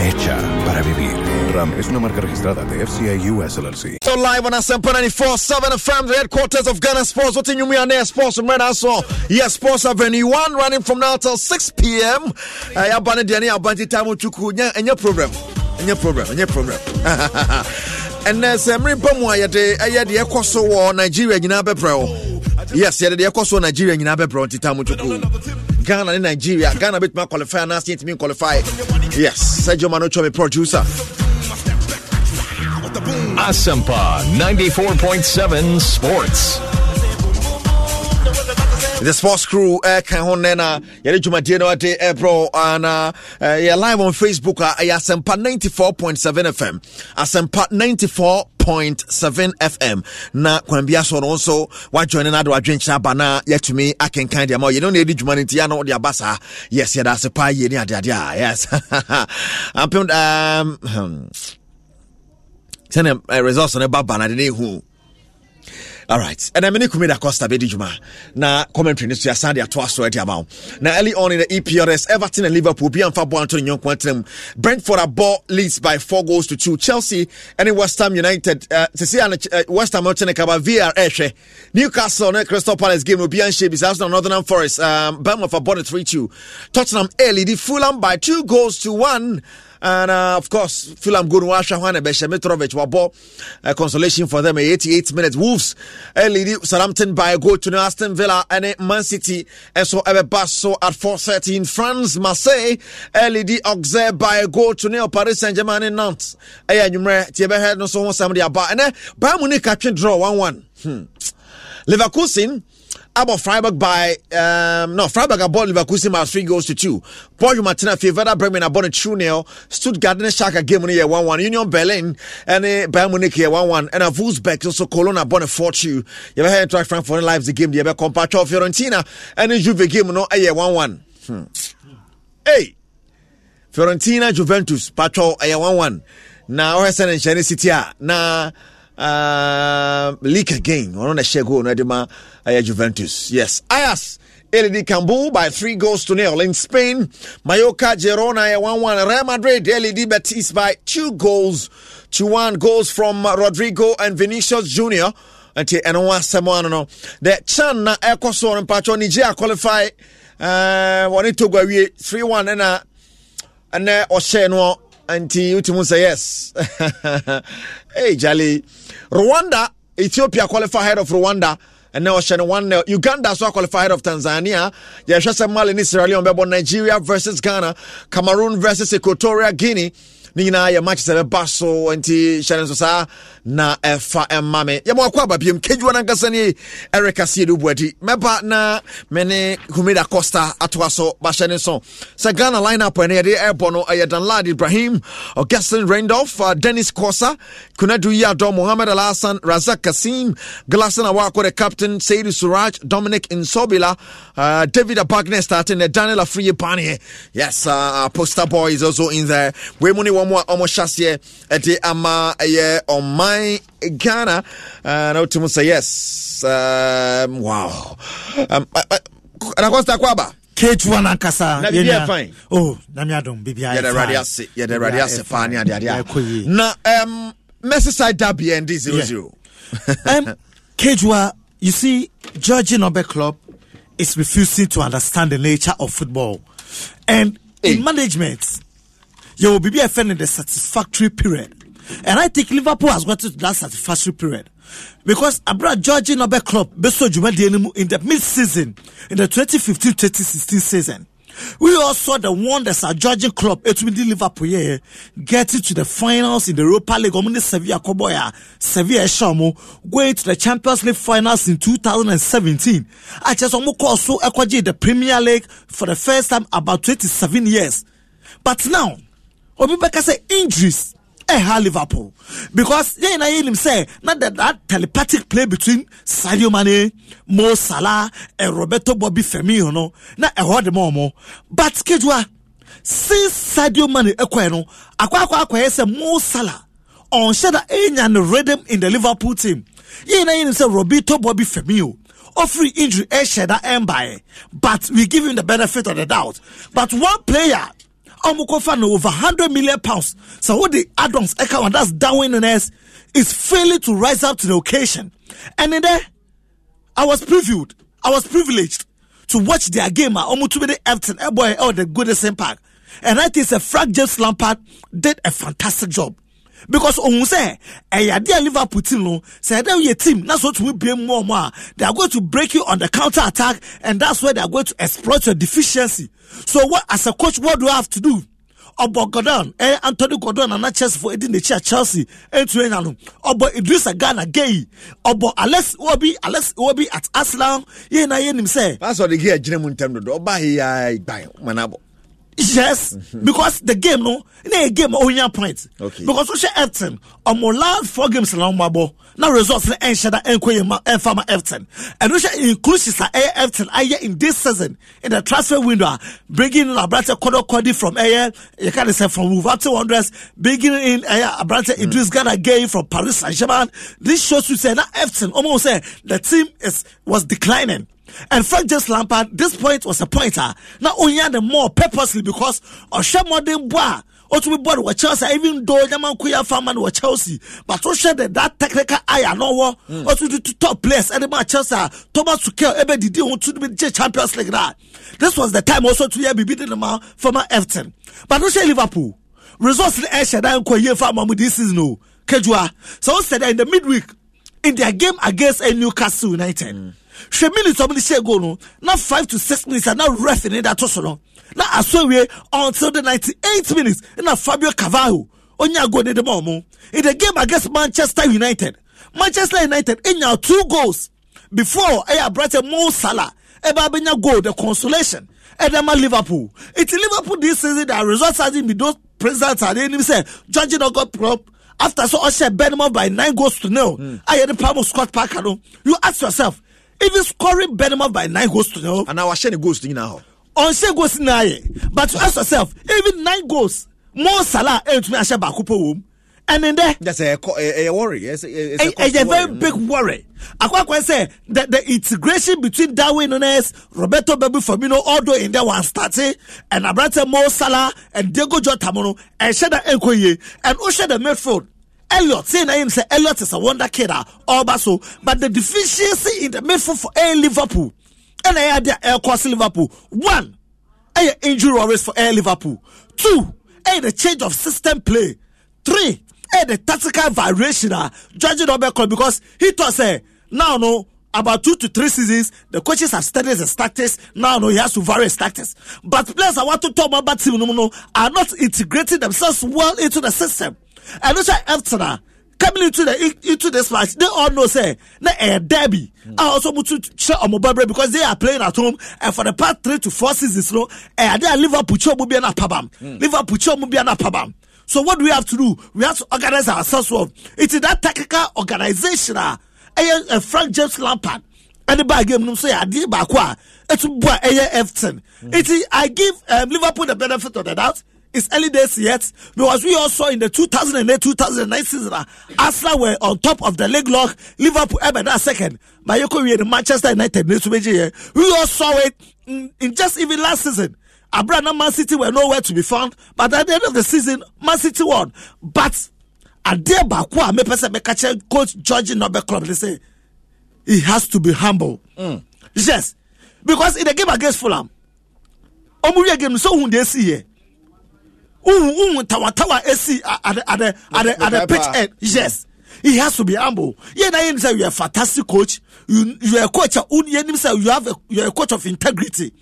hecha para vivir. Ram es una marca registrada de FCI US LLC. So live on 94.7 FM, the headquarters of Ghana Sports. What you mean there? Sports from Red Asso. Yes, Sports Avenue 1, running from now till 6 p.m. I abandoned the Abanti time to and your program. And your program. And your program. ɛnɛ sɛ mmereba mu a yɛde ɛyɛ deɛ ɛkɔ so nigeria in bɛbrɛ yes yɛde nigeria in bɛbrɛ wo ntitamu Ghana ne Nigeria. Ghana bɛtumi qualify anaasɛ yɛntumi qualify. Yes, Sergio Mano Chome, producer. Asempa 94.7 Sports. The sports crew eh can hon nena yɛde dwumadeɛ bro, and, eh, eh, live on facebook a 94.7 eh, fm Asempa 94 Point seven FM. Na kwambia so no wa join na do adwenkyerɛ aba na yɛtumi akenkan deɛ ma yɛne no ɛdi dwuma no nti ana wode aba saa yes yɛda ase paa yɛ ne adeadeɛ a yes ampem um, hmm. sɛne eh, results no ba ba na de ne ɛhu all right ɛna mene kumi da costa bɛdi dwuma na commentary no so yɛasan de Sunday at ade ama wo Now early on in the eprs everton and liverpool bi amfa boa nto ne Brentford atenam ball leads by four goals to two chelsea ɛne west ham united uh, sesia uh, west ham ɔte eh, ne vr newcastle crystal palace game no obi anhyɛ bi saa northern forest um, bamfa bɔ ne 3-2 tottenham early the fulham by two goals to one and uh, of course, Fulham going to Ashahwan and Beshemetrovic were a uh, consolation for them. 88 minutes. Wolves early Southampton by a goal to Aston Villa and Man City. And so Ebebasso so at 4.30 in France, Marseille LED Auxerre by a goal to Neil Paris Saint Germain in Nantes. Hey, you remember, no so much somebody about and then eh, Bayern Munich catching draw 1 1. Hmm. Leverkusen Abo Freiburg by um, no Freiburg about Leverkusen by three goals to two. Borussia Martina Werder Bremen about a two nil. Stuttgart and Schalke game here one one. Union Berlin and uh, Bayern Munich here one one. And a Wolfsburg also Cologne about a four two. You ever heard Eintracht Frankfurt lives the game? You ever compare Fiorentina and Juve game no aye eh, one one. Hmm. Hey, Fiorentina Juventus patro aye eh, one one. Now we're sending City now uh, leak again. again. Wanaona Shego United ma uh, Juventus. Yes. Ayas LD Cambu by three goals to nil in Spain. Mallorca Girona 1-1. Real Madrid LED Betis by two goals to one goals from Rodrigo and Vinicius Junior. nti ɛno ho asɛm no the chan na ɛkɔ so no mpatwɔ nigeria qualify uh, wɔne togo awie 3-1 ɛna ɛnɛ ɔhyɛɛ no anti wotimu say yes hey jali rwanda ethiopia qualify ahead of rwanda ɛnɛ ɔhyɛ no 1 uganda so qualified of tanzania yɛhwɛ sɛ mali ne sierra leone nigeria versus ghana cameroon versus Equatorial guinea ne nyinaa yɛ match a ɛbɛba so nti hyɛ ne nso saa na ɛfa ɛma me yɛma wakɔ aba biam kedwa no ankasa ne eric aseɛ de wobuadi mɛba na me ne humida costa atoa so bahyɛ ne so sɛ ghana up ɛno yɛde ɛbɔ no ɛyɛ danlad ibrahim augustin randolph uh, dennis corsa kunadu yiadɔ mohamed alhassan razak kasim glason a waakɔ de captain said suraj dominic insobila uh, david abagne starting uh, daniel afriye paneɛ yes uh, poster boys also in there wei mu ne wɔn a wɔn hyɛ say ama ɛyɛ ɔman ghana na to sɛ yes um, wow um, anakosta kwaba ketewa no ankasa namiadom oh, bibiayɛde awurade ase paa ne adeadeɛ na um, merseyside derby and 00 yeah. um, ketewa you see georgie nobe club is refusing to understand the nature of football and hey. in eh. management yɛwɔ biribi a ɛfɛ no the satisfactory period and i think liverpool has gotten to that satisfactory period because abra george nobe club bɛsɔ dwumadie no in the mid season in the 2015-2016 season we all saw the wonders at Georgian club etumi Liverpool yɛ yeah, getting to the finals in the Europa League ɔmo Sevilla kɔbɔ Sevilla ɛhyɛ going to the Champions League finals in 2017 akyɛ sɛ ɔmo kɔɔ so the Premier League for the first time about 27 years but now obi bɛka sɛ injuries ɛha liverpool because yɛn nyinaa yɛn nim sɛ na that that telepathic play between sadio mane mo salah and roberto bobby firmino no na ɛhɔ de ma ɔmo but ketewa since sadio mane ɛkɔɛ no akɔ akɔ akɔyɛ sɛ mo salah ɔnhyɛ da ɛnya ne rhythm in the liverpool team yɛn nyinaa yɛn nim sɛ roberto bobby firmino offering injury ɛhyɛ da ɛmbaɛ but we give him the benefit of the doubt but one player ɔmokɔfa no over 100 million pounds so sɛ the addons ɛka one that's Darwinness is failing to rise up to the occasion ɛne dɛ i was previewed i was privileged to watch their game Ah, a ɔmotumi de everton ɛbɔɛ ɛwɔ the goodison park and i think sɛ frank james lampard did a fantastic job because ohun sɛ ɛyɛ adeɛ liverpool team no sɛ ɛdɛ yɛ team na so tumi bie mu ɔmo a they are going to break you on the counter attack and that's where they are going to exploit your deficiency so what as a coach what do you have to do ɔbɔ gordon ɛyɛ anthony gordon nana chelsea fo edi n'ekyi a chelsea etu enya no ɔbɔ idrisa ghana gay ɔbɔ alex iwobi alex iwobi at arsenal yɛn na yɛn nim sɛ. paasɔ de gay ɛgyina mu ntɛm dodo ɔbaa yi uh, ya gban manabɔ. Yes, mm-hmm. because the game no, a game only oh, point. Okay. Because social Everton, omo last four games my omo now results na en shada en koye ma farmer Everton. And which inclusion sa air Everton aye in this season in the transfer window, ah, bringing in Abrante Kodo Kodi from air, you can say from Wolverhampton Wanderers, bringing in eh, air Abrante mm. Idris Gana Gay from Paris Saint Germain. This shows you say that Everton almost say eh, the team is was declining. And Frank James Lampard, this point was a pointer. Now only the more purposely because Osha Modern Bois wotumi bɔɔl wɔ chelsea even though man nkuya fama wɔ chelsea but wohyɛ de that technical eye anɔwɔ wotu tutu top players ɛde man chelsea a thomas tukel ebe didi ho tu gye champions like that. this was the time also to be beating de man ma former everton but wohyɛ liverpool results ni ɛhyɛ dan nkɔ yie fama mu this season o oh. kejua so wohyɛ dɛ in the midweek in their game against newcastle united. Mm hwɛ minutes ɔmo de hyɛ goal no na five to six minutes a na ref ne da to so no na asɔwie until the ninety eight minutes na fabio cavallo onya goal ne de ma ɔmo in the game against manchester united manchester united enya two goals before ɛyɛ aberante mo salah ɛbɛ abɛnya goal the consolation ɛdɛ ma liverpool it's liverpool this season that results hasn't been those present ade enim sɛ george nogot prop after so ɔhyɛ benham by nine goals to nil hmm. ayɛ de palmo scott parker no you ask yourself even scoring Benham by nine goals to no. And now I share the goals to you now. On share goals now, but you ask yourself, even nine goals, Mo Salah and eh, to me I share back home. And in there, that's a, a, eh, eh, a worry. It's a, it's a, a, a very worry. big worry. Akwakwa say that the integration between Darwin Nunes, Roberto Babu Firmino, although in there one starting, and Abrata Mo Salah and Diego Jota Mono, and Shada Enkoye, and Osha the midfield. Elliot, saying I am say Elliot is a wonder kid, all ah, so, but the deficiency in the midfield for A Liverpool, and I had the Air Course Liverpool. One, a injury risk for Air Liverpool. Two, a the change of system play. Three, a the tactical variation, uh, judging Obeko, because he thought, say, now no, about two to three seasons, the coaches have studied the tactics. Now, no, he has to vary his tactics. But players I want to talk about team no, no, are not integrating themselves well into the system. And this is Eftana coming into the into this match, they all know say na a derby. I also want to share on Mobile because they are playing at home and for the past three to four seasons, no, and they are Liverpool be an pabam. Liverpool be an So what do we have to do? We have to organize ourselves well. It is that tactical organization. Uh, uh, Frank James Lampard. And game no say I did back ah. it's boy eh, Everton. Hmm. It is I give um, Liverpool the benefit of the doubt it's early days yet because we also in the 2008 2009 season, Arsenal were on top of the league lock. Liverpool, ever eh, that second. But you in Manchester United. We all saw it in just even last season. Abraham Man City were nowhere to be found. But at the end of the season, Man City won. But adeɛ baako a mepɛ sɛ meka kyerɛ coach george nobel club they say he has to be humble mm. yes because in the game against fulham game so hun wohu tawatawa ɛsi at the pitch end yes he has to be humble yɛna yɛnim sɛ you're a fantastic coach you, you're a coach a yɛnim sɛ you have a, you're a coach of integrity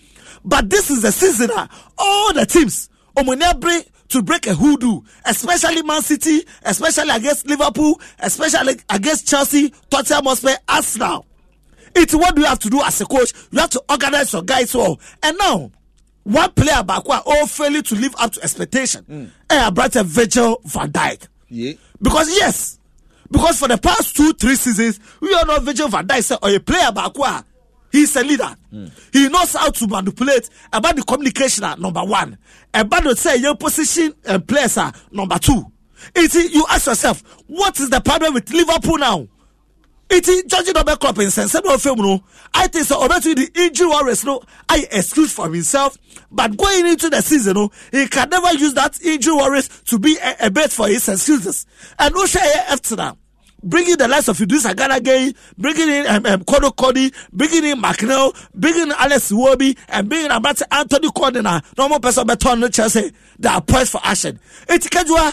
but this is the season uh, all the teams omunebri to break a hoodoo, especially Man City, especially against Liverpool, especially against Chelsea, Tottenham Hotspur, Arsenal. It's what you have to do as a coach. You have to organize your guys well. And now, one player baako a failing to live up to expectation ɛyɛ mm. Eh, abrante virgil van Dyke yeah. because yes because for the past two three seasons we all know virgil van Dyke sɛ ɔyɛ player baako a he is a leader mm. he knows how to manipulate about the communication at number one about the say your position and eh, players are number two You see, you ask yourself what is the problem with liverpool now iti george no bɛkɔ nsɛnsɛm na ɔfɛ mu no i think sɛ ɔbɛtumi de injury worries no I excuse for himself but going into the season no he can never use that injury worries to be a, a base for his excuses and no share after that. bringing the likes of Idrissa Gana Gay, bringing in um, um, Kodo Cody, bringing in McNeil, bringing in Alex Iwobi, and bringing in Abate Anthony Kordina. Normal person beton no Chelsea. Eh, They are poised for action. It's casual.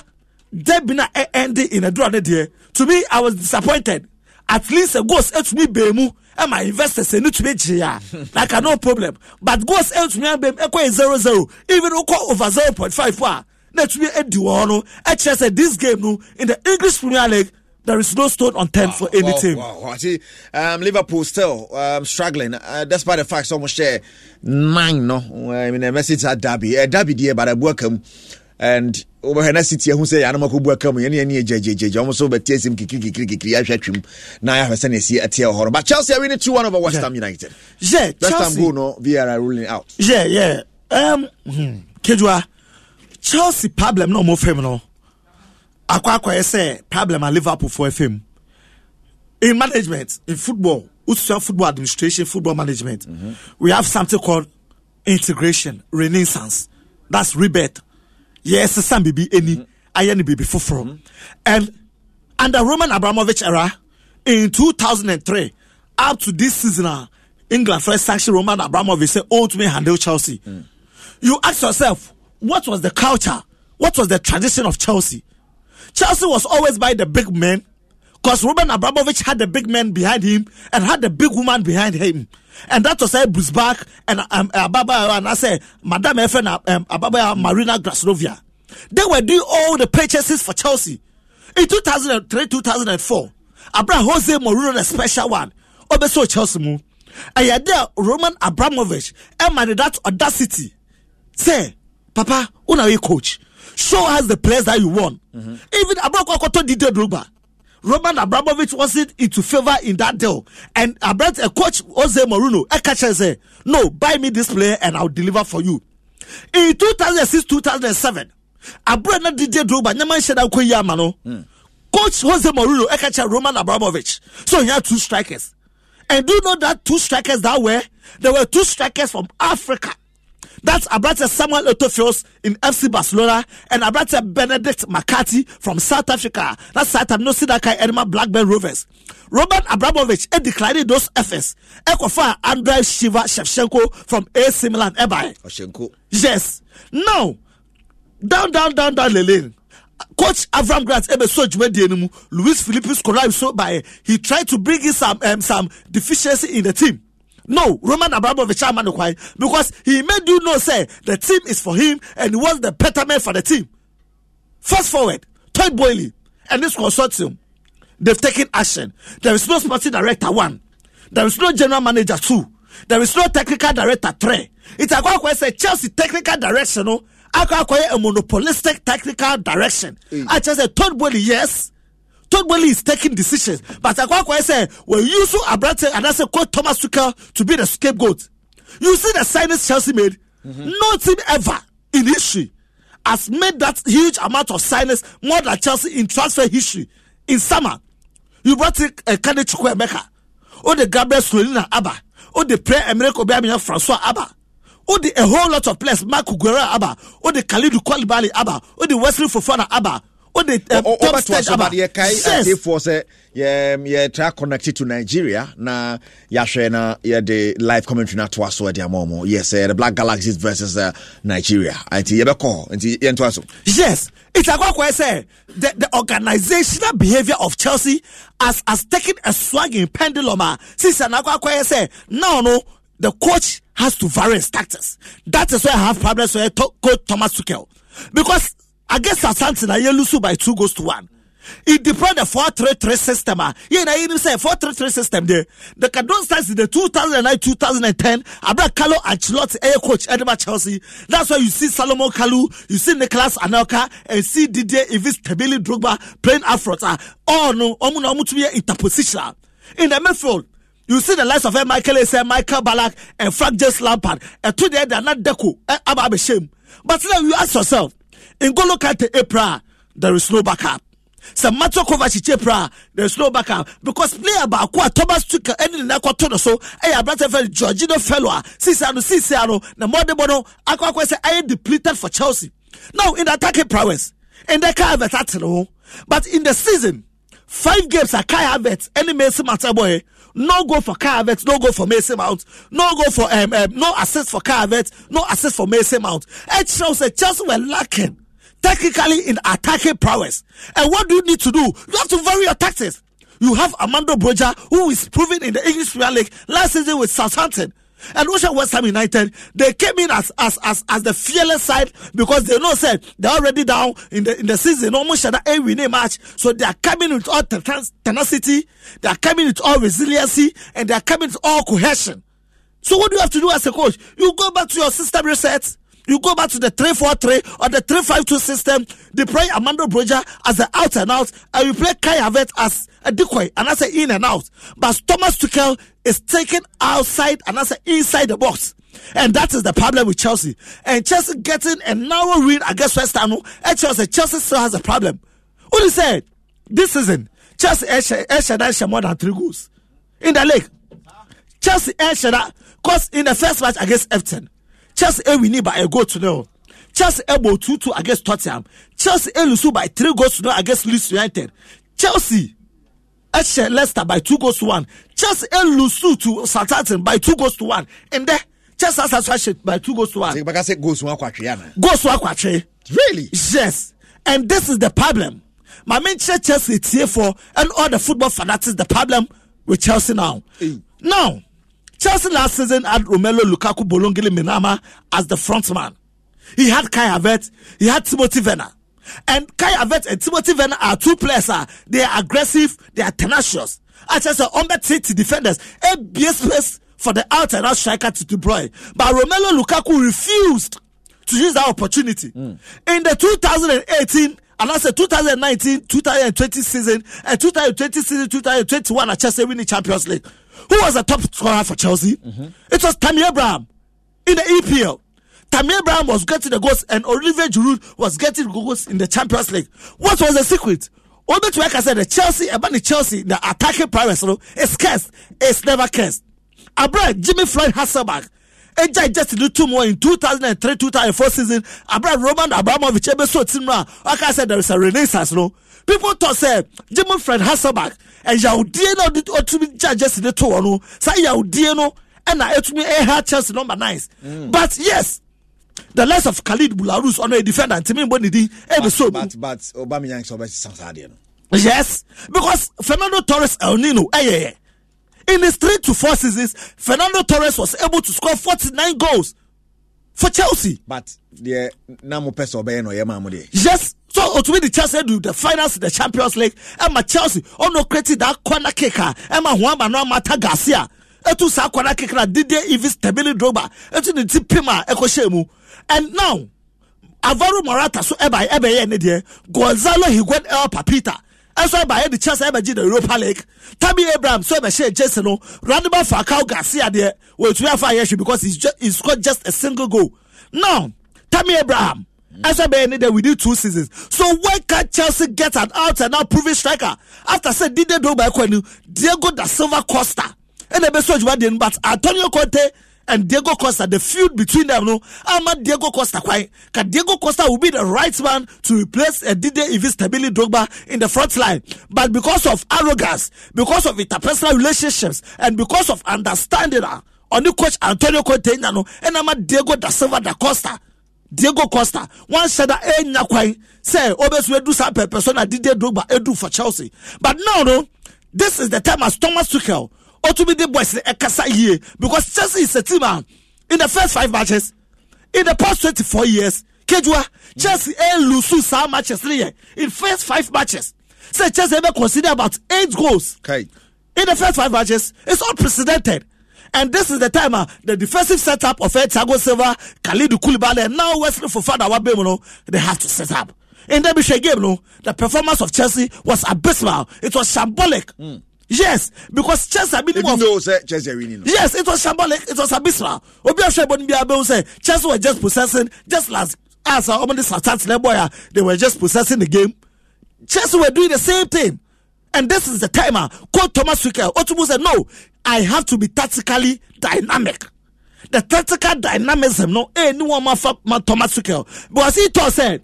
They've been ending in a draw. To me, I was disappointed. at least goals etumi bɛn mu ɛma investors ɛni tumi gye ya like no problem but ghost etumi me mu ɛkɔ yɛ zero zero even over zero point five a na etumi a wɔn no said this game no in the english premier league. There is no stone on ten wow, for any wow, team. Wow, wow. See, um, Liverpool still um, struggling, uh, despite the fact almost share nine. No, I mean, I message at Derby. Uh, Derby, dear, but I welcome um, and wobɛhwɛ na siti ahu sɛ yɛanom akɔbu aka mu yɛne ɛne agyagyagya ɔm so bɛte asɛm kikirikirikiri ahwɛ twam na yɛahwɛ sɛne ɛsi ɛteɛ wɔ hɔ no but chelsea awine 2 1 over west ham united yeah, west ham goal no vr ruling out yeah, yeah. Um, hmm. kedua chelsea problem na ɔmo fam no akɔ akɔyɛ sɛ problem a liverpool fo fam in management in football usual football administration football management mm -hmm. we have something called integration renaissance that's rebirth yɛsesa biribi ani ayɛ no biribi foforɔ and under roman abramovich era in 2003 up to this season a ah, england first sanction roman abramovich say own oh, to me handle chelsea mm. you ask yourself what was the culture what was the tradition of chelsea chelsea was always by the big men Because Ruben Abramovich had the big man behind him and had the big woman behind him. And that was why Bruce um, uh, Bach uh, and um, Ababa, and I say, Madame FN, um, Ababa, Marina Grasnovia. They were doing all the purchases for Chelsea. In 2003, 2004, Abramovich Jose Mourinho, the special one, oversaw Chelsea move. And yet there, Roman Abramovich, and man, that audacity. Say, Papa, when are you coach? Show us the players that you won. Mm-hmm. Even Abra Kwakoto Didier Drogba. Roman Abramovich wasn't into favor in that deal. And Abrat, a coach Jose Mourinho, a catcher say, no, buy me this player and I'll deliver for you. In 2006-2007, Abrat na DJ Drogba, nyaman sheda ko yama no. Hmm. Coach Jose Mourinho, a catcher Roman Abramovich. So he had two strikers. And do you know that two strikers that were? There were two strikers from Africa. That's Abrate Samuel Otofios in FC Barcelona and Abrate Benedict McCarthy from South Africa. That's South Africa, no Sidakai Edema Blackburn Rovers. Robert Abramovich e declared those efforts. Ekofa Andrei Shiva Shevchenko from AC Milan. Ebai. Eh, Shevchenko. Yes. Now, down, down, down, down the lane. coach avram grant ebe eh, so jumɛn di enimu luis philippe scolari so by he tried to bring in some um, some deficiency in the team No, Roman Abramovich ama no kwan because he made you know say the team is for him and he wants the man for the team. Fast forward, Toy Boyle and this consortium, they've taken action. There is no sporting director one. There is no general manager two. There is no technical director three. It's a quite say Chelsea technical direction. No, oh, I acquire a monopolistic technical direction. Mm. I just said Todd Boyle, yes. Togboli is taking decisions. But Akwakwa said, when you so Abrante and I said, quote Thomas Tuchel to be the scapegoat. You see the signings Chelsea made? Mm-hmm. No team ever in history has made that huge amount of signings more than Chelsea in transfer history. In summer, you brought in uh, eh, Kade Chukwuemeka, or oh, the Gabriel Solina Abba, or oh, the Pre Emre Kobe Francois Abba o oh, the a whole lot of players mark guerra Abba. o the khalidu kwalibali Abba. o the wesley fofana Abba. wode topstagbadeɛkaeasefoɔ sɛ yɛtra connected to nigeria na yɛahwɛ na yɛde live commentary no atoa so ade ama yes eh, the black galaxies versus uh, nigeria nti yɛbɛkɔ nti yɛntoa so yes it's a sɛ the, the organizational behavior of chelsea as as taking a swagging pendulum ah. a sisa na akwakwae sɛ now no the coach has to vary his tactics that is why i have problems with coach thomas tuchel because against asante na yɛlu so by two goals to one it depend the four three three system a yẹn na yẹn say four three three system de the kaduna stars in the 2009-2010, and nine and ten abdul kalu air coach edema chelsea that's why you see salomon kalu you see nicholas anelka and see didier ivis tebili drogba playing up front ah oh, no ọmọ na ọmọ tún yẹ interpositional ah. in the midfield you see the likes of eh, Michael Essien, Michael Ballack, and Frank James Lampard. And today they are not eh, ashamed. But now you ask yourself, Ngolo Kante April, there is no backup. sɛ mato kovacic pra there is no backup because player baako a thomas tuka ɛne ne nakɔto no so ɛyɛ aberante fɛ georgino fellow a Sisano, no sisia no na no akɔ akɔ I depleted for chelsea now in the attacking prowess in the car advert ate ne but in the season five games are car advert Any Messi mount no go for car advert no go for Messi mount no go for um, um, no assist for car advert no assist for Messi mount eh, shows that chelsea were lacking technically in attacking prowess. And what do you need to do? You have to vary your tactics. You have Amando Broja, who is proven in the English Premier League last season with Southampton. And also West Ham United, they came in as as as, as the fearless side because they know said they're already down in the in the season, almost had an winning match. So they are coming with all tenacity, they are coming with all resiliency, and they are coming with all cohesion. So what do you have to do as a coach? You go back to your system reset you go back to the 343 or the 352 system, deploy Amando Broja as the out and out, and you play Kai Havertz as a decoy, and that's an in and out. But Thomas Tuchel is taken outside and that's an inside the box. And that is the problem with Chelsea. And Chelsea getting a narrow win against West Ham. And Chelsea, Chelsea still has a problem. Only said this season, Chelsea has more than three goals in the league. Chelsea Eshada, because in the first match against Everton, Chelsea win by a goal to nil. Chelsea able 2 2 against Tottenham. Chelsea lose by 3 goals to nil against Leeds United. Chelsea ɛhyɛ Leicester by 2 goals to 1. Chelsea lose to Southampton by 2 goals to 1. And then Chelsea has ahyɛ by 2 goals to 1. Sèkpaka sɛ goals wọn akɔ atwere ana. Goals wọn akɔ atwere. Really? Yes. And this is the problem. My main nkyɛn Chelsea tie for and all the football fanatics the problem with Chelsea now. Hey. Now. Chelsea last season had Romelu Lukaku Bolongile Minama as the frontman. He had Kai Havertz, he had Timothy Werner. And Kai Havertz and Timothy Werner are two players. Uh, they are aggressive, they are tenacious. I just uh, on that city defenders, a place for the out and out striker to deploy. But Romelu Lukaku refused to use that opportunity. Mm. In the 2018 and I said 2019, 2020 season, and 2020 season, 2021, I just win the Champions League who was the top scorer for Chelsea? Mm-hmm. It was Tammy Abraham in the EPL. Tammy Abraham was getting the goals and Olivier Giroud was getting goals in the Champions League. What was the secret? Only to like I said, the Chelsea, about the Chelsea, the attacking prowess, you know, is cursed. It's never cursed. Abraham, Jimmy Floyd Hasselback, And I just do two more in two thousand and three two thousand and four season abira roman abramovich ebe so ti mu a there is a renaissance no people thought say jimmy Floyd hasselback ɛyawdeɛ na ɔtumi gya gyesi de to wɔ no saa yawdeɛ no ɛna ɛtumi ɛha chelsea number nine mm. but yes the less of khalid bularus ɔno a defender ntumi mbɔ ne din ebi so mu. but but obamiyan sɔ bɛ sisan saa deɛ no. yes because fernando torres el nino ɛyɛ yɛ in his three to four seasons fernando torres was able to score forty nine goals for chelsea. but deɛ na mo pɛ sɛ ɔbɛyɛ na ɔyɛ maa mo deɛ. yes so otumi di chelsea do the finals the champions league ɛma chelsea ɔno oh kreti da corner kick a ɛma ho ama no amata gaase a etu saa corner kick na didi evis tebili droba etu ne ti pim a ɛkɔhyɛ mu and now avaro morata so ɛba ɛbɛyɛ ne deɛ gonzalo higuain el papita ɛnso ɛba yɛ di chelsea ɛbɛgye the europa league tabi abraham so ɛbɛhyɛ jesse no oh. randiba fakao gaase adeɛ wɔtumi afa ayɛ hwɛ because he scored just a single goal now tabi abraham. Asa needed within two seasons. So why can't Chelsea get an out and out proven striker? After say Dide Doba Kwenu, Diego da Silva Costa, and the best one but Antonio Conte and Diego Costa, the feud between them, no, I'm at Diego Costa. Why? Because Diego Costa will be the right man to replace a uh, Dide Ivis Stabili Drogba in the front line. But because of arrogance, because of interpersonal relationships, and because of understanding, uh, on the coach Antonio Conte, and I'm at Diego da Silva da Costa. diego costa wanhyɛ da ɛnya kwan sɛ ɔbɛso ɛdu saa pɛpɛ so na didier drogba Edu eh, for chelsea but now no this is the time as thomas tuchel ɔtumi de boys Ekasa eh, yie because chelsea is a team Ah, in the first five matches in the past twenty-four years kejua chelsea ɛlusu eh, saa matches three. yɛ in first five matches say chelsea ɛbɛ consider about eight goals okay. in the first five matches it's unprecedented. And this is the time uh, the defensive setup of El Thiago Silva, Khalid Koulibaly, and now Wesley Fofana, Wabemo, no, they have to set up. In the Bishop game, no, the performance of Chelsea was abysmal. It was shambolic. Mm. Yes, because Chelsea minimum. Even though say Chelsea winning. Yes, it was shambolic. It was abysmal. Obi Ashebon Biabe say Chelsea were just possessing, just last as our this attack boy, they were just possessing the game. Chelsea were doing the same thing. And this is the time, uh, quote Thomas Wicker, Otumu said, No, I have to be tactically dynamic. The tactical dynamism, no, eh, no one ma, ma Thomas Wicker. Because he told said,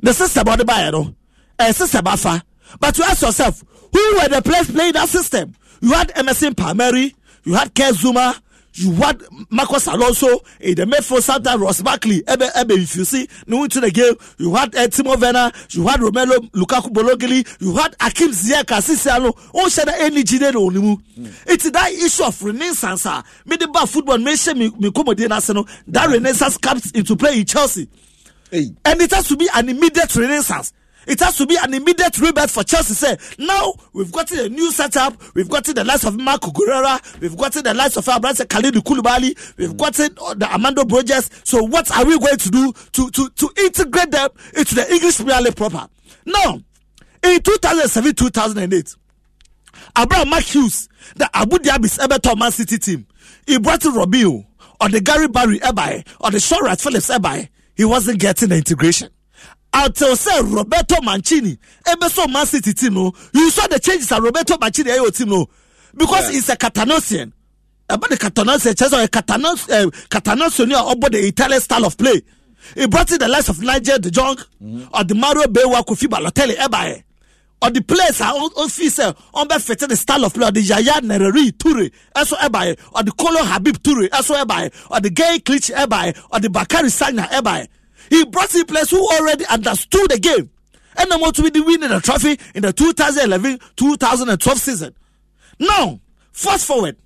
The system about the you know, eh, system afa. But you ask yourself, who were the players playing that system? You had Emerson Palmieri, you had Kezuma, you had Marcus Alonso, eh, the midfield center Ross Barkley, Ebe eh, Ebe eh, if you see new into the game, you had eh, Timo Werner, you had Romelu Lukaku Bologili, you had Akim Ziyech Asisiano, o ṣe any jide on nimu. It's that issue of renaissance. Ah. Me the bad football me ṣe mi come komo de national. That renaissance comes into play in Chelsea. Hey. And it has to be an immediate renaissance. It has to be an immediate rebirth for Chelsea. Say now we've gotten a new setup. We've gotten the likes of Marco Guerrera. We've gotten the likes of our brother Khalid Koulibaly. We've gotten the Amando Broges. So what are we going to do to to to integrate them into the English Premier League proper? Now, in 2007 2008, Abraham Mark Hughes, the Abu Dhabi's Everton Man City team, he brought in Robinho or the Gary Barry Ebaye or the Shorat Phillips Ebaye. He wasn't getting the integration until say Roberto Mancini, Ebeso Man City team, no, you saw the changes that Roberto Mancini ayo team, no, because yeah. he's a Catanosian. About the Catanosian, just a Catanos, uh, eh, Catanosian, about the Italian style of play. He brought in the likes of Niger De Jong mm-hmm. or the Mario Bewa Kofi Balotelli Ebae. Eh. Or the players are on officer on fit the style of play or the Yaya Nereri Toure Eso Ebae eh. or the Kolo Habib Toure Eso Ebae or the Gay Klitsch Ebae or the Bakari Sagna Ebae. He brought in players who already understood the game and the what we did win the trophy in the 2011-2012 season. Now, fast forward,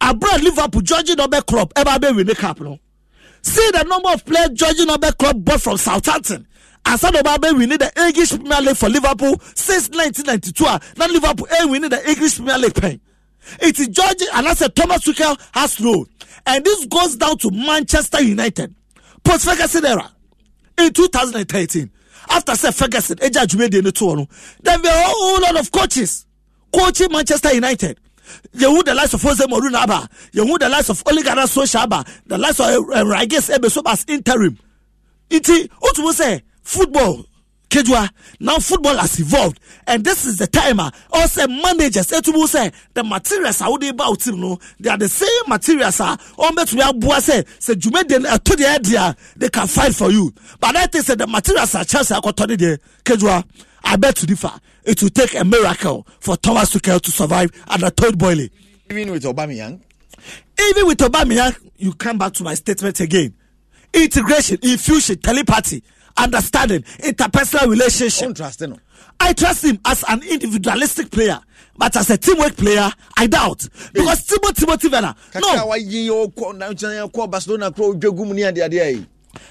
I brought Liverpool, Georgie Nobe Club, ever win the cup. No? See the number of players Georgie Nobe Club bought from Southampton. I Asad Obabe winning the English Premier League for Liverpool since 1992. Now Liverpool ain't winning the English Premier League pen. It is George and I said Thomas Tuchel has no. And this goes down to Manchester United. Post Ferguson era in 2013 after Sir Ferguson eja jumede ne to then there were a whole lot of coaches coaching Manchester United you who the likes of Jose Mourinho aba you who the likes of Ole Gunnar the likes of uh, Rigis Ebeso as interim nti o tún sẹ football kedua now football has evolved and this is the time a ah, say managers etubu sɛ the materials are wɔde ba team no they are the same materials we have bɛtumi say say you made them uh, to the idea they can fight for you but that is the materials a chelsea akɔtɔ ne deɛ kedua i bet to differ it will take a miracle for thomas tuchel to survive under todd boyle. even with obameyang. even with obameyang you come back to my statement again integration infusion telepathy understanding, interpersonal relationship. Trust I trust him as an individualistic player, but as a teamwork player, I doubt because hey. Timo Timothy Vela. No.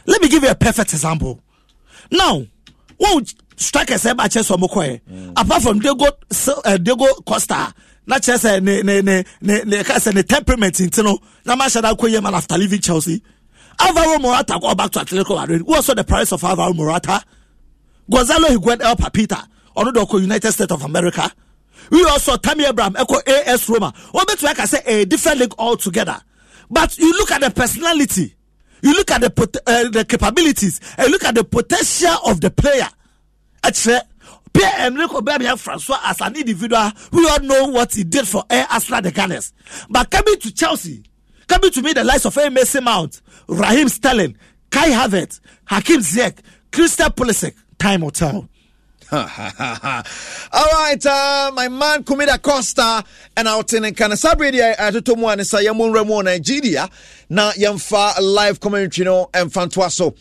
Let me give you a perfect example. Now, one striker said by Chelsea Mokoye, hmm. apart from Diego uh, Diego Costa, na kyerɛ sɛ uh, ne ne ne ne ne ka ne temperament nti no na ma hyɛ da akɔ yie after leaving Chelsea. Alvaro Morata go back to Atletico Madrid. Who also the price of Alvaro Morata? Gonzalo Higuain El Papita, Onodoko United States of America. We also Tammy Abraham, Echo AS Roma. Or better, like I say, a different league altogether. But you look at the personality, you look at the, pot- uh, the capabilities, and look at the potential of the player. Actually, Pierre Emerick Aubameyang Francois as an individual, we all know what he did for Air Astra the Gunners. But coming to Chelsea, coming to meet the likes of Mason Mount, Raheem Sterling, Kai Havertz, Hakim Ziyech, Krista Pulisic. Time will tell. All right, uh, my man Kumida Costa and out in Kanasabri, Atotomu uh, and Sayamun Remo, Nigeria. Now, Yamfa live commentary, you know, and Fantuaso.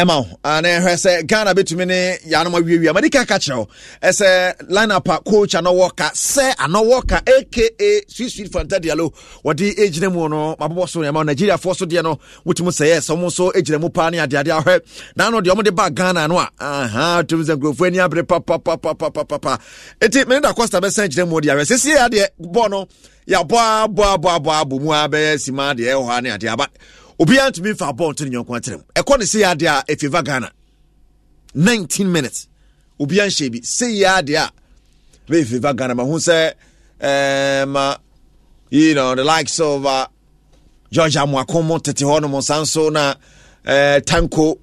ɛma wo ana ah, hwɛ sɛ ghana bɛtumi ne yanom awiawia made ka ka kyerɛ wo ɛsɛ lineup a coach anɔwɔka sɛ anɔwɔka aka swiswit fantadialo wɔde ɛgyina mu no mabobɔ so neɛma nigeriafoɔ so deɛ no wotumi sɛyɛ sɛ mo nso ɛgyina mu paa ne adeadeɛ ahwɛ na no deɛ ɔmode ba ghana no a aha tumi sɛ nkurɔfoɔ ani abere papapapapapa ɛnti mene da costa bɛsan gyina mu de ahwɛ sɛsie adeɛ bɔ no yɛabɔabɔabɔabɔ mu a bɛyɛ sima deɛ ɛwɔ ha ne adeɛ aba obiara ntumi nfa bɔɔl nto ne nyɔnko atenam ɛkɔ ne seyi adeɛ a efiva ghana nineteen minutes obiara nhyɛ bi seyi adeɛ a bɛyɛ efiva ghana ma ho sɛ ɛɛ ma you know the likes of uh, george amuakomo tete hɔ nom san so na ɛɛ tanko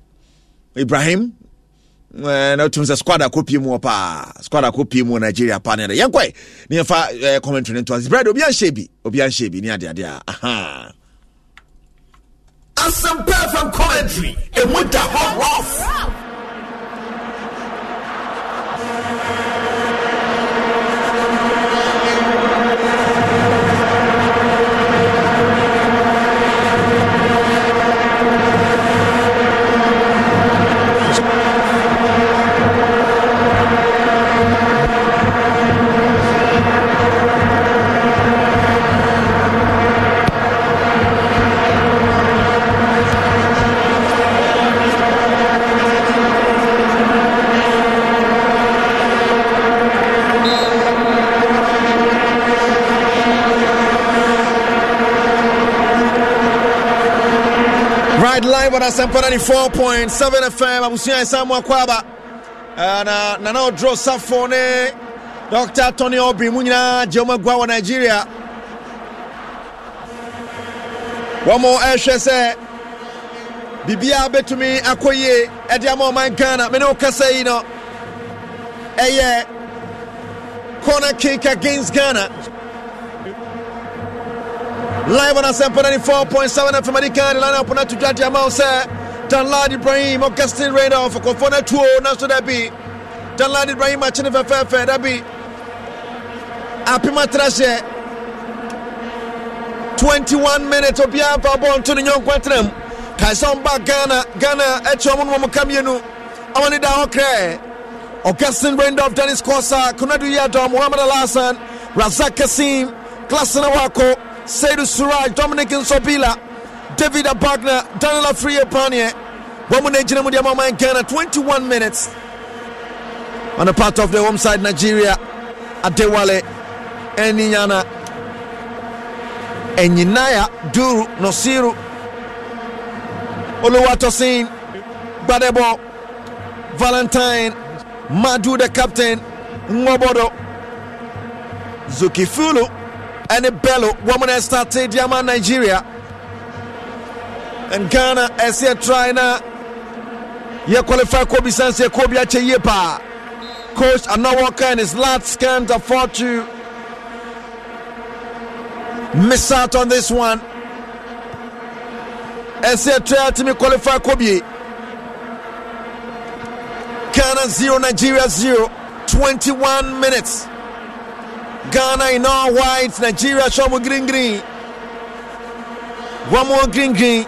ibrahim ɛɛ na otum sɛ squad akɔ pie mu hɔ paa squad akɔ mu wɔ nigeria paa ne yɛn yɛn kɔɛ ne yɛn fa ɛɛ commentary ne to ase brad obiara nhyɛ bi obiara nhyɛ bi ne adeɛ adeɛ a ahan. asɛm from fam commentary with the hɔ rough Right live on Asampara ni 4.7 FM Abusia Samu Akwaba uh, ah, na na no draw Safone Dr. Tony Obi munyina Joma Gwa wɔ Nigeria wɔmo ɛhwɛ sɛ biribiaa bɛtumi akɔ yie ɛde ama ɔman ghana mene wo kasa yi no ɛyɛ eh, corner kick against ghana live on Asempo 94.7 FM Marekani lineup na tujati Sir, se Tanlad Ibrahim Augustine Randolph akofona Two. na so dabi Tanlad Ibrahim the fair fefefe dabi Happy trashe 21 minutes of obia fa ball to the young tram kaisan ba Ghana Ghana echo mo mo kamienu awani da okre Augustine Randolph Dennis Corsa, Kunadu Yadom Muhammad Alasan Razak Kasim Klasina Wako Seydou Souraj Dominic Nsobila David Abagna Daniel Afriye Panye Wamune Jinemu Mama in Ghana 21 minutes on the part of the home side Nigeria Adewale Eninyana Eninaya, Duru Nosiru Oluwatosin Badebo Valentine Madu the captain Ngobodo Zukifulu ɛne bello wɔn na ɛstate de ama nigeria and ghana ɛsɛ try na yɛ qualify kobi sanse kobi akyɛ yie paa coach anawaka and his lads can't afford to miss out on this one ɛsɛ try atimi qualify kobi ghana zero nigeria zero 21 minutes. Ghana in all white, Nigeria show more green green. One more green green.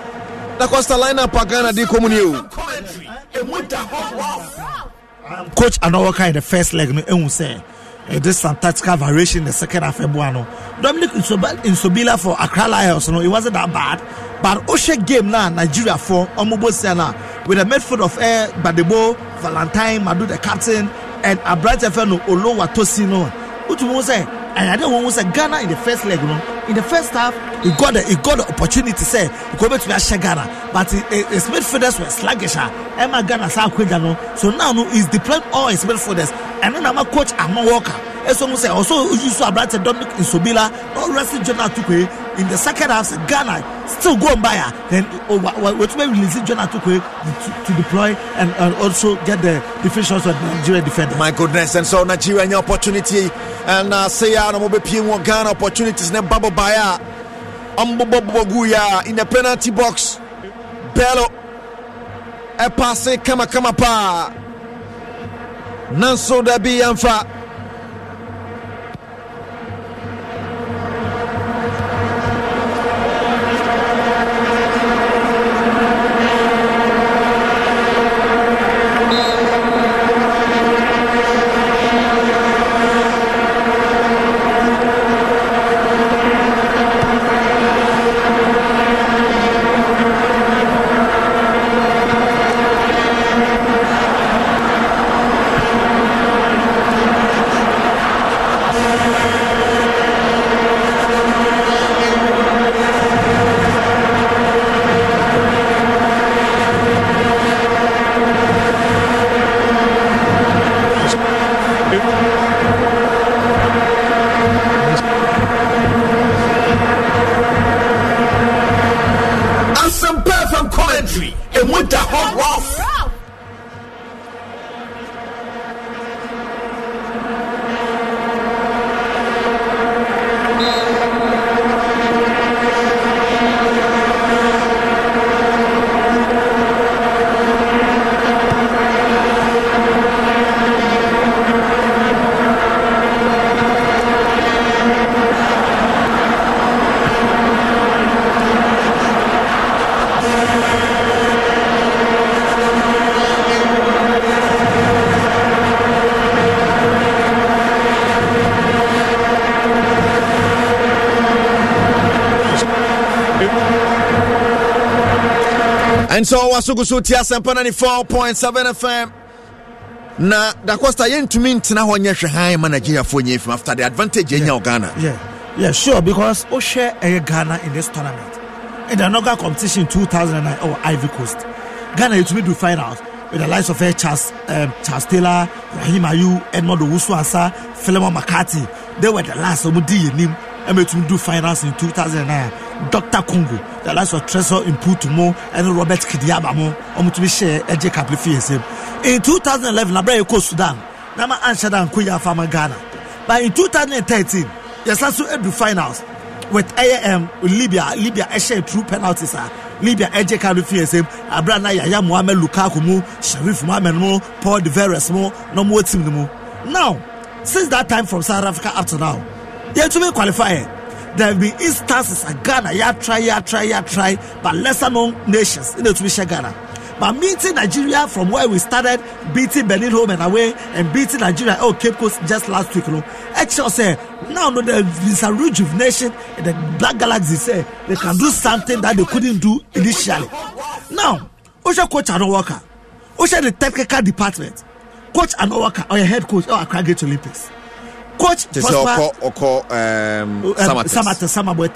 Na Costa lineup a Ghana di komunio. Coach Anowoka in the first leg no ehun say uh, this some tactical variation in the second half ebu no. Dominic Insobila for Accra Lions no it wasn't that bad. But Oshe game now Nigeria for Omobo Sena with a midfield of uh, eh, Badebo, Valentine, Madu the captain and Abraham Feno Olowa no wotumi wo sɛ ɛyade wɔn wo sɛ ghana in the first leg no in the first half, he got the, he got the opportunity say go back to ahyɛ Ghana, but eh, eh, his midfielders were sluggish. Ah, Emma Ghana saa akwagya no, so now no he's deploying all his midfielders. And then ma coach Amon Walker. Ɛso mo sɛ ɔso yusu aberante Dominic Nsobila na ɔresi Jonah Tukwe in the second half Ghana still go by her. Ah. Then oh, wetume release Jonah Tukwe to, deploy and, and also get the deficiencies of the Nigerian defender. My goodness, and so Nigeria nye opportunity and uh, say ya na mo be pie Ghana opportunities ne babo baeɛ a ɔmbobɔbobɔ in the penalty box bello kama kama pa nanso da bi yɛmfa ɛtoa so gu so ti fm na dacosta yɛntumi ntena hɔ nyɛ hwɛ han ma nigeriafoɔ nyɛ fim after the advantage ɛnya yeah. ghana yeah. yeah sure because wohwɛ ɛyɛ ghana in this tournament in the noga competition 2009 or ivory coast ghana yɛtumi do final with the likes of eh, Charles, um, Charles Taylor, Rahim Ayu, Edmond Owusu-Asa, Philemon McCarthy. They were the last of the year and we do finals in 2009. dr Kungu, the likes of treasure imputu mu and robert kidiaba mu wɔn tumi hyɛ ɛgye kaple fi yɛn sɛm in 2011 abirɛ yɛ kɔ sudan na ma anhyɛ da nko yɛ afa ghana but in 2013 yɛsa so edu finals with AAM libya libya ɛhyɛ true penalties a ah. libya ɛgye kaple fi yɛn sɛm abirɛ na yaya muhammed lukaku mu sharif muhammed mu paul de veres mu na wɔn wɔ team no mu now since that time from south africa up to now yɛtumi qualify yɛ there will be instances at Ghana, try try yatry, try but lesser known nations in the Tumisha Ghana. But meeting Nigeria from where we started, beating Benin home and away, and beating Nigeria, oh, Cape Coast just last week, you know. Actually, say, now no, there's a rejuvenation in the Black Galaxy, say, they can do something that they couldn't do initially. Now, Osha coach Anowaka, Osha the technical department, coach Anowaka, or your head coach, or a Olympics te sɛ ɔkɔ ɔkɔ samates samaboy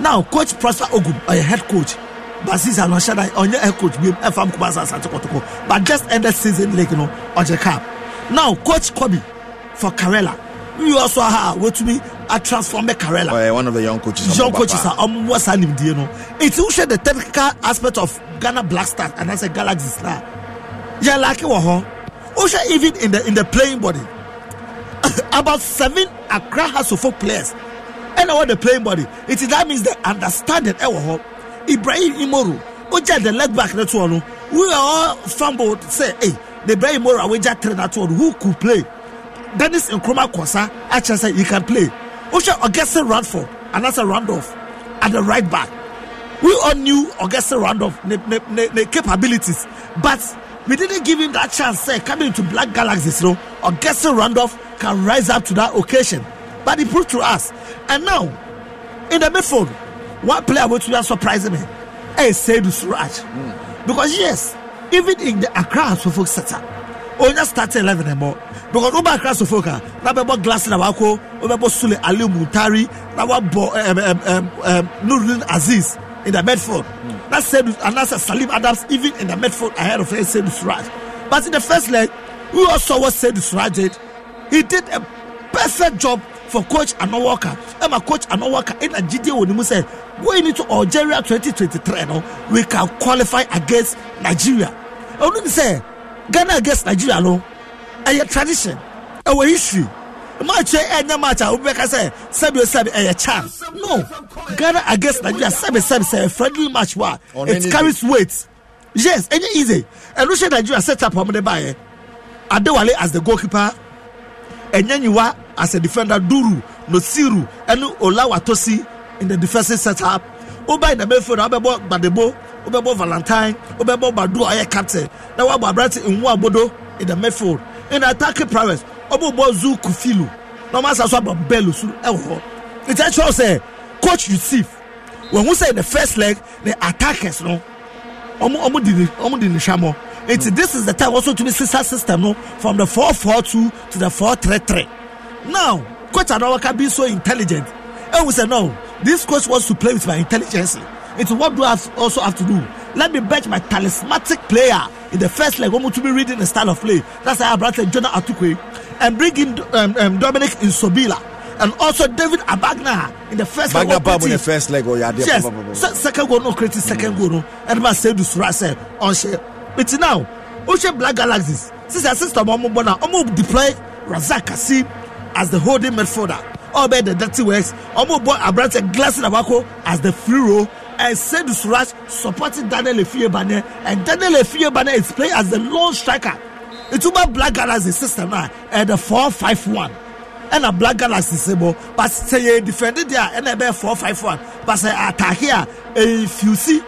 now coach prosper ogum ɔyɛ head coach basis alonshada ɔnyɛ head coach bi ɛfa mu kumasa asante kɔtɔkɔ but just ended season league no ɔjɛ cap now coach kobi for karela you also ha wetumi a transform karela ɔyɛ oh, one of the young coaches young coaches a ɔmo wɔ saa nimdie no eti wohwɛ the technical aspect of ghana black stars anaasɛ galaxy star yɛ laaki wɔ hɔ wohwɛ even in the in the playing body about seven Accra Hasofo players ɛna wɔ the playing body it is that means they understand ɛwɔ hɔ Ibrahim Imoru, ogya the left back ne one. we were all fumbled say hey the Ibrahim Imoru we just na that one who could play Dennis Nkrumah Kosa akyerɛ sɛ he can play wohwɛ Augustine Radford anaasɛ Randolph at the right back we all knew Augustine Randolph ne ne ne ne capabilities but we didn't give him that chance say coming to Black Galaxies no. Augustine Randolph can rise up to that occasion. But he proved to us. And now, in the midfield, one player which we are surprising me is Seydou Suraj. Mm. Because, yes, even in the Accra Suffolk sector, only starting 11 and more. Because over Accra Suffolk, we have Glass Nawako, we have Sule Ali Mutari, we have Nuruddin Aziz in the midfield. Mm. That's Seydou, and that's Salim Adams even in the midfield ahead of Seydou Suraj. But in the first leg, who also was said is fragile. He did a perfect job for coach Ano Emma coach Ano in a GD when he We need to Algeria 2023 no, we can qualify against Nigeria. I wouldn't say Ghana against Nigeria no. A your tradition, our history. Match eh, Any match I a I say. sɛbi sɛbi ɛyɛ chance no ghana against nigeria sɛbi sɛbi a friendly match wa it carries weight yes Any easy ɛno hyɛ nigeria set up ɔmo de baayɛ eh? Adewale as the goalkeeper, Enyanyiwa as a defender, Duru, Nosiru, and Olawatosi in the defensive setup. Oba in the midfield, Abebo Badebo, Obebo Valentine, Obebo Badu, I captain. Now Abba Brett in Wabodo in the midfield. In the attacking prowess, Obobo Zu Kufilu. No matter what about Bello, Elho. It's actually say, Coach Yusuf, when we say the first leg, the attackers, no, Omo Omo Dini Shamo nti this is the time also to be sister system no from the four four two to the four three three now coach anawaka be so intelligent and we say no this coach wants to play with my intelligence it's what do I also have to do let me bench my talismanic player in the first leg omo to be reading the style of play that's why i brought in jonah atukwe and bring in um, um, dominic insobila and also David Abagna in the first Bagna leg. Bagna in the first leg. Oh, yeah, yes. Second goal, no, create second goal, no. And my Seydou Surase on share. It's now wohwɛ black galaxies sisa system ɔmo bɔ I'm ɔmo deploy razak kasi as the holding midfielder All ɔbɛ the dirty works ɔmo bɔ aberante glassy nabako as the free roll and seydou suraj supporting daniel efiebane and daniel efiebane is playing as the lone striker It's about black galaxy system na ɛdɛ four five one a black galaxy se but sɛ yɛ defend deɛ ɛna ɛbɛ four five one but sɛ ataaki a eyi fiusi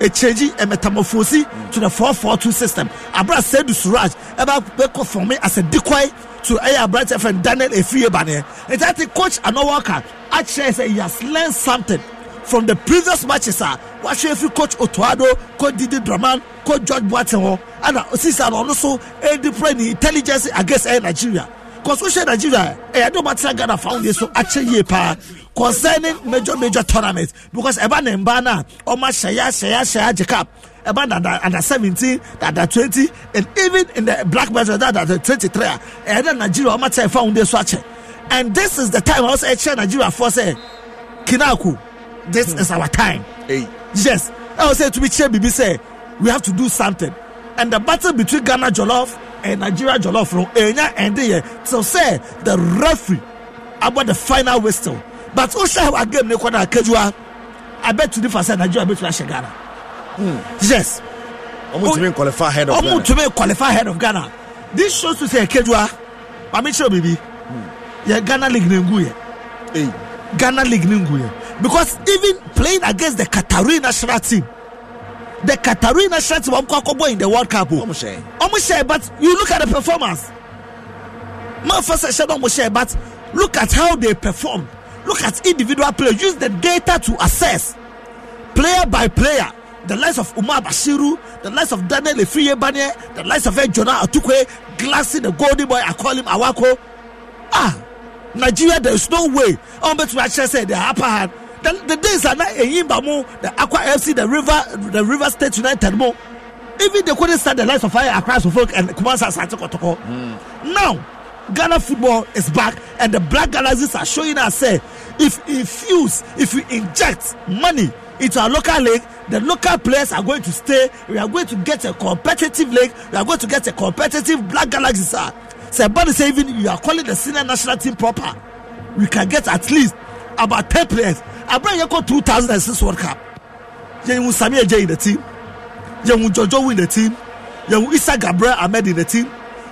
a change a metamorphosis to the 442 system. Abra said to Suraj about Beko for me as a decoy to a bright friend Daniel Efie Bane. And that the coach and worker actually he has learned something from the previous matches. Uh, what if you coach Otuado, coach Didi Draman, coach George Boateng, and uh, sister so, also a different intelligence against Nigeria kɔso hyɛ nigeria ɛyɛ eh, eh, de ɔmatena ghana foundation so akyɛ yie paa concerning major major tournament because ɛba ne mba no a ɔma hyɛyɛ hyɛyɛ hyɛyɛ agye cap ɛba dada under seventeen under twenty and even in the black belt dada under twenty three eh, a ɛyɛ de nigeria ɔmatena foundation so akyɛ and this is the time ɔsɛ ɛkyɛ nigeria fɔ sɛ kinaku this is our time hey. yes ɛwɔ sɛ ɛtumi kyerɛ biribi sɛ we have to do something and the battle between ghana jollof and Nigeria Jollof from ɛnya and yɛ to say the referee about the final whistle but o ṣe our game ne I bet to the first Nigeria abɛtu ahyɛ Ghana hmm. yes ɔmu tumi qualify head of Ghana ɔmu tumi qualify head of Ghana this shows to say akejua maame sure, baby. Yeah, Ghana league ne ngu Ghana league ne ngu because even playing against the Qatari national team the Katarina shirts wọ́n kọ́ akọ́bọ̀ in the world cup o. ọmọ ṣe but you look at the performance. máa fẹsẹ̀ ṣẹ́ náà mo ṣe but look at how they perform look at individual players use the data to assess player by player the likes of Umar Bashiru, the likes of Daniel Efriye Banye, the likes of Ejona Atukwe, Glassy, the golden boy, I call him Awako. Ah, Nigeria, there is no way. I'm between I say the upper hand the, the days are not in ba mu the Aqua FC the River the River State United mu even they couldn't start the lights of fire across the folk and Kumasi Asante Kotoko. Mm. Now Ghana football is back and the black galaxies are showing us say if infuse if we inject money into our local league the local players are going to stay we are going to get a competitive league we are going to get a competitive black galaxies are so body say even you are calling the senior national team proper we can get at least about ten players abira yɛ kɔ two thousand and six world cup yɛn hu sami ɛjɛ in the team yɛn Jojo jɔjɔ in the team yɛn hu isa gabriel ahmed in the team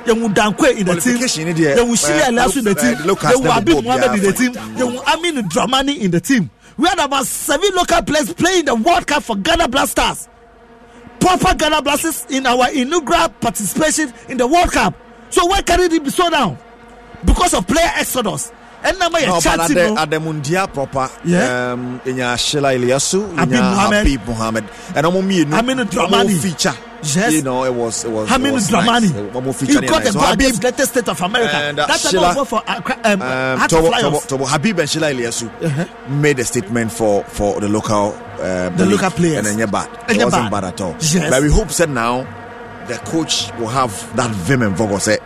yɛn hu dankwe in the team yɛn hu shiri aliasu in the uh, team yɛn hu abi muhammed in the team yɛn hu aminu dramani in the team we had about seven local players playing the world cup for ghana blasters proper ghana blasters in our inaugural participation in the world cup so why can it be so down? because of player exodus. ɛnama yɛ kyati no Mundia proper yeah. um, sheila eliasu ɛnya habib muhammed ɛna ɔmo mmienu aminu dramani ɔmo feature. Yes. You know, it was it was. How many Dramani? You got the so Habib, greatest state of America. And, uh, That's Sheila, for uh, um, um, Tobo, Tobo, Tobo, Habib and Sheila Eliasu uh-huh. made a statement for for the local uh, the, local players, and then you're bad. And it you're wasn't bad. bad at all. Yes. But we hope that now the coach will have that vim and vigor. Say,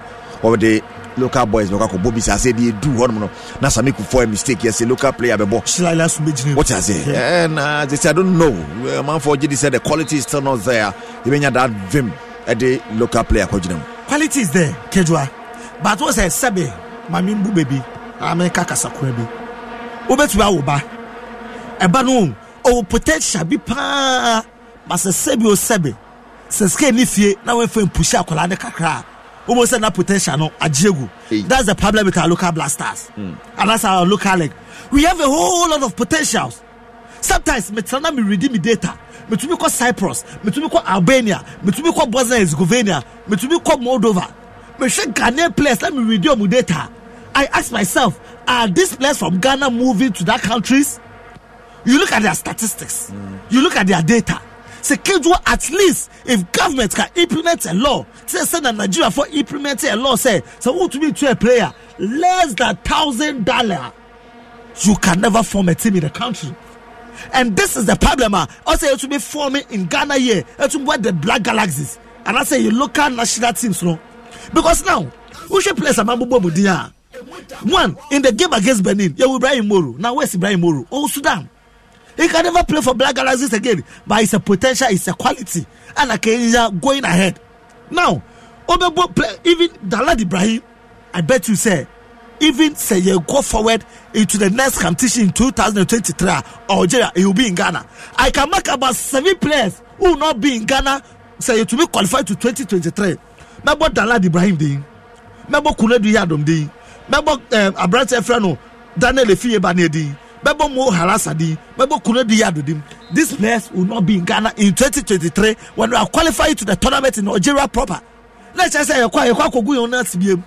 or the local boys bɛkɔ akɔbɔ bi sɛ asɛ deɛ du hɔnom no na sɛ mekufɔ a mistake yɛ sɛ local player bɛbɔ what I say and uh, they say I don't know uh, man for GD said the quality is still not there you mean that vim at the local player kɔgyina quality is there Kejua but what's a sɛbe maame mbu baby ameka kasakora bi wobɛtumi awo ba ɛba eh, no ɔwɔ oh, potential bi paa ma sɛ sɛbe o oh, sɛbe sɛ sika ni fie na wɔmfa mpuhyɛ akwadaa ne kakra almost that potential no ajiegu hey. that's the problem with our local blasters mm. and that's our local leg. we have a whole lot of potentials sometimes metrana me redeem me data metumi kɔ cyprus metumi kɔ albania metumi kɔ bosnia herzegovina metumi kɔ moldova mehwɛ ghanaian players let me redeem my data i ask myself are these players from ghana moving to that countries you look at their statistics mm. you look at their data Sekejua at least if government can implement a law say say na Nigeria for implement a law say so who to be to a player less than thousand dollar you can never form a team in the country and this is the problem ah also it will be forming in Ghana here it to be the black galaxies and I say your local national teams no because now who should play some one in the game against Benin yeah Ibrahim Moro now where's Ibrahim Moro oh Sudan He can never play for Black Galaxies again, but it's a potential, it's a quality. And Akenja like, going ahead. Now, Obebo play, even Dalad Ibrahim, I bet you say, even say you go forward into the next competition in 2023 Algeria, he will be in Ghana. I can mark about seven players who will not be in Ghana, say to be qualified to 2023. Remember Dalad Ibrahim, dey. Remember Kunedu Yadom, dey. Remember um, eh, Abraham Efrano, Daniel Efiyeba, dey bɛbɔ mo harasa di bɛbɔ kuro di yado di This players will not be in ghana in 2023 when we are qualified to the tournament in nigeria proper na kyerɛ sɛ yɛkɔ a yɛkɔ akɔgu yɛn nan sibiem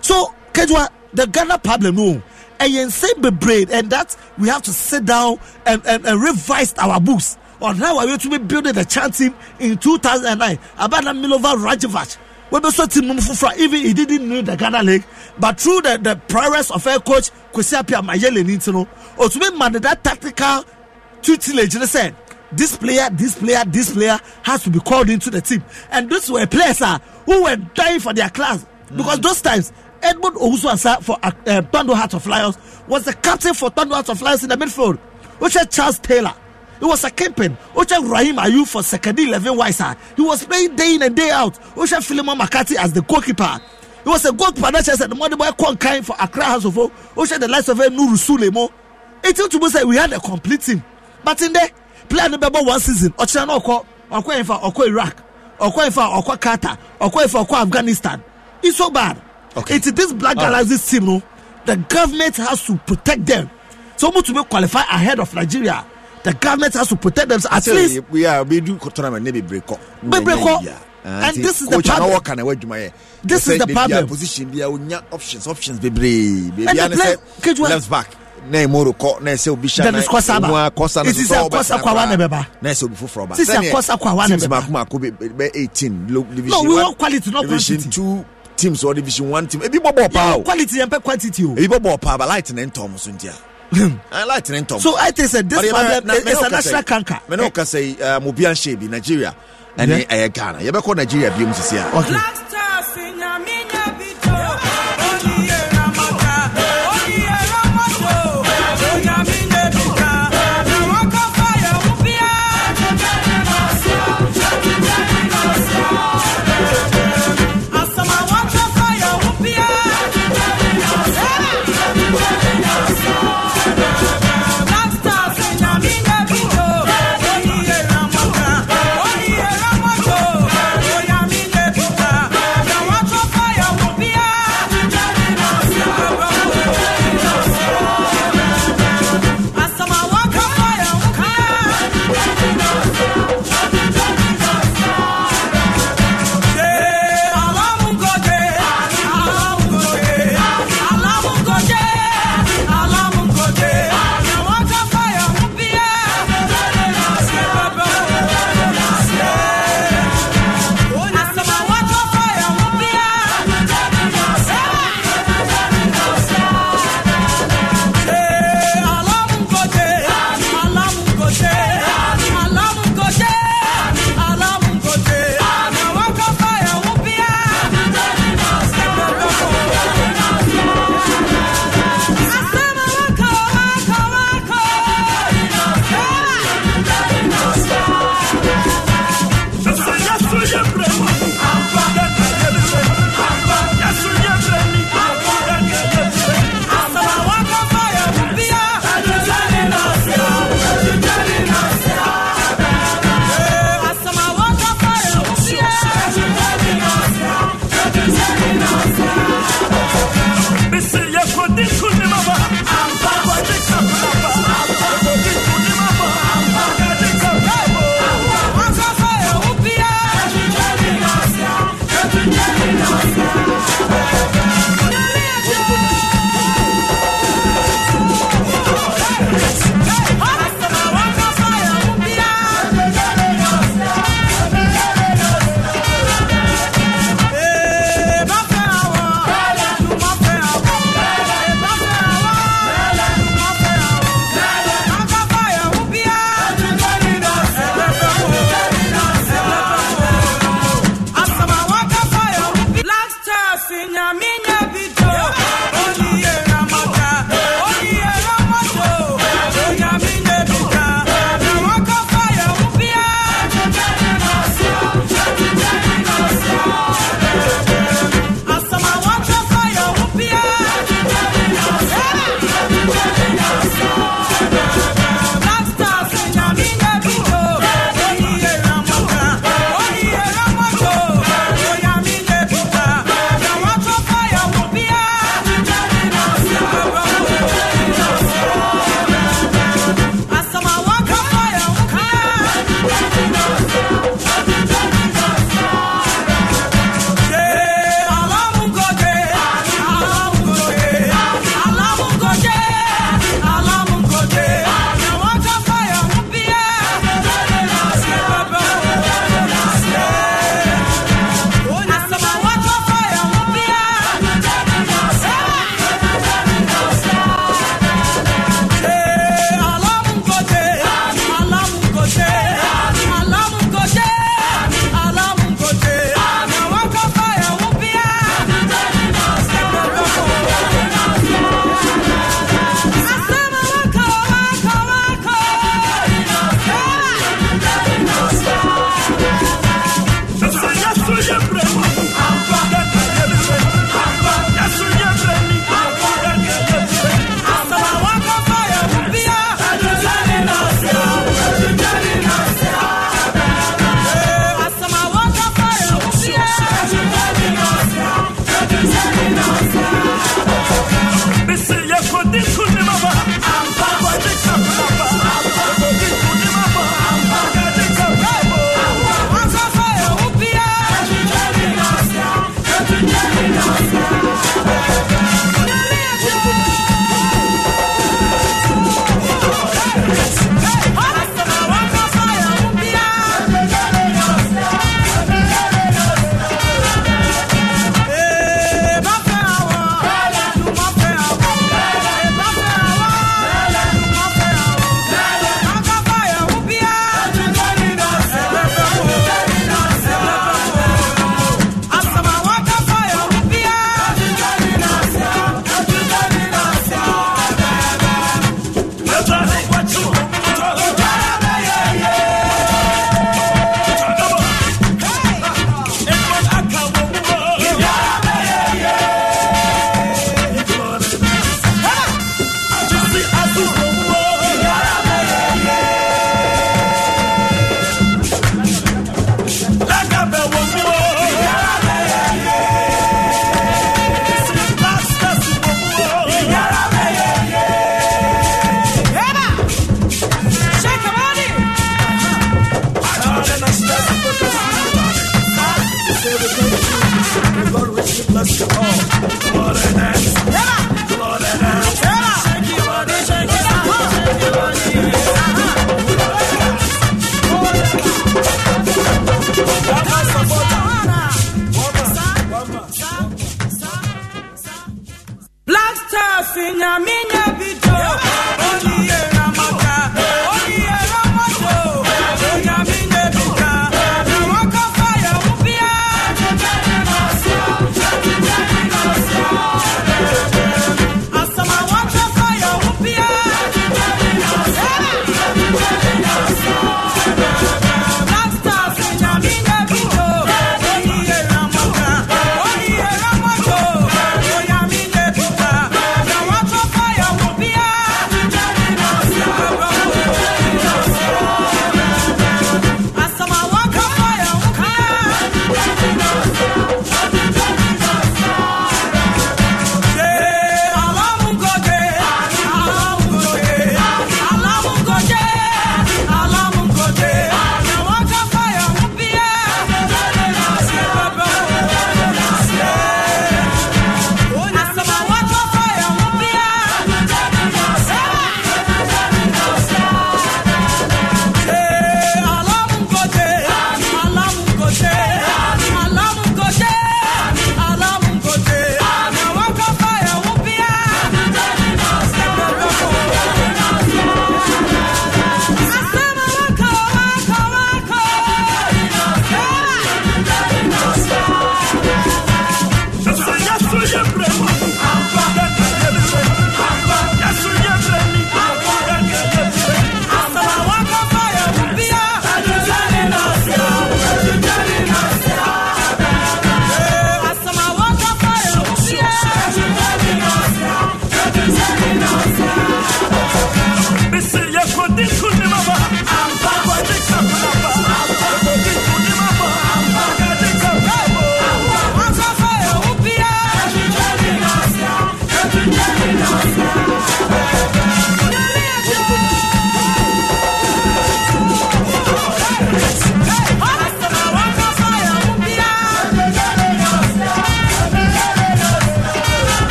so ketewa the ghana problem no ɛyɛ nsɛm bebree and that we have to sit down and and, and revise our books on how we are going to be building the chan team in 2009 about that milovan rajevac webɛsɔ team no mu foforɔ even he didn't know the ghana league but through the the prowess of her coach kwesi apia mayele ni ti no otumi ma de that tactical tutelage ne sɛ this player this player this player has to be called into the team and those were players ah who were dying for their class because mm. those times edmund owusu for uh, uh, bando heart of lions was the captain for bando heart of lions in the midfield which is charles taylor He was a captain. Ocha Rahim Ayu for second 11 wiser. He was playing day in and day out. Ocha Philemon Makati as the goalkeeper. He was a goalkeeper that said the money boy Kind for Accra House of Ocha the likes of Nuru Sulemo. It to say we had a complete team. But in there, player about one season, Ocha Noko, Okwa Infa, Okwa Iraq, Okwa Infa, Okwa Qatar, Okwa Infa, Okwa Afghanistan. It's so bad. Okay. It's this Black Galaxies team, no? The government has to protect them. So much to be qualified ahead of Nigeria the government has to protect them at so least. we are we do tournament ne bebree kɔ. break up. and this is the problem. coach anawɔ kan ɛwɔ adwuma yɛ. this is the problem. position bi a o nya options options bebree. and the play kejuwa left back. na emoro kɔ na ɛsɛ obi hyɛ na emu a kɔsa is soso ɔbɛ sɛ akwawa na bɛba na ɛsɛ obi foforɔ ɔba sɛnɛ teams baako baako bɛ eighteen division one no we want quality not quantity division two teams or division one team ebi bɔ bɔɔ paa o quality yɛn pɛ quantity o oh. ebi bɔ bɔɔ paa but light na ntɔn mo so n tia so i think say this problem is a national kanker. mɛ n'o ka sɛ mobian se bi nigeria ɛni ɛyɛ ghana yɛ bɛ kɔ nigeria bi mu sisi yan.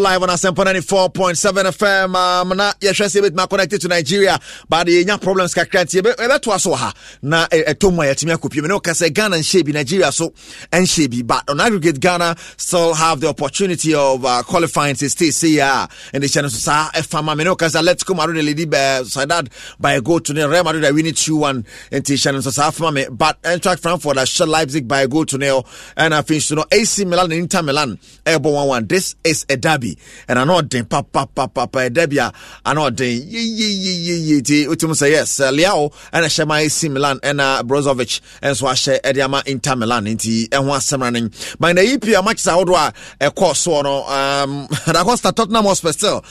live on Asempo 94.7 FM. I'm Um, na yɛhwɛ sɛ yɛbɛtumi connected to Nigeria, but yɛnya problems kakra nti yɛbɛtoa so ha na ɛtɔ mu a yɛatumi akɔpie me ne woka sɛ Ghana nhyɛ bi Nigeria so and Shebi. But on aggregate, Ghana still have the opportunity of uh, qualifying to stay here in the Channel Society. If I'm a because let's come out lady by that by a goal to the Real Madrid, we need 2 1 in the Channel Society. But Eintracht Frankfurt, I shot Leipzig by a goal to nil, and I finished, you know, AC Milan and Inter Milan, elbow 1 1. This is a derby, and I know then pa pa pa pa pa derby, I know ye ye ye ye yeah, yeah, say yes, uh, Liao, and I share my AC Milan and uh, Brozovic, and so I share Ediama Inter Milan, in the ɛho asɛm rane but na yip e a a ɛkɔɔ soɔ no um, dacosta tottenham hospital still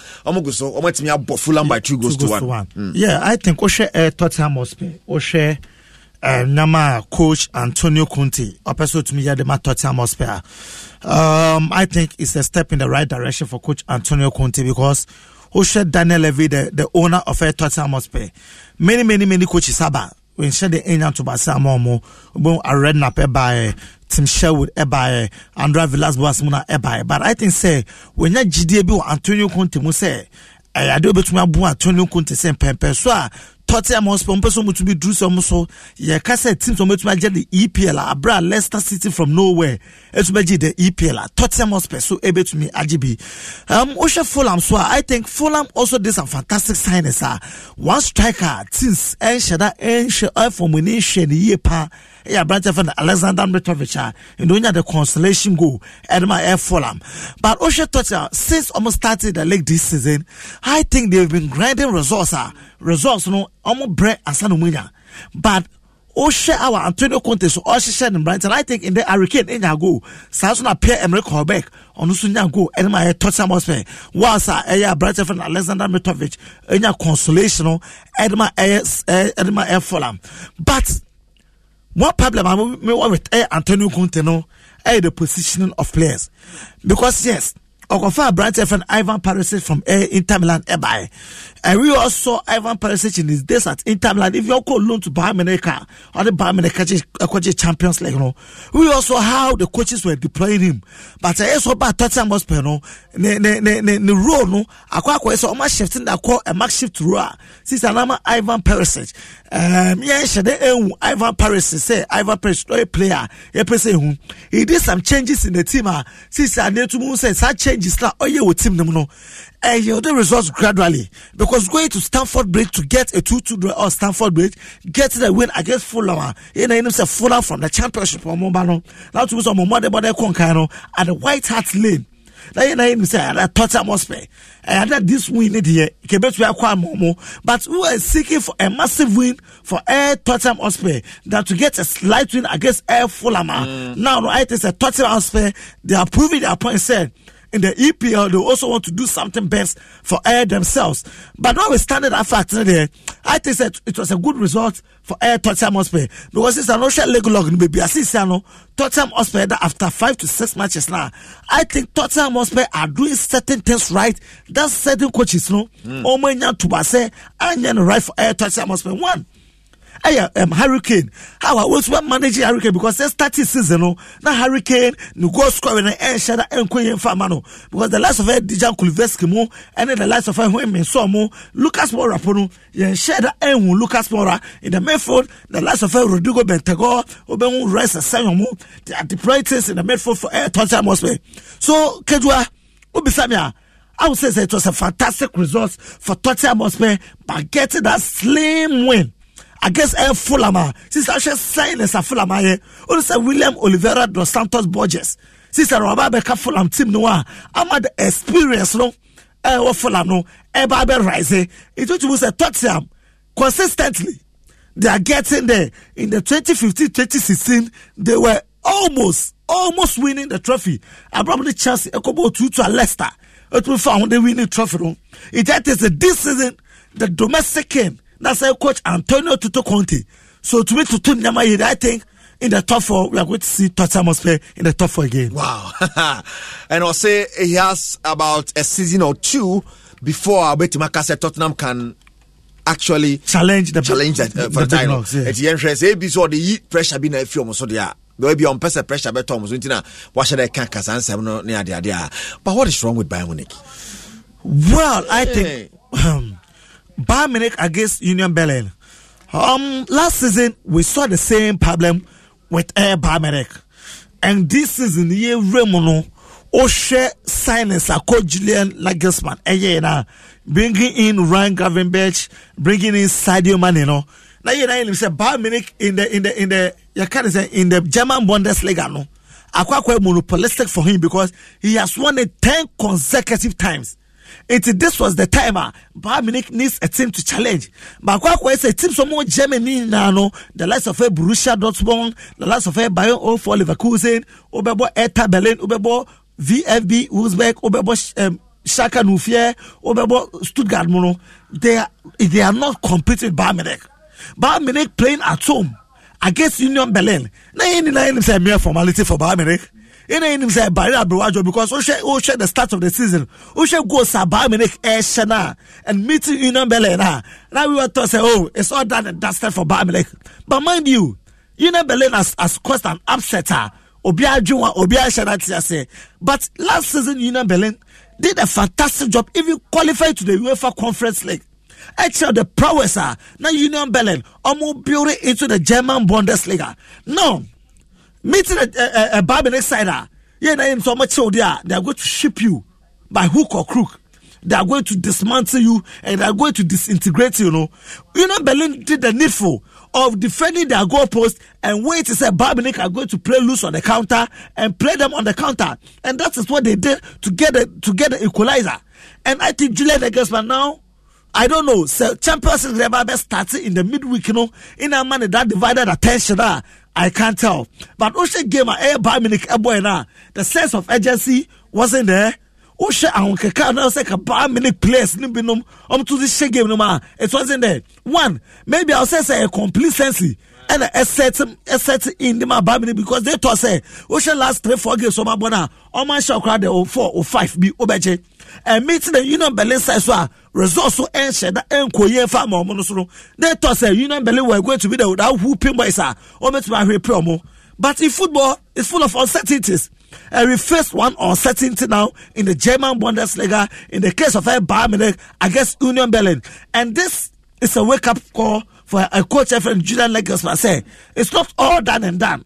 so ɔmatumi abɔ fulham by two goals to one, mm. yeah i think wohwɛ uh, eh, tottenham hospital wohwɛ uh, eh, nama coach antonio Conti. ɔpɛ sɛ ɔtumi yɛ de ma tottenham hospital um, i think it's a step in the right direction for coach antonio conte because wohwɛ daniel levy the, the owner of uh, tottenham hospital many many many coaches aba wɔnhyɛ de ɛnya ntobasɛ ama ɔmo wobɛhu ared napɛ baɛ Tim Sherwood ɛbaeɛ eh, eh, Andra Villas Boas mu na eh, but I think say when gyidie GDB or Antonio Conte mu sɛ ɛyɛ adeɛ my boy Antonio Conte sɛ mpɛmpɛ so ah, a Tottenham Hotspur mpɛ sɛ ɔmotumi duru sɛ ɔmo so yɛka sɛ teams ɔmotumi agye the EPL a ah, abere Leicester City from nowhere ɛtumi agye the EPL ah, a Tottenham Hotspur so ɛbɛtumi agye bi um, wohwɛ Fulham so I think Fulham also did some fantastic signings a one striker teams ɛnhyɛ da ɛnhyɛ ɛfɔmuni nhyɛ ne yie paa ɛyɛ aberanteɛ fɛ no alexander mitrovic a ɛnna onya the consolation goal ɛdema ɛyɛ fulham but ohwɛ tottenham ah, since ɔmo started the league this season i think they have been grinding results a ah. results no ɔmo brɛ asa na ɔmo nya but ohwɛ awa antonio conte so ɔhyehyɛ ne mmeranteɛ i think in the hurricane enya goal saa so na pierre emerick hallberg ɔno nso nya goal ɛnema ɛyɛ tottenham hotspur whilst a ɛyɛ aberanteɛ fɛ no alexander mitrovic ɛnya consolation no ɛdema ɛyɛ ɛdema ɛyɛ fulham but one problem I mean, with eh, Antonio Conte no eh, the positioning of players because yes. Okofa Brighton friend Ivan Paris from eh, Inter Milan eh, by And we saw Ivan Perisic in his days at Inter Milan. If you call loan to Bayern Munich, or the Bayern Munich coach Bahamaneca uh, Champions League, you know, we also how the coaches were deploying him. But uh, I also about Tottenham Hotspur, no, ne ne ne ne ne role no. Akwa akwa so almost shifting that call a mark shift role. Since anama Ivan Perisic, um, yeah, shade eh, Ivan Perisic say Ivan Perisic no a player. Yeah, Perisic who hmm, he did some changes in the team. Ah, since I need to move say some changes la. Oh yeah, with team no no uh, you do results gradually because going to Stanford Bridge to get a 2 2 or Stanford Bridge, get the win against Fulham. In the say Fulham from the championship on Mombano. Now to some Momade Bode Konkano at the White Hart Lane. Now you know say I thought I must pay. And that this win it here, Quebec we are quite more. But we are seeking for a massive win for Air Tottenham Hotspur that to get a slight win against Air Fulham. Mm. Now, right, it's a Tottenham Hotspur. They are proving their point. Said in the EPL, they also want to do something best for Air themselves. But notwithstanding that fact, there, I think that it was a good result for Air Tottenham Hotspur because it's an ocean leg log in baby. I see Sano Tottenham Hotspur that after five to six matches now, I think Tottenham Hotspur are doing certain things right. That's certain coaches, no, mm. Omanya Tubase, and right for Air Tottenham Hotspur. One. ɛyɛ um, hurricane how a wɔsuma managing hurricane because sɛ starting season no now hurricane you go score no ɛnhyɛ da ɛnkɔ yɛn fa because the last of her dijan kuliveski and ɛne the last of her hɔn mmiɛnsa mu lucas mora po no yɛnhyɛ da ɛnhu lucas mora in the midfield the last of her uh, rodrigo bentego obɛnhu rice sɛnyɔn mu they are deploying in the midfield for ɛyɛ tɔnsa atmosphere so Kedua, obisa I would say it was a fantastic result for Tottenham Hotspur by getting that slim win against ɛyɛ fulham a sisan ahwɛ sɛn na sa fulham ayɛ olu sɛ william oliveira dos santos borges sisan rɔba abɛka fulham team no a ah. ama the experience no ɛwɔ eh, fulham no ɛba abɛ rise itutubu sɛ tottenham consistently they are getting there in the 2015-2016 they were almost almost winning the trophy abrabili chelsea ekobo tutu leicester etu fa ahun win the trophy no it that is this season the domestic game na say coach Antonio Tutu Conte. So to me, Tutu Nyama, I think in the top four, we are going to see Tottenham must play in the top four again. Wow. and I'll say he has about a season or two before Abetimaka said Tottenham can actually challenge the challenge that uh, for the, the title. At the entrance, ebi so the heat pressure bi na efi omo so there. There be on person pressure beto omo so ntina wa share kan kasa ansem no ne ade ade. But what is wrong with Bayern Munich? Well, I think um, Bayern Munich against Union Berlin. Um, last season we saw the same problem with Air Bayern Munich, and this season ye Remono Oshe a ako Julian Nagelsmann. Eye eh, na bringing in Ryan Gravenberch, bringing in Sadio Mane. No, now ye na ye say Bayern Munich in the in the in the you can say in the German Bundesliga. No, akwa akwa monopolistic for him because he has won it ten consecutive times. It this was the time uh, ah, Bayern Munich needs a team to challenge. But Kwakwa is a team some more Germany now, no? the likes of eh, Borussia Dortmund, the likes of eh, Bayern or for Leverkusen, Obebo Eta Berlin, Obebo VFB Uzbek, Obebo um, Shaka Nufie, Obebo Stuttgart Mono. They are, they are not competing Bayern Munich. Bayern Munich playing at home against Union Berlin. Now, you know, it's say mere formality for Bayern Munich ɛna yɛnim sɛ ɛbare aberewajɔ because wohwɛ wohwɛ the start of the season wohwɛ goals a baa mene ɛhyɛ e no and meeting union berlin no now we were thought say oh it's all done and dusted for baa but mind you union berlin has, has caused an upset ah. a obiara dwuma obiara hyɛ no ate aseɛ but last season union berlin did a fantastic job even qualify to the uefa conference league actually e the prowess are ah, now union berlin almost building into the german bundesliga No. meeting a, a, a barber next side, uh, yeah, so much so they are they are going to ship you by hook or crook. They are going to dismantle you and they are going to disintegrate you, you know. You know, Berlin did the needful of defending their goalpost and wait to say Barbinik are going to play loose on the counter and play them on the counter. And that is what they did to get the, to get the equalizer. And I think Julian Nagelsmann now, I don't know, so Champions League starts started in the midweek, you know, in a manner that divided attention. Ah, I can't tell. But Osha game air by Munich Ebuena, the sense of urgency wasn't there. and Ankeka now say ah, by minute place Nibinum um to this game no ma. It wasn't there. One, maybe I'll say say a complacency. And a set, a set in the my because they thought say, Osha last three, four games, so my bona, all my shock crowd, the four or five be obeje. And meeting the Union Berlin says, ah, well, resort so ɛnhyɛ na ɛnkɔyie fa ama ɔmo no so no na ɛtɔ sɛ union berlin were going to be the that who pin boys a ɔmɛtumi ahwɛ pɛ ɔmo but in football it's full of uncertainties and we face one uncertainty now in the german bundesliga in the case of bayern munich against union berlin and this is a wake up call for a coach friend julian nagelsmann say it's not all done and done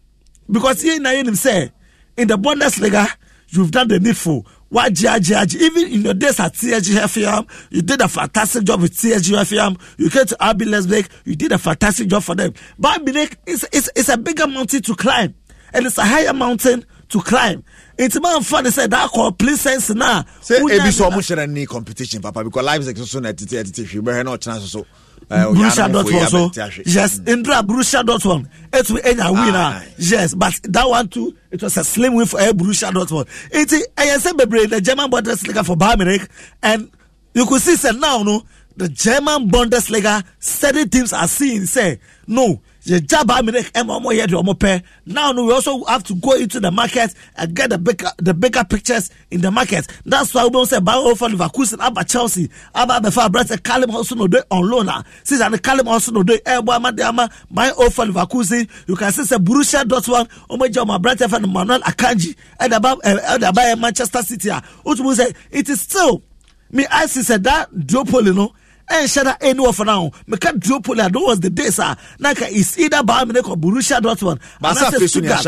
because here na him say in the bundesliga you've done the needful wagyeagyeagye even in your days at THFM, you did a fantastic job with THFM. You came to Abbey Lesbic, you did a fantastic job for them. But Binek is, is, is a bigger mountain to climb, and it's a higher mountain to climb. It's man funny said that complete sense now. Say, it be so much competition, Papa, because life is so soon at TTT, you better not chance so. Borussia Dortmund so yes ndra Borussia Dortmund etu enya win ah yes but that one too it was a slim win for eh, Borussia Dortmund eti ẹyẹ sẹ bebree the German Bundesliga for Bayern Munich and you could see say now no the German Bundesliga certain teams are seeing say no the job I make MMO here the pay. Now we also have to go into the market and get the bigger the bigger pictures in the market. That's why we don't say buy over Leverkusen, About Chelsea, about the far Brest, Kalim also no day on loan. Ah. Since and Kalim also no day eh, Elba Madama, buy over Leverkusen. You can see say Borussia Dortmund, Oh my my brother and Manuel Akanji, and above and above Manchester City. Ah. Which we say it is still me I see that duopoly no ɛnhyɛ da ɛni wɔ fana ho meka duopoli a was the days a na ka is either bayern munich or borussia dortmund anase stuttgart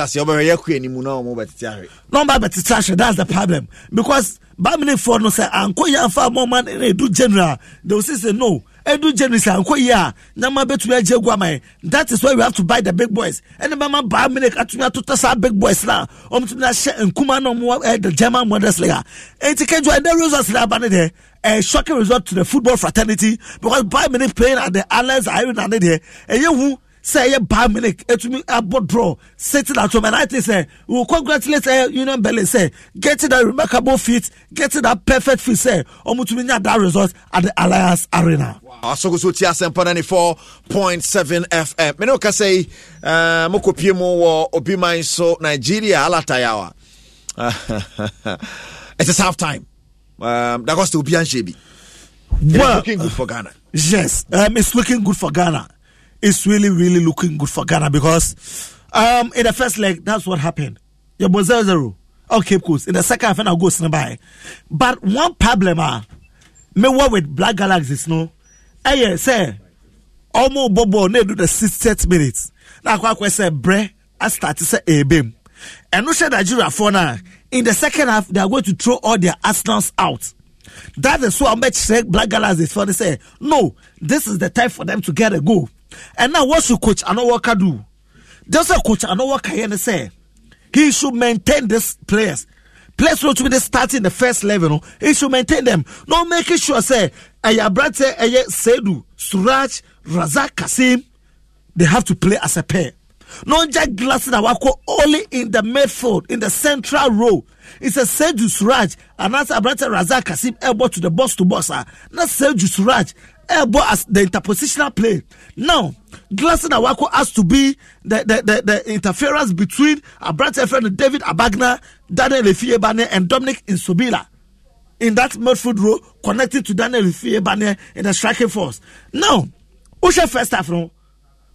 but it's trash. that's the problem because bayern munich fɔ no sɛ ankɔ yɛn afa mɔman ɛna edu general they will say say no edu January sɛ nkɔ yie a nyama bɛtumi agye egu ama yɛ that is why we have to buy the big boys ɛna bɛma baa milk atumi atotɔ saa big boys na wɔn tumi ahyɛ nkuma na wɔn ɛyɛ the German mothers league a eti kejua ɛdɛ results na aba ne deɛ a shocking result to the football fraternity because baa milk playing at the Alliance Arena ne deɛ ɛyɛ hu sɛ ɛyɛ baa milik etumi abɔ draw sitting at home and i think sɛ we will congratulate ɛyɛ union berlin sɛ getting that remarkable fit getting that perfect fit sɛ ɔmo tumi nya that result at the alliance arena. asogo so tie fm mene woka sɛ yi eh, mokɔpie mu wɔ obi man so nigeria alatayawa it is half time um, that was to obi anhyɛ bi well, looking good for ghana yes um, it's looking good for ghana it's really really looking good for ghana because um, in the first leg that's what happened your boy 0 Oh, Cape Coast. In the second half, I'll go Sinabai. But one problem, uh, me what with Black Galaxies, no? ɛyɛ sɛ ɔmo bɔ bɔɔl na edu the sixtieth minute na akɔ akɔ sɛ brɛ asitati sɛ ebem ɛno hyɛ nigeriafoɔ na in the second half they are going to throw all their arsenals out that is why ɔmɛkyerɛ black galas is funny say no this is the time for them to get a goal and now what should coach anowaka do just say coach anowaka yɛn ni sɛ he should maintain these players players wey to be dey start in the first level no oh. he should maintain them no making sure say ɛyɛ aberanteɛ ɛyɛ sedu suraj razak kasim they have to play as a pair nonja glass na wakɔ only in the midfield in the central role. it's a Sedu suraj anasa abrante razak kasim ɛbɔ to the box to box ah na seju suraj ɛbɔ as the interpositional play now glass na wakɔ has to be the the the, the interference between abrante friend david abagna daniel efiebane and dominic nsobila in that midfield role connected to Daniel Ifeanyi in the striking force. Now, Usha first half, no?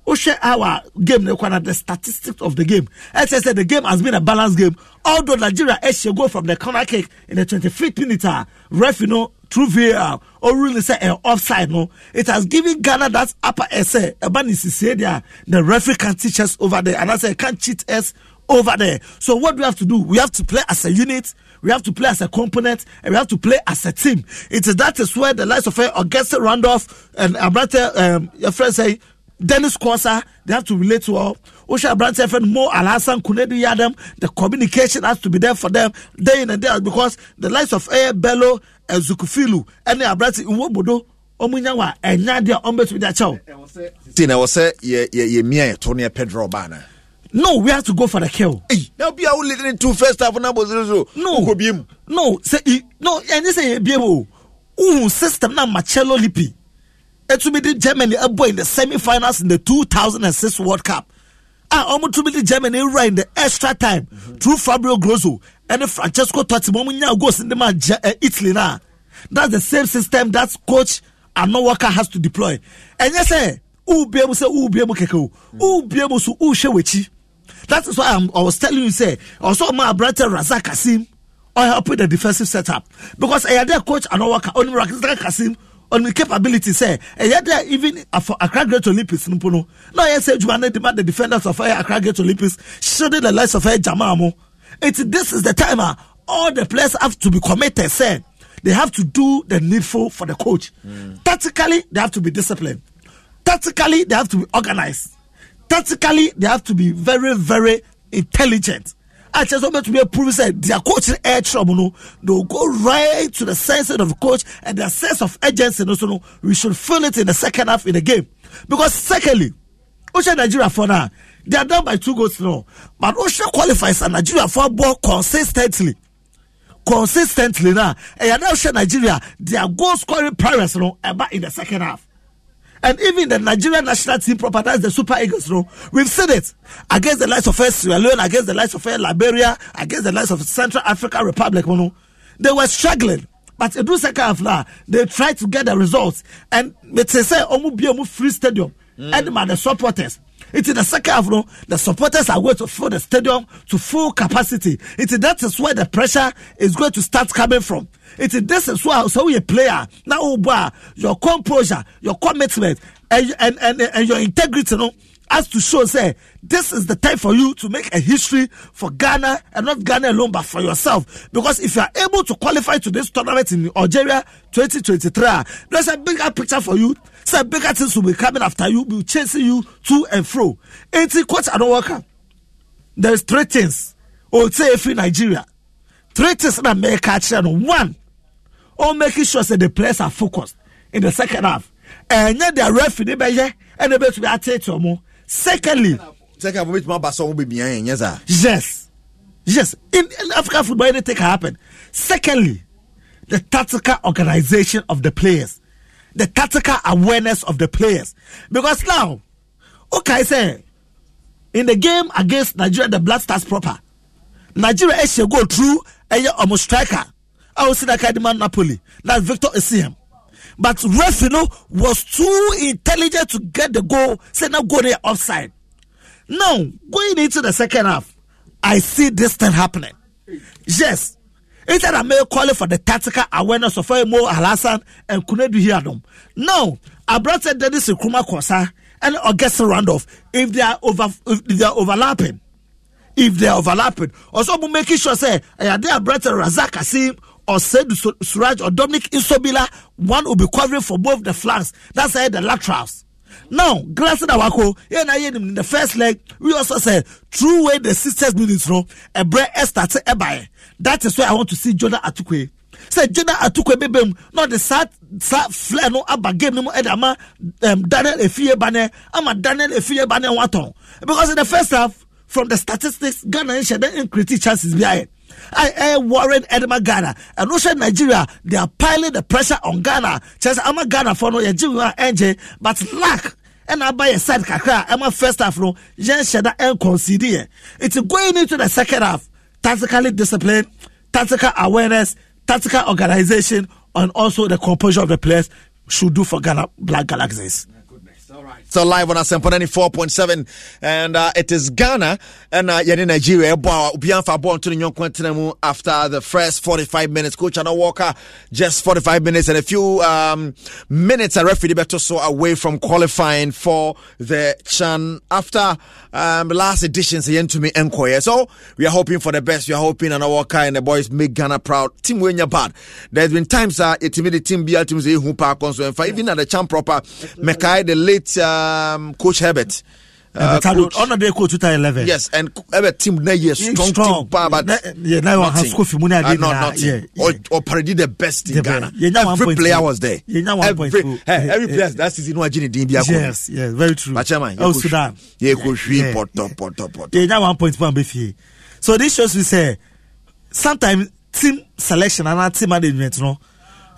Usha our game, the statistics of the game. As I said, the game has been a balanced game. Although Nigeria actually go from the corner kick in the 25th minute, ah, ref, you know, through ah, VAR or really say an eh, offside no. It has given Ghana that upper essay. Eh, Ebani say there. The referee can't teach us over there, and I say can't cheat us over there. So what do we have to do? We have to play as a unit. We have to play as a component and we have to play as a team. It is that is where the likes of uh, Augusta Randolph and Abrante, um, your friend say, Dennis Corsa, they have to relate to all. Osha Brandt friend Mo Al Hassan Kunedu Yadam, the communication has to be there for them day in and day out because the likes of Air Bello and Zukufilu and Abrante Nwobodo. ɔmunyawa ɛnya deɛ ɔmbɛtumi de akyɛw. ti na wɔ sɛ yɛ yɛ yɛ mia yɛ to ne yɛ pɛ drɔba ana no we have to go for the kill. Hey, now be our listening two first half na bo zero zero. No, No, say no, and this is be able. Who system now Marcelo Lippi. Etumi di Germany a boy in the semi-finals in the 2006 World Cup. Ah, omo tumi di Germany right in the extra time mm-hmm. through Fabio Grosso and Francesco Totti mo nya goals in the man Italy now. That's the same system that coach Arno Walker has to deploy. And yes, eh, who be able to say who be able to keke who be able to who share with you. That is why I'm, i was telling you, say, also my brother Razak Kasim, or helping the defensive setup. Because I had a coach and work on Razak Kasim, on the capability, say, I had a, even a Accra Great Olympics, no, no, I said, you demand the defenders of Accra Great Olympics, shielding the lives of a Jamamo. It's this is the time uh, all the players have to be committed, say, they have to do the needful for the coach. Mm. Tactically, they have to be disciplined. Tactically, they have to be organized tactically they have to be very very intelligent I just want to be a proof that their coach no air trouble. no they will go right to the sense of the coach and their sense of urgency no so no we should feel it in the second half in the game because secondly wohyɛ Nigeria for now they are down by two goals no but wohyɛ qualifies a nigeriafoɔ bɔ consistently consistently Now and na wohyɛ nigeria their goal scoring prowess no ɛba in the second half And even the Nigerian national team proper, that's the Super Eagles, no? We've seen it against the likes of Sierra Leone, against the likes of Liberia, against the likes of Central African Republic, no? They were struggling. But in the second they tried to get the results. And they say, Omu Biomu Free Stadium, mm. and the supporters. Into the second half, no, the supporters are going to fill the stadium to full capacity. Into that is where the pressure is going to start coming from. Into this is where so you a player now, oh, boy, your composure, your commitment, and, and, and, and your integrity, no as to show, say, this is the time for you to make a history for Ghana and not Ghana alone, but for yourself. Because if you are able to qualify to this tournament in Algeria 2023, there's a bigger picture for you Say bigger things will be coming after you, will be chasing you to and fro. Ain't it coach I don't work out? There's three things. Oh, say if in Nigeria. Three things that make a channel. One, all oh, making sure that the players are focused in the second half. And yet the ref in the bay and the best we are taking more. Secondly, second half, my basso will be behind, yes, sir. Yes. Yes. In, in African football, anything can happen. Secondly, the tactical organization of the players the tactical awareness of the players. Because now, okay, say in the game against Nigeria, the Black Stars proper, Nigeria actually eh, go through eh, a almost striker. I will see that Kadiman Napoli, that Victor Essien. But ref, you know, was too intelligent to get the goal, say now go there offside. Now, going into the second half, I see this thing happening. Yes, instead I may call it for the tactical awareness of Mo Alasan and Kunedu Hiadom. Now, I brought said Dennis Nkrumah Kosa and Augustine Randolph if they are over if they are overlapping. If they are overlapping, also we making sure say I they are brought Razak Kasim or Said Suraj or Dominic Isobila, one will be covering for both the flanks. That's why the laterals. Now, glancing at Wako, in the first leg, we also said, true way the sisters do this, no, a bread starts a That is why I want to see Jonah Atukwe. Say Jonah Atukwe bebe um, not the sad sad flare no aba game no ed ama um, Daniel Efie bane ama Daniel Efie bane waton. Because in the first half from the statistics Ghana and then increase chances behind. I, I Warren Edema Ghana and Russia Nigeria they are piling the pressure on Ghana. Just ama Ghana for no Nigeria uh, NJ but lack ɛna aba yɛ side kakra ɛma first half no yɛn hyɛ da ɛn concede it's going into the second half tactical discipline, tactical awareness, tactical organization, and also the composure of the players should do for Ghana Black Galaxies. Still live on Assemble 94.7. And uh, it is Ghana and uh, Yeni Nigeria. to the after the first 45 minutes. Coach Anna Walker, just 45 minutes and a few um, minutes. A referee better so away from qualifying for the Chan after um, last edition. So, to me, Enkoye. So, we are hoping for the best. We are hoping Anna Walker and the boys make Ghana proud. Team win your part. There's been times that uh, it made the team be a team say, who park on so, even at the champ proper, Mekai, the late. Uh, um, coach Herbert. Uh, ɔna de kɔ 2011 yes and ɛbɛ team na yɛ strong, strong team paa but yeah, na wɔ ha score fi mu na ade na yeah ɔparadi the best in the Ghana yeah, every player two. was there yeah, every hey, every player that season no agye ne din bi yes yes very true ma chairman yɛ kɔ hwi yɛ kɔ hwi pɔtɔ pɔtɔ pɔtɔ Yeah, nya one point four abɛ fie so this shows we say sometimes team selection and team management no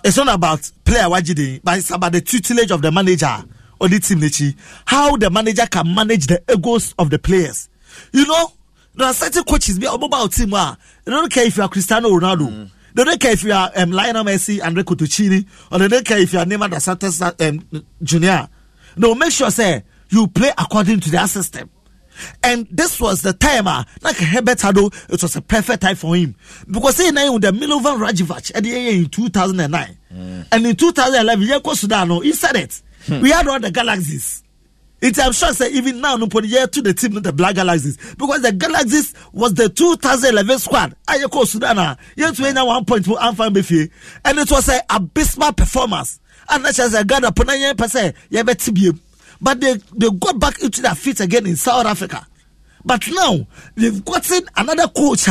it's not about player wagye din but it's about the tutelage of the manager. on the team Nichi, how the manager can manage the egos of the players. You know, there are certain coaches be about team. Ah, they don't care if you are Cristiano Ronaldo. Mm. They don't care if you are um, Lionel Messi, Andre Cotuccini, or they don't care if you are Neymar da Santos um, Junior. No, make sure say you play according to their system. And this was the time, uh, like Herbert Hado, it was a perfect time for him. Because he now with the Milovan Rajivac at the in 2009. Mm. And in 2011, he said it. Hmm. We had all the galaxies. It's I'm sure say even now no put year to the team the Black Galaxies because the Galaxies was the 2011 squad. I ah, call Sudan. Ah. You to win one point for Anfan Befie, and it was a abysmal performance. And that's just a Ghana Punayan per se. Yeah, but they they got back into their feet again in South Africa. But now they've gotten another coach.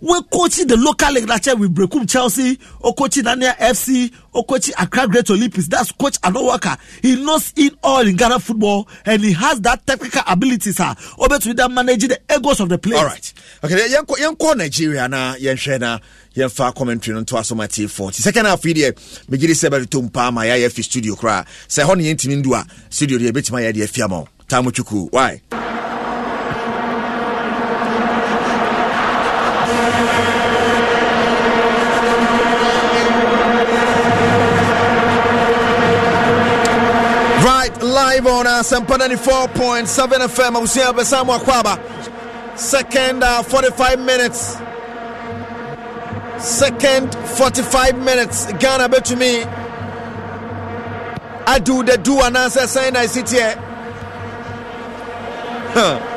We're coaching the local league with Brekum Chelsea, or coaching Nania FC, or coaching Accra Great Olympics. That's coach Ano Walker. He knows it all in Ghana football and he has that technical ability, sir. Obet with that managing the egos of the players. All right. Okay, young call Nigeria na young shena. yɛmfa commentary no nto asɔmate 40 second half yi deɛ megye de sɛ bɛdetom paa ma yɛayɛ fi studio koraa sɛ ɛhɔ ne yɛntimi ndu a studio deɛ yɛbɛtumi ayɛ deɛ afia ma wo taa mo twuku why live on uh, Asempa 94.7 FM. I'm seeing Besamu Akwaba. Second uh, 45 minutes. Second 45 minutes. Ghana bet to me. I do the do and answer sign I sit here. Huh.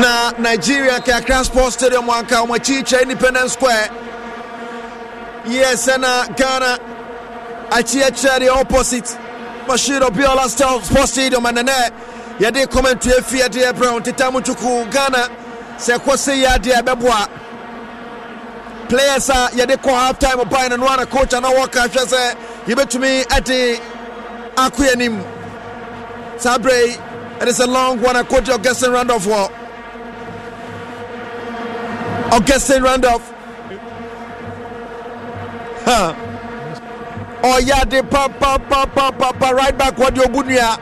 na nigeria kakra sports stadium wanka wɔn akyi kyerɛ independence square yɛsɛ na uh, ghana akyerɛkyerɛ deɛ opposite machine obiola style sports stadium ɛnɛnɛ yɛde commentary afie deɛ brɛ wo nteta mu twuku ghana sɛ ɛkɔ sɛ yɛ adeɛ ɛbɛboa players a yɛde kɔ halftime time bae no noa na coach ana wɔka hwɛ sɛ yɛbɛtumi ɛde akɔ anim saa berɛ yi it is a long one a coach augustin randolph wɔ augustin randolph huh. ɔyade oh, papapapapa right back wɔde obu nua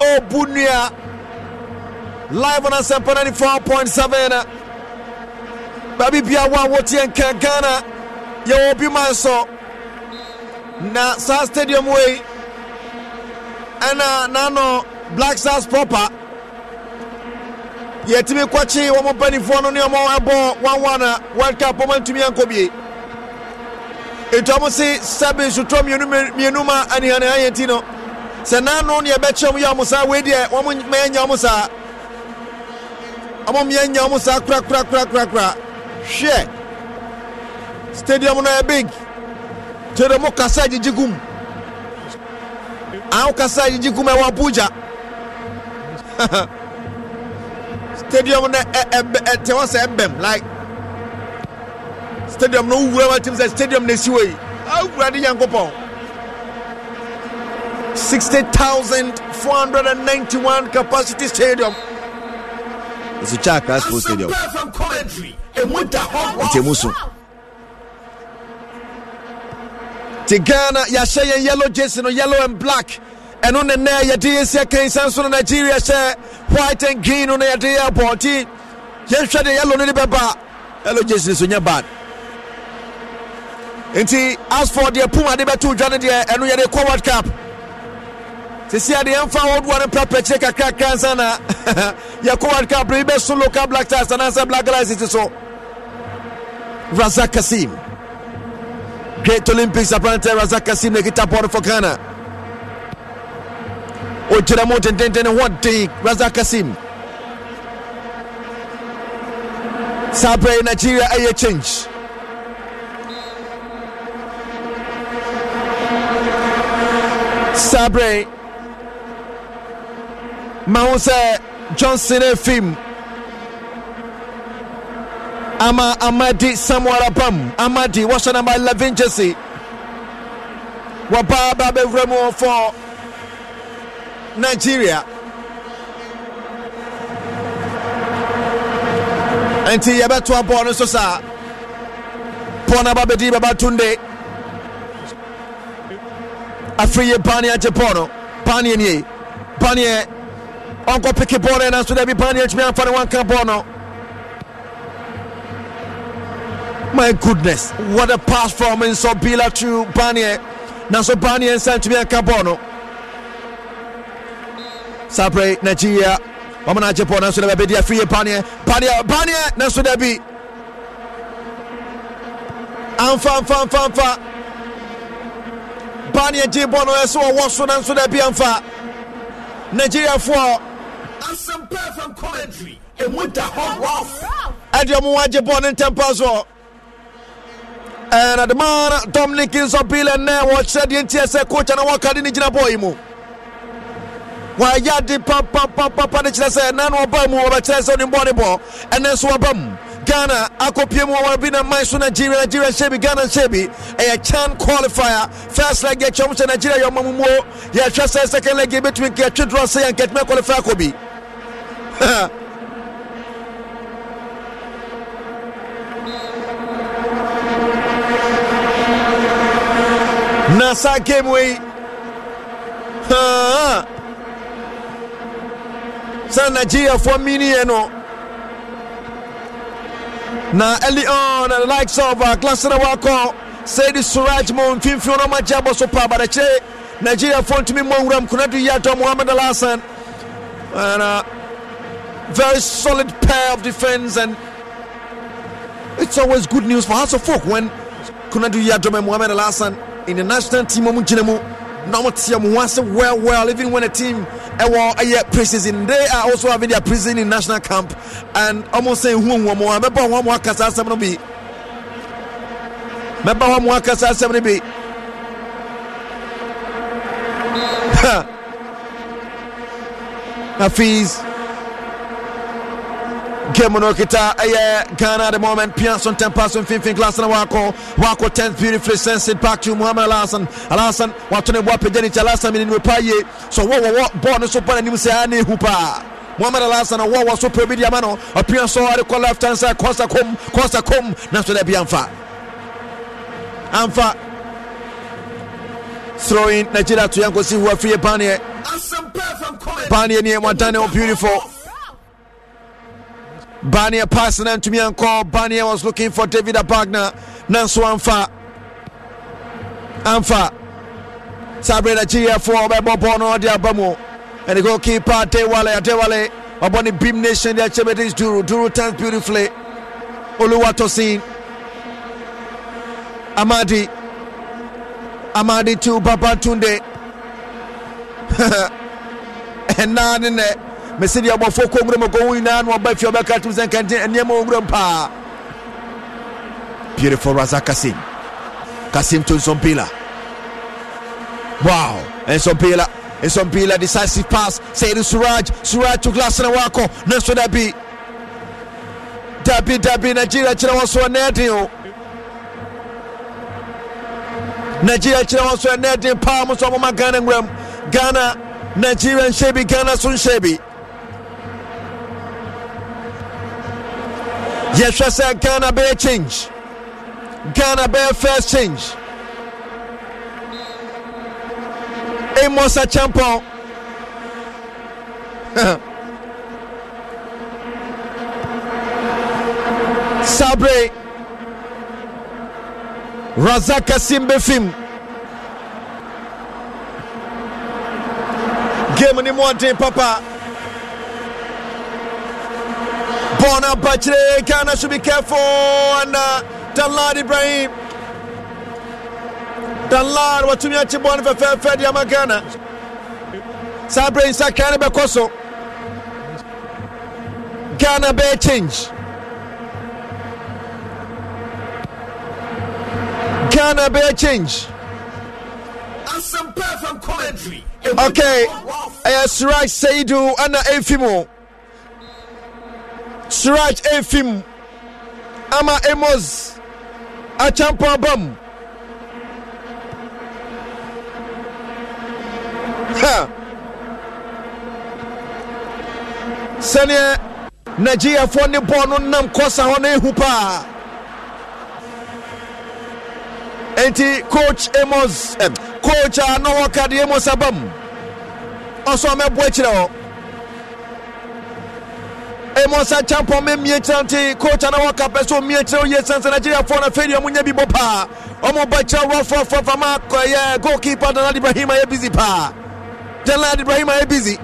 obu nua live on asɛmpa 94.7 baabi bia wo a woteɛ nka ghana yɛwɔ bi man so na saa stadium wei ɛna uh, nano black stars proper yɛtumi kɔkye wɔn mpanimfoɔ no ne wɔn ɛbɔ 1 one a uh, world cup wɔn antumi ankɔ bie nti ɔmo se sɛbi sotɔ mmienu mmienu ma anihanihana yɛn ti no sɛ nanu ne ɛbɛkyɛ mu yɛ ɔmo saa wei deɛ ɔmo mɛyɛ nya ɔmo saa ɔmo mɛyɛ nya ɔmo saa korakorakorakorakora hwɛ stadium no yɛ big tere mo kasa gyigyi gum awo kasa gyigyi gum ɛwɔ abuja stadium no ɛ ɛ ɛ tɛwɔ sɛ ɛbɛm like. stadium no wa tim sɛ stadium na ɛsi wɔ yi awurade nyankopɔn 60491 capacity stadium kyɛ akra so ghana yɛahyɛ yɛn yellow jersey no yellow and black ɛno ne yɛde yɛsi akansan so no nigeria hyɛ white and green no na yɛde yɛ abɔnten yɛnhwɛ deɛ yellow no bɛba yellow so nyɛ bad nti as for deɛ puma de bɛto dwa no deɛ ɛno yɛde kɔ world cup sisi a deɛ mfa world war no prapɛkyerɛ kakrakra nsa na yɛkɔ world cup no yibɛso local black stars anaasɛ black lions ti so razak kasim great olympics apprentice razak kasim na ɛkita bɔɔl for ghana ogyina mu dendenden hoɔden razak kasim saa berɛ nigeria ɛyɛ change Sabre, berɛ johnson afim ama amadi samuel bam amadi wɔhyɛ namba 11 gyesi wɔbaa ba bɛwura mu fɔ nigeria nti yɛbɛtoa bɔɔ no so saa pɔn aba bɛdi bɛba afei yɛ ban agye bɔɔl no ban yɛ nie ban ɔnkɔ peke bɔɔl no nanso dɛbi ban atumi amfa ne wanka bɔɔl no my goodness what a pass from Nsobila to ban yɛ nanso ban yɛ nsa atumi anka bɔɔl no sabre Nigeria wɔn na agye bɔɔl nanso dɛbi abedi afei yɛ ban yɛ ban nanso dɛbi amfa amfa amfa amfa. paa ne yɛgye bɔ no ɛ sɛ wɔwɔ so no nso da bi amfa nigeriafoɔ ɛdeɛ mo wagye bɔ ne ntɛmpa soɔ ɛna de maa dominic nso bile nɛ wɔkyerɛ deɛ ntiɛ sɛ kocha na wɔka de ne gyina bɔɔ yi mu wayɛ ade papapapa ne kyerɛ sɛ ɛna na wɔba mu wɔbɛkyerɛ sɛ ne bɔ ne bɔ ɛne nso wɔba mu Ghana akɔpie mu wɔwɔre bi na man so Nigeria Nigeria shebi Ghana shebi bi ɛyɛ CHAN qualifier first leg yɛ twɛm sɛ Nigeria yɛ muo mumuo yɛhwɛ sɛ second leg yɛbɛtumi nkɛtwe draw sɛ yɛnkɛtumi akɔlify akɔ bi na saa game wei saa nigeriafoɔ miniɛ no na early on the likes of uh, glansera wakɔ saidi suraj mo mfimfini no magye abɔ Nigeria paa badakyire nigeriafoɔ ntumi mmɔ nwura mohamed and a uh, very solid pair of defense and it's always good news for house of folk when Kunadu yatɔ and mohamed al in the national team ɔmo gyina normal well, well, even when a team a year preseason, they are also having their prison in national camp. And almost saying, Who am more? I'm about one more Casa 70B. Remember one more Casa 70B. Now, fees. game no kita ɛyɛ ghana the moment pianson tempa so mfimfin class na wakɔ wakɔ ten beautifully sensed back to muhammad alasan alasan wato ne boa pagya ne ti alasan mene ne pa yie so wɔwɔwɔ bɔɔl no so bɔ n'anim sɛ a ne hu paa muhammad alasan a wɔwɔ so pɛ bi de ama no apia so ade kɔ left hand side kɔsa kom kɔsa kom nanso dɛ bi amfa amfa throwing nigeria to yankosi hu afie baneɛ baneɛ neɛ wadane ɔ beautiful Barnier to me and call. Barnier was looking for David Abagna nanso amfa amfa saa abere n'akyiriafoɔ ɔbɛbɔ bɔɔl no ɔde aba oh. mu ɛne goalkeeper Adewale Adewale ɔbɔ ne beam nation The akyɛ bɛde duru duru turns beautifully Oluwatosin Amadi Amadi to Babatunde ɛnaa ne nɛ. mesidi ya kɔ nwuram kɔ wɔn nyinaa na wɔba fie ɔbɛka tum sɛ nkɛntɛn nneɛma wɔ nwuram paa beautiful raza kasim kasim to nsompila wow nsompila nsompila decisive pass sɛyidi suraj suraj tu glass na wakɔ ne nso dabi dabi dabi nigeria kyerɛ wɔn so ɛnɛ den o nigeria kyerɛ wɔn so ɛnɛ den paa mo nso ɔmo ma ghana nwuram ghana nigeria nhyɛ bi ghana so nhyɛ bi. yɛhwɛ sɛ ghana bɛyɛ change ghana bɛyɛ first change amosa champon sabre razak kasim Game game on mu ɔden papa Corner by Ghana should be careful. And uh, Danlad Ibrahim. Danlad watumia chibwani fefefe diama Ghana. Saa Ibrahim saa Ghana bɛkɔ so. Ghana bɛyɛ change. Ghana bɛyɛ change. Okay, ɛyɛ Suraj and ɛna uh, efi mu. siraj efim ama emos achampabam ha sɛneɛ nigeriafoɔ ne bɔɔl no nam kɔsa hɔ no ehu paa enti coach amos eh, coach a na ɔwɔ kadeɛ amos abam ɔsɔ ɔmɛboa kyerɛ hɔ ɛmɔsa champion mɛ mie kyerɛ nti kookya na wɔka pɛ sɛ ɔmie kyerɛ woyɛ sɛnsɛ nigeriafoɔ no afei deɛ munyɛ bi bɔ paa ɔmo ba kyerɛ wɔfɔfɔfa ma kɔyɛ goalkeeper danad ibrahim ayɛ busy paa danad ibrahim ayɛ busy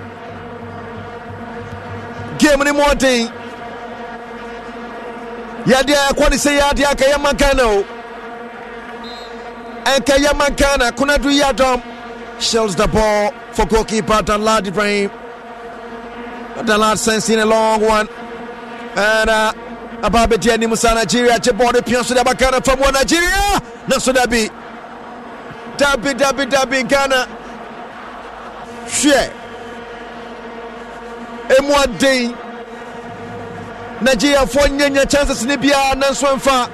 game ne mu ɔden yɛdeɛ ɛkɔ ne sɛ yɛadeɛ akɛyɛ ma ghana o ɛnkɛyɛ ma ghana konadu yɛ Shells the ball for goalkeeper danad ibrahim The last sense in a long one. And uh, the anim Musa Nigeria gye bɔɔde pia so de aba Ghana fam wɔ Nigeria na so dabi dabi dabi dabi Ghana hwɛ emu aden Nigeriafoɔ nyanya chances ne biara nanso mfa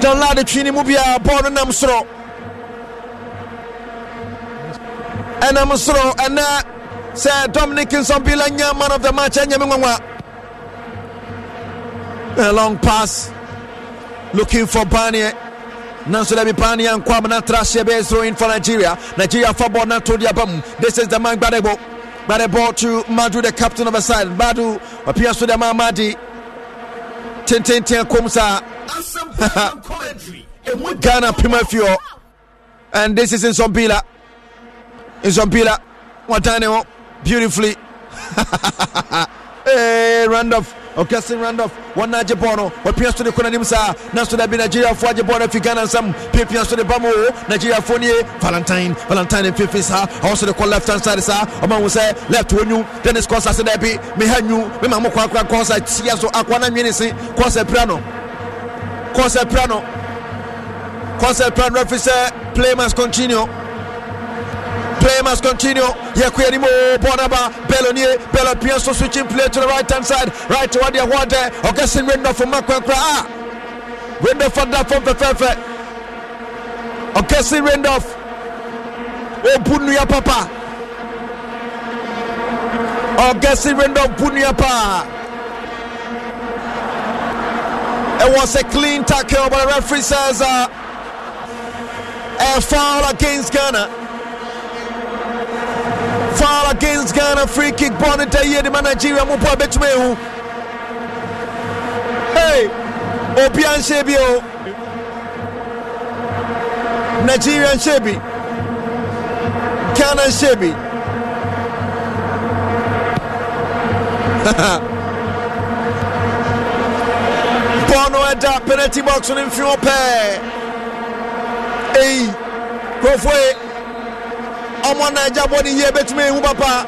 Danlade twi ne mu biara born and nam strong. ɛnam soro ɛnɛ sɛ dominic nsɔmpila nya man of the match ɛnyɛ me nwanwa a long pass looking for Barnier. nanso dɛbi paa ne yɛnkɔ amena tra hyeɛ in for nigeria nigeria fa bɔɔl na to de aba this is the man Badebo. Badebo to madu the captain of the side madu ɔpia so de ma amadi tententen kom saa ghana pema Fio, and this is in nsombila nso mpira watane ho beautifully hey, randolph oh, Augustine Randolph wana agye bɔɔl no wɔpia so de kɔ n'anim saa na so da oh. bi nigeriafoɔ agye bɔɔl no afi ghana nsam piapia so de ba mu o nigeriafoɔ no valentine valentine mfimfin saa ɔwɔ so de kɔ left hand side saa ɔma hu sɛ left wɔ nwu dennis kɔsa se da bi meha nwu me ma mo kɔ akora kɔsa kyia so akɔ na nwene se kɔsa pira no kɔsa pira no kɔsa pira no refi sɛ play must continue Play must continue. Yekuyenimo, Bonaba, Bellonier, Bella Pienso switching play to the right hand side. Right to Wadia Wade. Augustine Window for Makwenkra. Ah. Window for that from Pefefe. Augustine Randolph. Oh, Bunuya Papa. Augustine Randolph Bunuya Papa. It was a clean tackle, but the referee says uh, a foul against Ghana. Foul against Ghana. Free kick. Bonita here. The Nigeria. bet Betumehu. Hey. Opian Shebio. Oh. Nigerian Shebi. Ghana Shebi. Bono at that penalty box on him. Hey. go for it. ɔmo na agya bɔ ne yie betumi ehu papa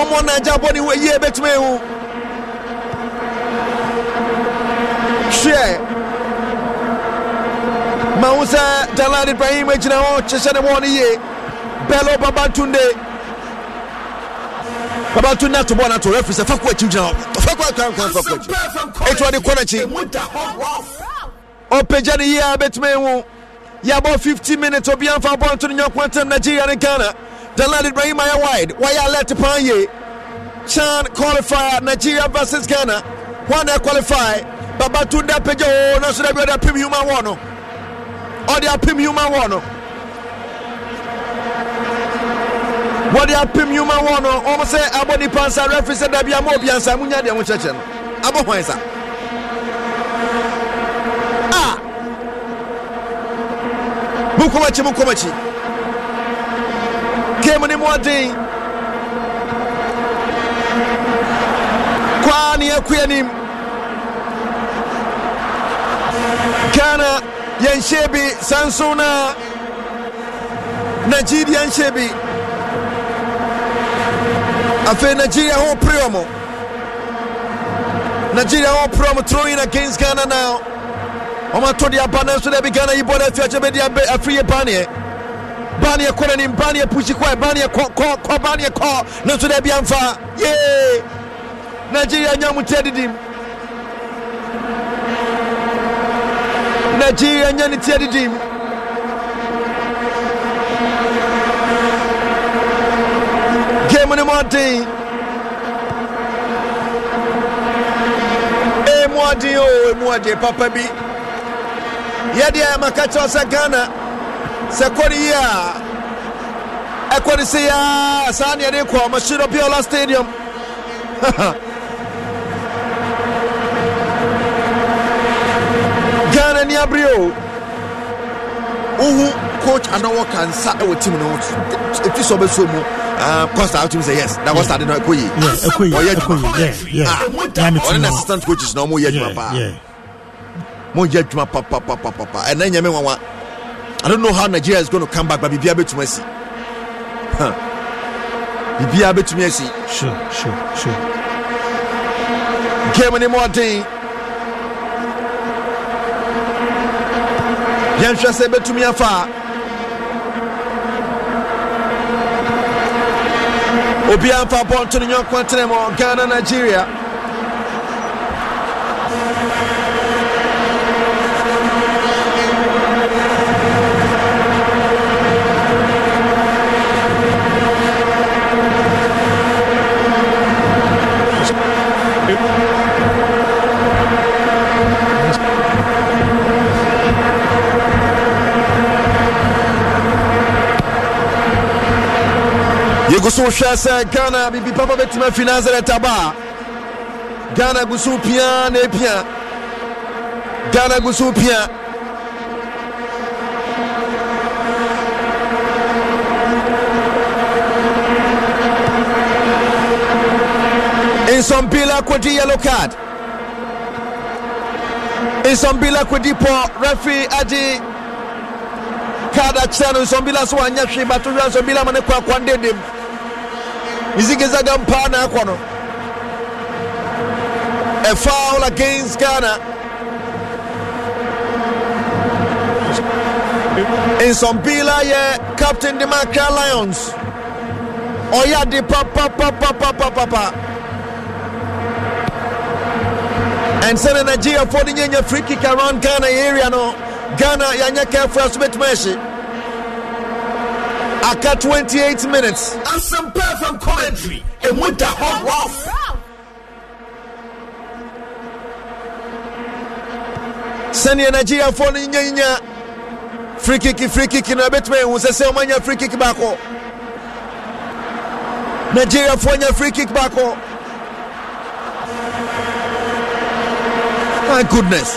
ɔmo na agya bɔ yie betumi ehu hwɛ ma ho sɛ Dalad Ibrahim gyina hɔ kyehyɛ ne wɔn ne yie bɛlɛ Babatunde Babatunde ato bɔ n'ato refi sɛ fakɔ akyi gyina hɔ fakɔ akyi kan fakɔ akyi etu ɔde kɔ n'akyi ɔpagya ne yie a betumi ehu yɛabɔ 50 minutes obi amfa bɔnto no nyɔnko atam nigeria ne ghana dalad ibrahim ayɛ wide wɔyɛ alert pan ye? chan qualify nigeria versus ghana wɔn na qualify babatunde apagya oo na so da bi ɔde apem human wɔ no ɔde apem human wɔ no wɔde apem human wɔ no wɔn sɛ abɔ nipa nsa referee sɛ dabi ama obi ansa mu nya deɛ ho kyerɛkyerɛ no abɔ hwan sa. mukomachi mukomachi kemune muwadei kwani ekuyanim kana yanshebi sansuna nigeria nhyɛ bi afei nigeria ho pere ɔmo nigeria ho pere ɔmo throwing against ghana now ɔmatɔ deɛ aba nanso dɛ bi ghana yi bɔ no afiakyɛ bɛdi afiri yɛ baneɛ baneɛ kɔ no nim baneɛ pusi kɔ baneɛ kɔ baneɛ kɔ nanso dɛ bi amfa nigeria nya mu tiɛ nigeria nya ne tiɛ didim game ne mɔden emu aden o emu aden papa bi yɛdeɛ maka kyerɛw sɛ ghana sɛ kɔre yi a ɛkɔre se yɛa saa ne yɛde kɔ machino piola stadium ghana ni abere o wohu coach anawo kansa ɛwɔ team no efi sɔ bɛsɔ mu costa ah, uh, atumi sɛ yes na costa de no ɛkɔ yie ɔyɛ adwuma ɔne na assistant coaches na ɔmo yɛ adwuma paa moyɛ adwuma papapapapa ɛnɛ nyame nwanwa i don't know how nigeria is going to come back but biribia bɛtumi asi biribia bɛtumi asi game ne mmɔden yɛnhwɛ sɛ bɛtumi afa a obiara mfa bɔnto no nyɔnko atena mu ghana nigeria yɛgu so hwɛ sɛ ghana biribi papa bɛtumi afi nasaret aba a ghana gu so pia na ɛpia ghana gu so pia nsompila kodi yellow card nsompila kodi pɔ referee agye card akyerɛ no nsompila so wanyɛ hwee bato hwɛ nsompila ma ne kɔakɔn dedem zigizaga mpaa na akɔ no a foul against Ghana. In Sombila, yeah, Captain Demarca Lions. Oya de papa papa papa papa. And send Nigeria for the free kick around Ghana area no. Ghana yanya careful as bit mercy. aka 28 minutes. Asɛm pɛɛ fam commentary emu da hɔ rɔf. sɛneɛ nigeriafoɔ no nyanyinya free kick free kick no ɛbɛtumi ɛhu sɛ sɛ ɔmanya free kick baakɔ nigeriafoɔ nya free kick baakɔ my goodness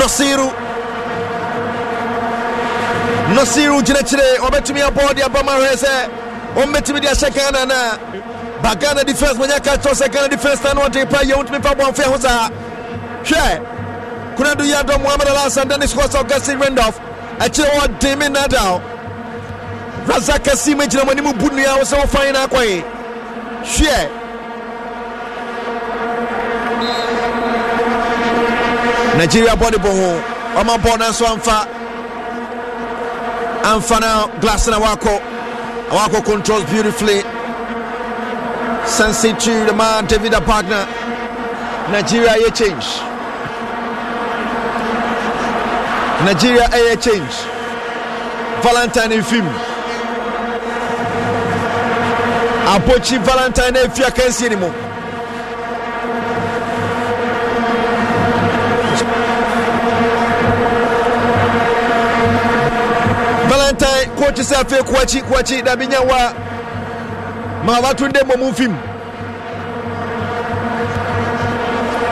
nasiru nɔsiru gyinakyire ɔbɛtumi abɔ de abama hwɛ sɛ ɔmbɛtumi de ahyɛ ghana na ba ghana defense manya ka kyerɛ sɛ ghana defense ta na ɔde pa yɛ wontumi fa bɔmfɛ ho saa hwɛ kunadu yadɔ mohamad alhasan dennis hos augustin randolf akyerɛ ɔden me nadal raza kasi ma gyina mɔne mu bu nnua wo sɛ wofane no akɔe hwɛ nigeria bɔde bɔ ho ɔma bɔɔ no amfa Amfana Glassina Awako. Awako controls beautifully. Sensei to the man, David Abagna. Nigeria a change. Nigeria a change. Valentine in film. Apochi Valentine Fia anymore. kooti saafe kuwaki kuwaki nabinyawa ma batuddemu omumfimu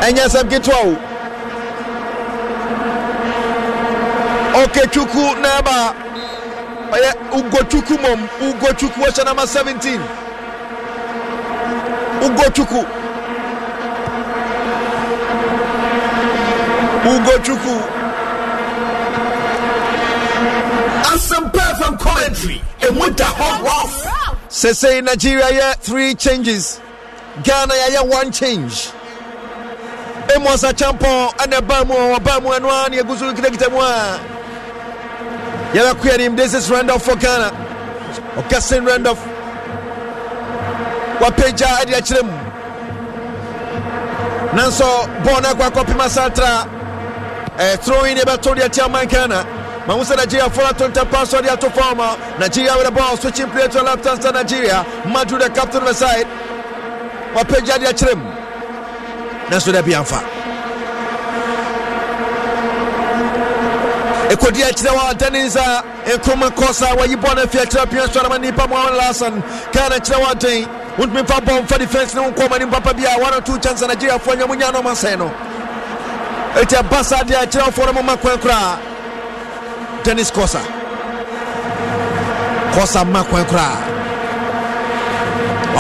ɛnyɛ nsɛm ketewa o ɔkɛtwuku na ɛba ɔyɛ ugotwuku mɔm ugotwuku ɔhyɛ nama 17 ugotwuku ugotwuku African commentary. Emu da hɔ rough. Sese Nigeria yɛ three changes. Ghana yɛ one change. Amos Achampon ɛna ban mu ɔwɔ ban mu ɛnu ani egu so kitakita mu this is Randolph for Ghana. Ɔkɛsin Randolph. Wapeja ɛde akyerɛ Nanso bona no akɔ akɔpem asatra. Ɛɛ eh, throwing yɛ bɛtɔ deɛ Ghana. Mamusa Nigeria for Atlanta pass on the to former Nigeria with the ball switching play to the left hand side Nigeria Madu the captain of the side wapagya the trim. mu nanso da ɛkɔdi akyerɛ hɔ adane nsa nkrom kɔ sa wayi bɔne afi akyerɛ pia so nnipa mu lasan kaa na kyerɛ hɔ aden wontumi mfa bɔ mfa defense ne wo nkɔma ne bi a one or two chance nigeriafoɔ nya monya no ɔmasɛe no ɛti ɛba saa deɛ akyerɛ wɔfoɔ no moma kwan koraa tennis kɔsa kɔsa mma kwan koraa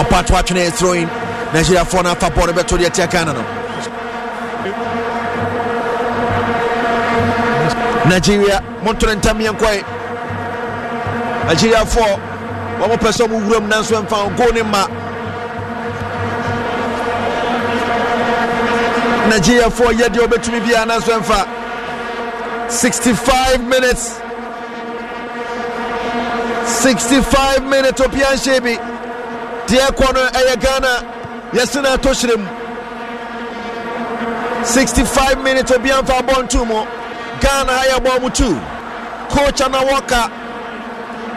ɔpato atwene throwing nigeriafoɔ no afa bɔɔl no bɛto deɛ tia ghana no nigeria montone ntam yɛnkɔe nigeriafoɔ wɔmopɛ sɛ ɔmo wuram nanso ɛmfa gol ne ma nigeriafoɔ yɛ deɛ wɔbɛtumi biara nanso ɛmfa 65 minutes 65 minutes opia nhyɛ bi deɛ kɔ no ɛyɛ ghana yɛse 65 minutes obia mfa bɔ nto Mo, ghana ayɛ bɔ mu tu coach ana wɔka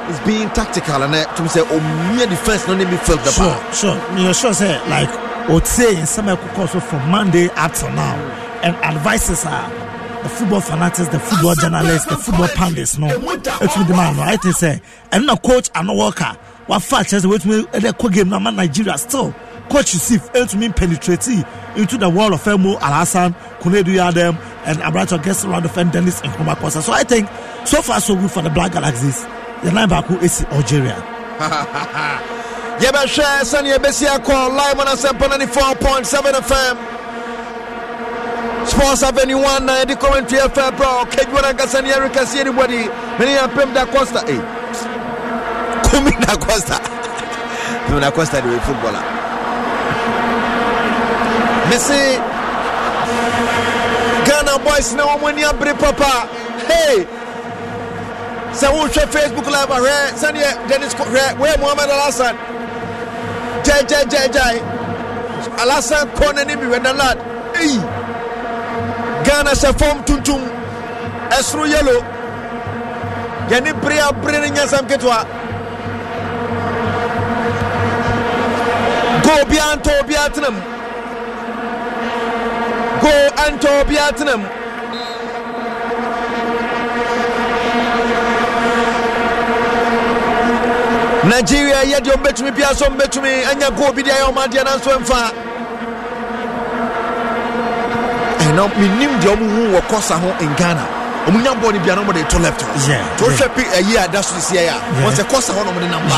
is being tactical and eh, to say omiya oh, defense no need be the ball. sure sure You sure say like say in some nsɛm ɛkokɔ so from monday up till now and advices are the football fanatics, the football journalists, the football pundits, no. Ɛtumi di the man, ayi ti sɛ I'm na coach I'm ano wɔka wafa akyerɛ sɛ wetumi ɛdɛ kɔ game na ama Nigeria still coach Yusuf ɛtumi penetrate into the world of Emu Alhassan, Kunedu Yadem and Abracho gets around the fence Dennis Nkrumah So I think so far so good for the Black Galaxies. Yɛn nan baako esi Algeria. yɛbɛhwɛ sɛneɛ ɛbɛsi call live on asɛmpa 94.7 fm sports avenue one nine di commentary ɛfɛ bro keju wọn ankasa ni ɛri kɛse ɛni bɔdi mini yan pem da costa ee eh? kumi da costa pem da costa de o ye footballer mesi ghana boys na wɔn ani abiri papa hey sɛ wohwɛ facebook live ahwɛ eh? sɛdeɛ dennis hwɛ eh, wei mohammed alasan gyɛgyɛgyɛgyae alasan kɔ n'anim hwɛ nanad ei hey ghana sɛ fam tuntum ɛsoro yɛlo yɛne bere abere ne nyansam ketewa go biara ntɔ obiara tenam go antɔ obiara tenam nigeria yɛ deɛ ɔmbɛtumi biara sɛ ɔmbɛtumi anya go bi deɛ ayɛ ɔmadeɛ nanso ɛmfa ɛnam menim deɛ ɔmo hu wɔ ho in ghana ɔmo nya bɔɔl ni bia na ɔmo to left to hwɛ pi ɛyi a da so si ɛyɛ a wɔn sɛ kɔsa hɔ na ɔmo nam paa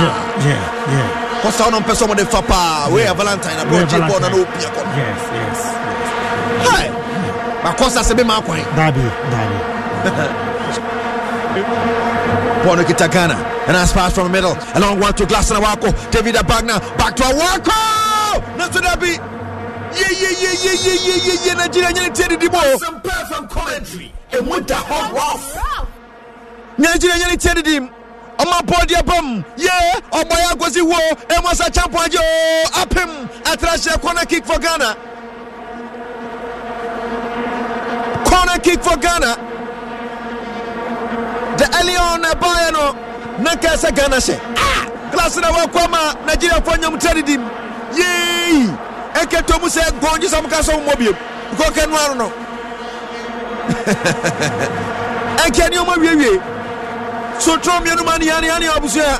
kɔsa hɔ na ɔmo sɛ ɔmo fa paa wei valentine na bɔɔl gye bɔɔl na n'o kɔ hi sɛ bi ma kwan. daabi daabi. ghana and as pass from the middle along one to glass na wako david abagna back to awako nasu dabi yeah, yeah, yeah, yeah, yeah, yeah, yeah, yeah, Nigeria, yeah, yeah, yeah, yeah, yeah, yeah, yeah, yeah, yeah, yeah, yeah, yeah, yeah, yeah, ɔma yeah, yeah, yeah, yeah, yeah, yeah, wo yeah, yeah, yeah, yeah, yeah, apem yeah, yeah, yeah, yeah, ghana corner kick for ghana de elion ah! na ɛbaeɛ no na kɛɛ sɛ ghana hyɛ glass na wɔakɔ ma nigeriafoɔ nyamtadidim ɛkɛtɔ mu sɛ gɔn gye sɛ mo ka sɛ mo mɔ biem nkɔ kɛ no ano no ɛnkɛ nneɛma wiewie sotoro mmienu ma ne yane yane abusua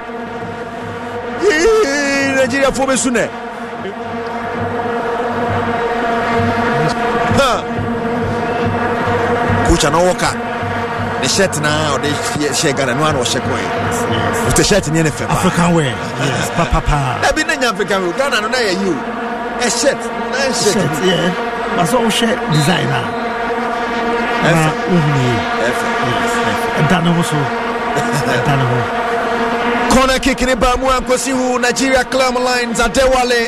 yii nigeriafoɔ bɛsu nɛ kocha na ɔwɔ ka ne shirt na ɔde hyɛ ghana no a na ɔhyɛ kɔɛ ɔte shirt ne ne fɛ paa african wear yes papa paa ɛbi ne nya african wear ghana no na yɛ yi a shirt. A shirt, shirt yeah. But so shirt designer. Perfect. Perfect. Yes. Perfect. Dano also. Dano. Corner kick ni Bamu and Kosihu. Nigeria Clam Lions. Adewale.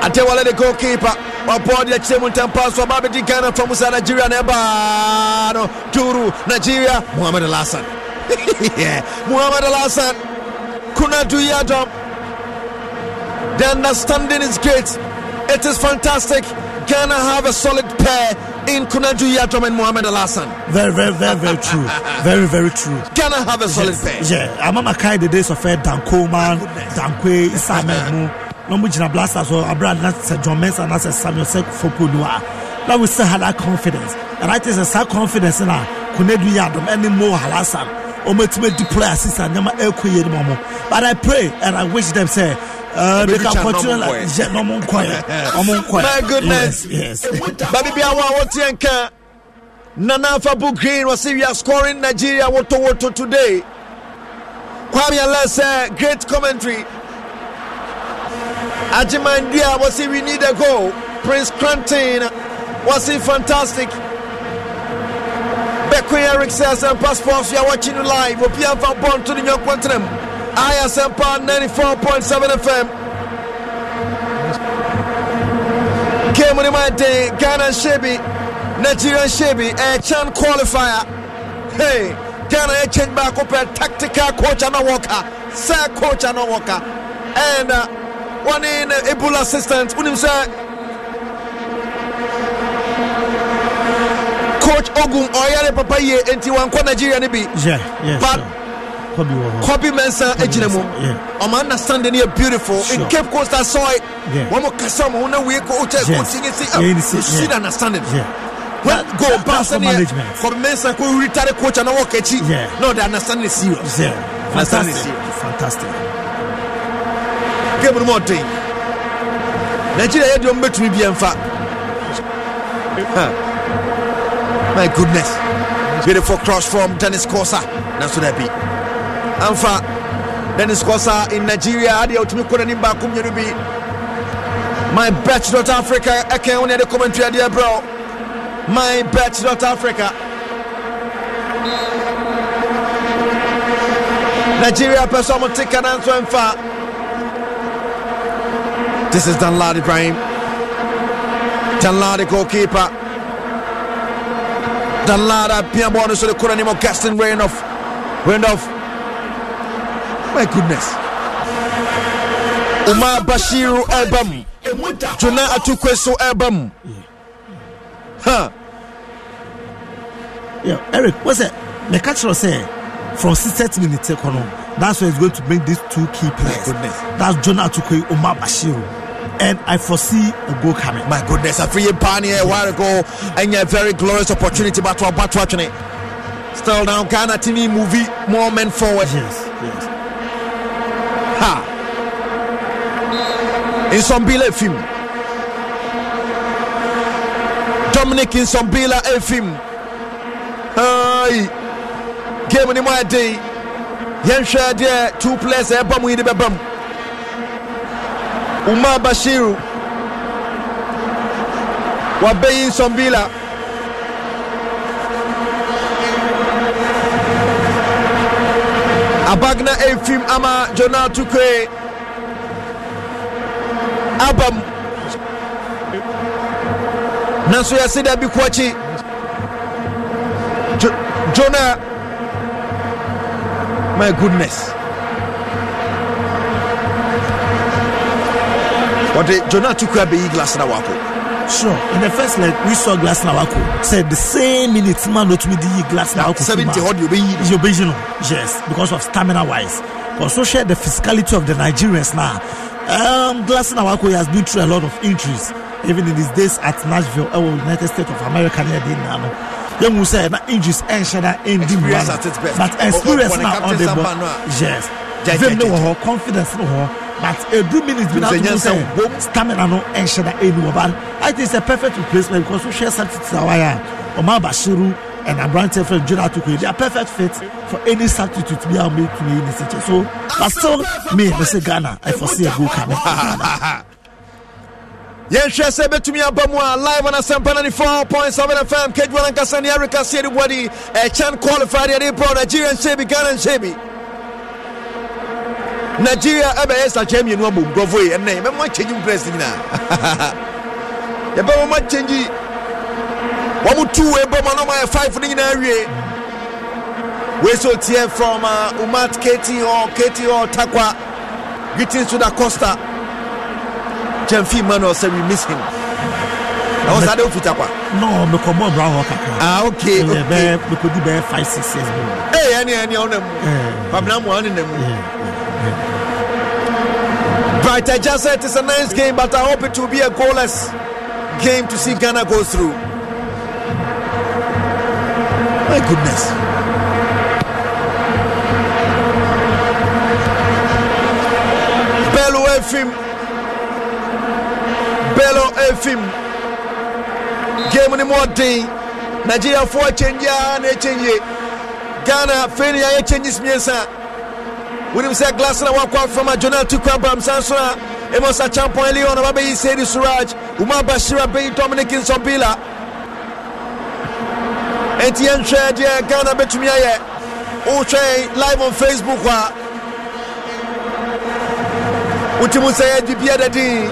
Adewale the goalkeeper. wabodi achie muntampaso ababedi ghana famusa nigeria na ɛbaa no duru nigeria muhammad alhassan yeah. muhammad alhassan kuna duyadom The understanding is great. It is fantastic. Ghana have a solid pair in Kunadu Yadrom and Mohamed Alassan. Very, very, very, very true. very, very true. Ghana have a solid yes, pair. Yeah, I'm Makai the days of Dan Coleman, Dankwe, Isamemu. No Mujina Blasters or Abraham Nats, John Mensah, Nats, Samuel Sek Fopunua. Now we still have that confidence. And I think it's that confidence in our Kunaju Yadrom and Mo Alassan. Ometime deploy assistance, Nyama Elko Yedmomo. But I pray and I wish them say, Uh, they can continue like yeah, no My goodness. Yes. Baby, be our what you can. Nana Fabu Green was we are scoring Nigeria what to today. Kwame Alasa, great commentary. Ajimandia was we need a goal. Prince Crantin was he fantastic. Beckway Eric says and passports you are watching live. Opia Van Bon to the New Continent. ISM Pod 94.7 FM. Kemuni Mate, Ghana Shebi, Nigerian Shebi, a Chan qualifier. Hey, Ghana a change back up a tactical coach and a walker, sir coach and a walker. And uh, one in uh, Ebola assistant, unim sir. Coach Ogun Oyale oh, Papaye, and Tiwan Nigeria Nibi. Yeah, yeah. But sure. Kobe Mensah egyina mu ɔmo understanding yɛ beautiful sure. in Cape Coast I saw it wɔn mo kasa mo na wei ko ɔkyɛ ko si ne si ɛ si na Yeah. Well, go pass any for Mensah ko retire coach and work ekyi no they understand it. serious yeah. understand is fantastic game no more day Nigeria yɛ deɛ ɔmo betumi be ɛnfa my goodness beautiful cross from Dennis Kosa na so that be amfa dennis kosa in nigeria Adi, wotumi kura n'anim baako mmienu bi my bet dot africa ɛkɛn wo de ɛde commentary adeɛ brɛ my bet dot africa nigeria pɛ sɛ ɔmo te ka nanso ɛmfa this is danlad ibrahim danlad goalkeeper danlad apia bɔɔl no so de kɔ n'anim augustin rainoff rainoff My goodness. Umar Bashiru Ebam. Juna Atukweso album. Huh. Yeah, Eric, what's that? The catcher say from 60 minutes, that's where it's going to bring these two key players. My goodness, That's Jonah Atukwe, Umar Bashiru and I foresee a goal coming. My goodness, I a free pioneer a while ago, and a very glorious opportunity. But what watch it? Still down, Ghana TV movie, more men forward. Yes, yes. nsɔmbila efim dominic nsɔmbila efim ayi game ni mu ayɛ den yɛnhwɛ deɛ two players a ɛbɔ mu yi de bɛbɛ mu umar bashiru wabɛyi nsɔmbila. abagna efim ama jonah tukwe abam nanso yɛse da bi kɔ akyi jona my goodness wɔde jona to kura bɛyi glass na wakɔ Sure. In the first leg, we saw Glass Nawako. Said the same minute, man, not me the Glass Nawako. 70 odd, you'll be you be, Yes, because of stamina wise. but Also, share the physicality of the Nigerians now um, Glasson Awako has been through a lot of injuries, even in his days at Nashville, uh, United States of America. Near the now. Then we say that injuries and Shada and Dimran, but oh, oh, experience now on the ball. Yes, them no more confidence no more. But minutes minute been out to say stamina no and Shada and I think it's a perfect replacement because we share something to our Omar Bashiru and abrante fɛ jona atukun they are perfect fit for any substitute bi a wɔn bɛ tun the ne so but still me me se ghana i foresee a good coming from ghana. yɛnhwɛ bet to me about a live on a and asɛmpa of fm kadwala nkasa ne areka seɛ de bɔde ɛkyɛn qualified yɛde brɔ nigerian hyɛ bi ghana nhyɛ bi nigeria away, and name. abɔ nkurɔfoɔ yi ɛnnɛ yɛbɛma akyɛgyi mprɛs nyinaa yɛbɛma akyɛgyi wɔn two, wei bɔ mu anam ayɛ five ne nyinaa wie wei so tie from uh, umat keti hɔ keti hɔ takwa greeting to da costa jemfi emmanuel say we miss him na wọn sáré òfin takwa. náà mi kò mọ ìmúra wọn kakra. ah ok ok bẹẹ mi kò di bẹẹ five six years. ee ẹni ẹni ọ̀nà mu pamina mu ọ̀nà mu. Bright, I just said it's a nice game, but I hope it will be a goalless game to see Ghana go through. My goodness. Bello FM. Bello FM. Game ni day. Nigeria for change ne change. Ghana Fenia ye changes miensa. William say glass na wakwa from a Jonel Tukwabam Sansona. Emosa Champon Leon Ababe Sedi Suraj. Umar Bashira Bay Dominic Sobila. enti yɛnhwɛ deɛ ghana bɛtumi ayɛ wohwɛ live on facebook a wotimu sɛ yɛdibia da din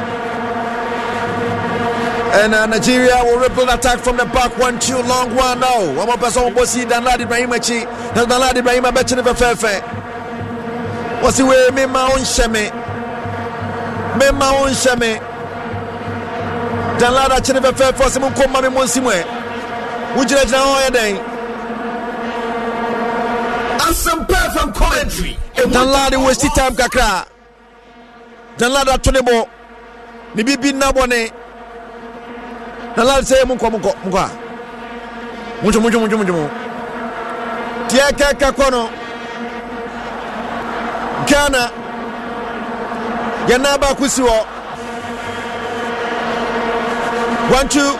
And uh, Nigeria will repel attack from the back. One, two, long one now. One more person will see Danlad Ibrahim Echi. Danlad Ibrahim Echi never fair fair. What's the way? Me ma on sheme. Me ma on sheme. Danlad Echi never fair for. Simu kumma monsimwe wogyinagyina hɔ yɛ dɛn danlade wasti time kakra danlade ato ne bɔ ne bibi nna bɔne danlade sɛ mu nkɔ mokɔ mokɔ a motwomotwomotwomotwomo deɛ kɛkɛ kɔ no ghana yɛna baako si hɔ one two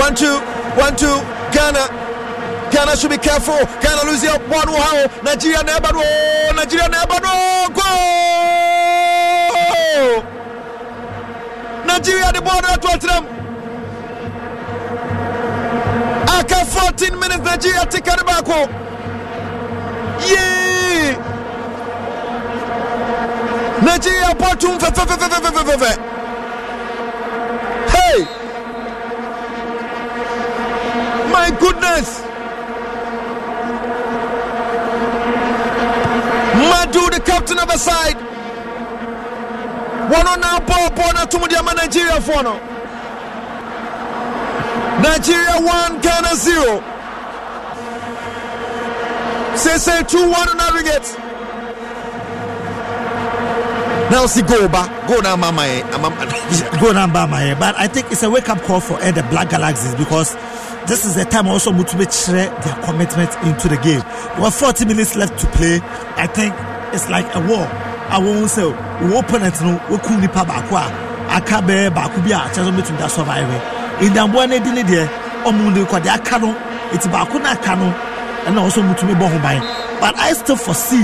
one two one two Ghana. Ghana should be careful. Ghana losing up one 1. Nigeria never know. Nigeria never know. Goal! Nigeria the border at Tottenham. After 14 minutes, Nigeria take it back. Yeah! Nigeria, Portum, my goodness. Madu, the captain of a side. One on now, Paul Bona to Mudiama Nigeria for now. Nigeria 1, Ghana 0. Say, say 2 1 on aggregate. Now see go back, go down by my, go down by my. But I think it's a wake up call for eh, the Black Galaxies because this is the time also Mutube share their commitment into the game. We have 40 minutes left to play. I think it's like a war. I won't say we open it no, we couldn't nipa back. a aka bɛɛ baako bi a kyɛ sɛ ɔbɛtumi da survive. Ndamboa no edi ne deɛ ɔmo de kɔ de aka no eti baako na aka no ɛna ɔso Mutube bɔ ho ban. But I still foresee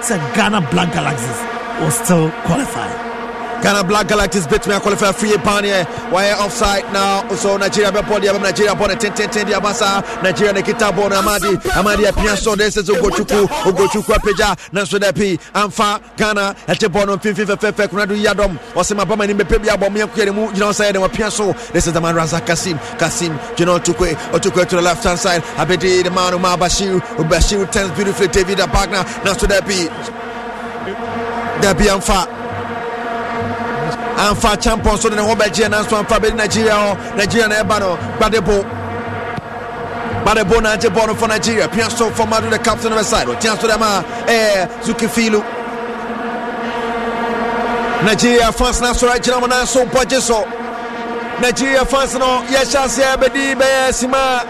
sɛ Ghana Black Galaxies. will still qualify. Ghana Black Galactics bɛtumi akɔlifɛ free paneɛ Why offside now so Nigeria be body. deɛ Nigeria bɔ ne tententen deɛ Nigeria ne kita bɔ Amadi Amadi apia so de sɛ Ogochukwu Ogochukwu apagya nanso dɛ pii amfa Ghana ɛte bɔ no mfimfin fɛfɛɛfɛ kunadu yadɔm ɔsɛ ma bama ni mbɛpɛ bi abɔ mmea kuyɛ ne mu gyina ɔsɛ yɛ de wɔpia so this is the man Razak Kasim Kasim gyina Otukwe Otukwe to the left hand side Abedi the man Omar Bashir Bashir turns beautifully David Abagna nanso dɛ pii dabi Anfa, Anfa champion so ne ho bɛgyeɛ nanso amfa bɛdi nigeria hɔ nigeria na ɛba no gbadebo gbadebo na agye bɔɔl no for nigeria pia so former do the captain of the side ɔtea so dɛ ma ɛɛ zuki filu nigeria fans na sɔrɔ agyina mu nanso bɔgye so nigeria fans no yɛhyɛ aseɛ bɛdi bɛyɛ sima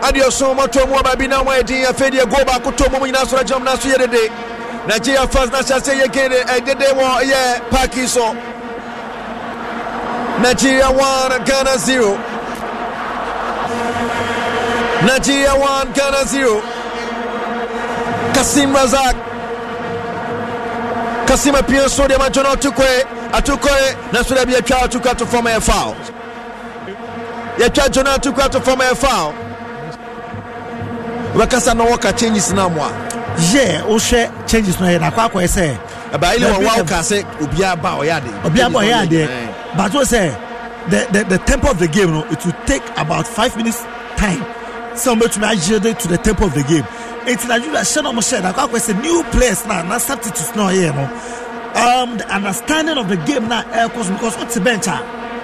adeɛ so mɔtɔ mu aba bi na wɔn adi afei deɛ goal baako tɔ mu nyinaa sɔrɔ agyina mu nanso yɛ dede. nigeria fans na hyɛ ase yɛ gane ɛdede wɔ yɛ paaki so nigeria 1 ghana 0 nigeria 1 ghana 0 kasim razak kasim apie so deɛ matwe no ɔtokɔe atokɔe na so deɛ bi yɛtwa atokɔ ato fam ɛyɛ foul yɛtwa dwo no atokɔ ato fam ɛyɛ foul wobɛkasa na wɔka changes no yɛ wohwɛ changes no yɛ na akɔ e eh, akɔɛ sɛ ɛbaa yi ni wɔn wawo ka sɛ obiara ba ɔyɛ adeɛ obiara ba ɔyɛ adeɛ eh. but o sɛ the the the tempo of the game no it will take about five minutes time sɛ wɔn bɛtumi agyere to the tempo of the game eti na yura hyɛ na wɔn hyɛ na akɔ akɔɛ sɛ new players na na substitutes na ɔyɛ no um the understanding of the game na ɛkɔ eh, so because ɔte bench a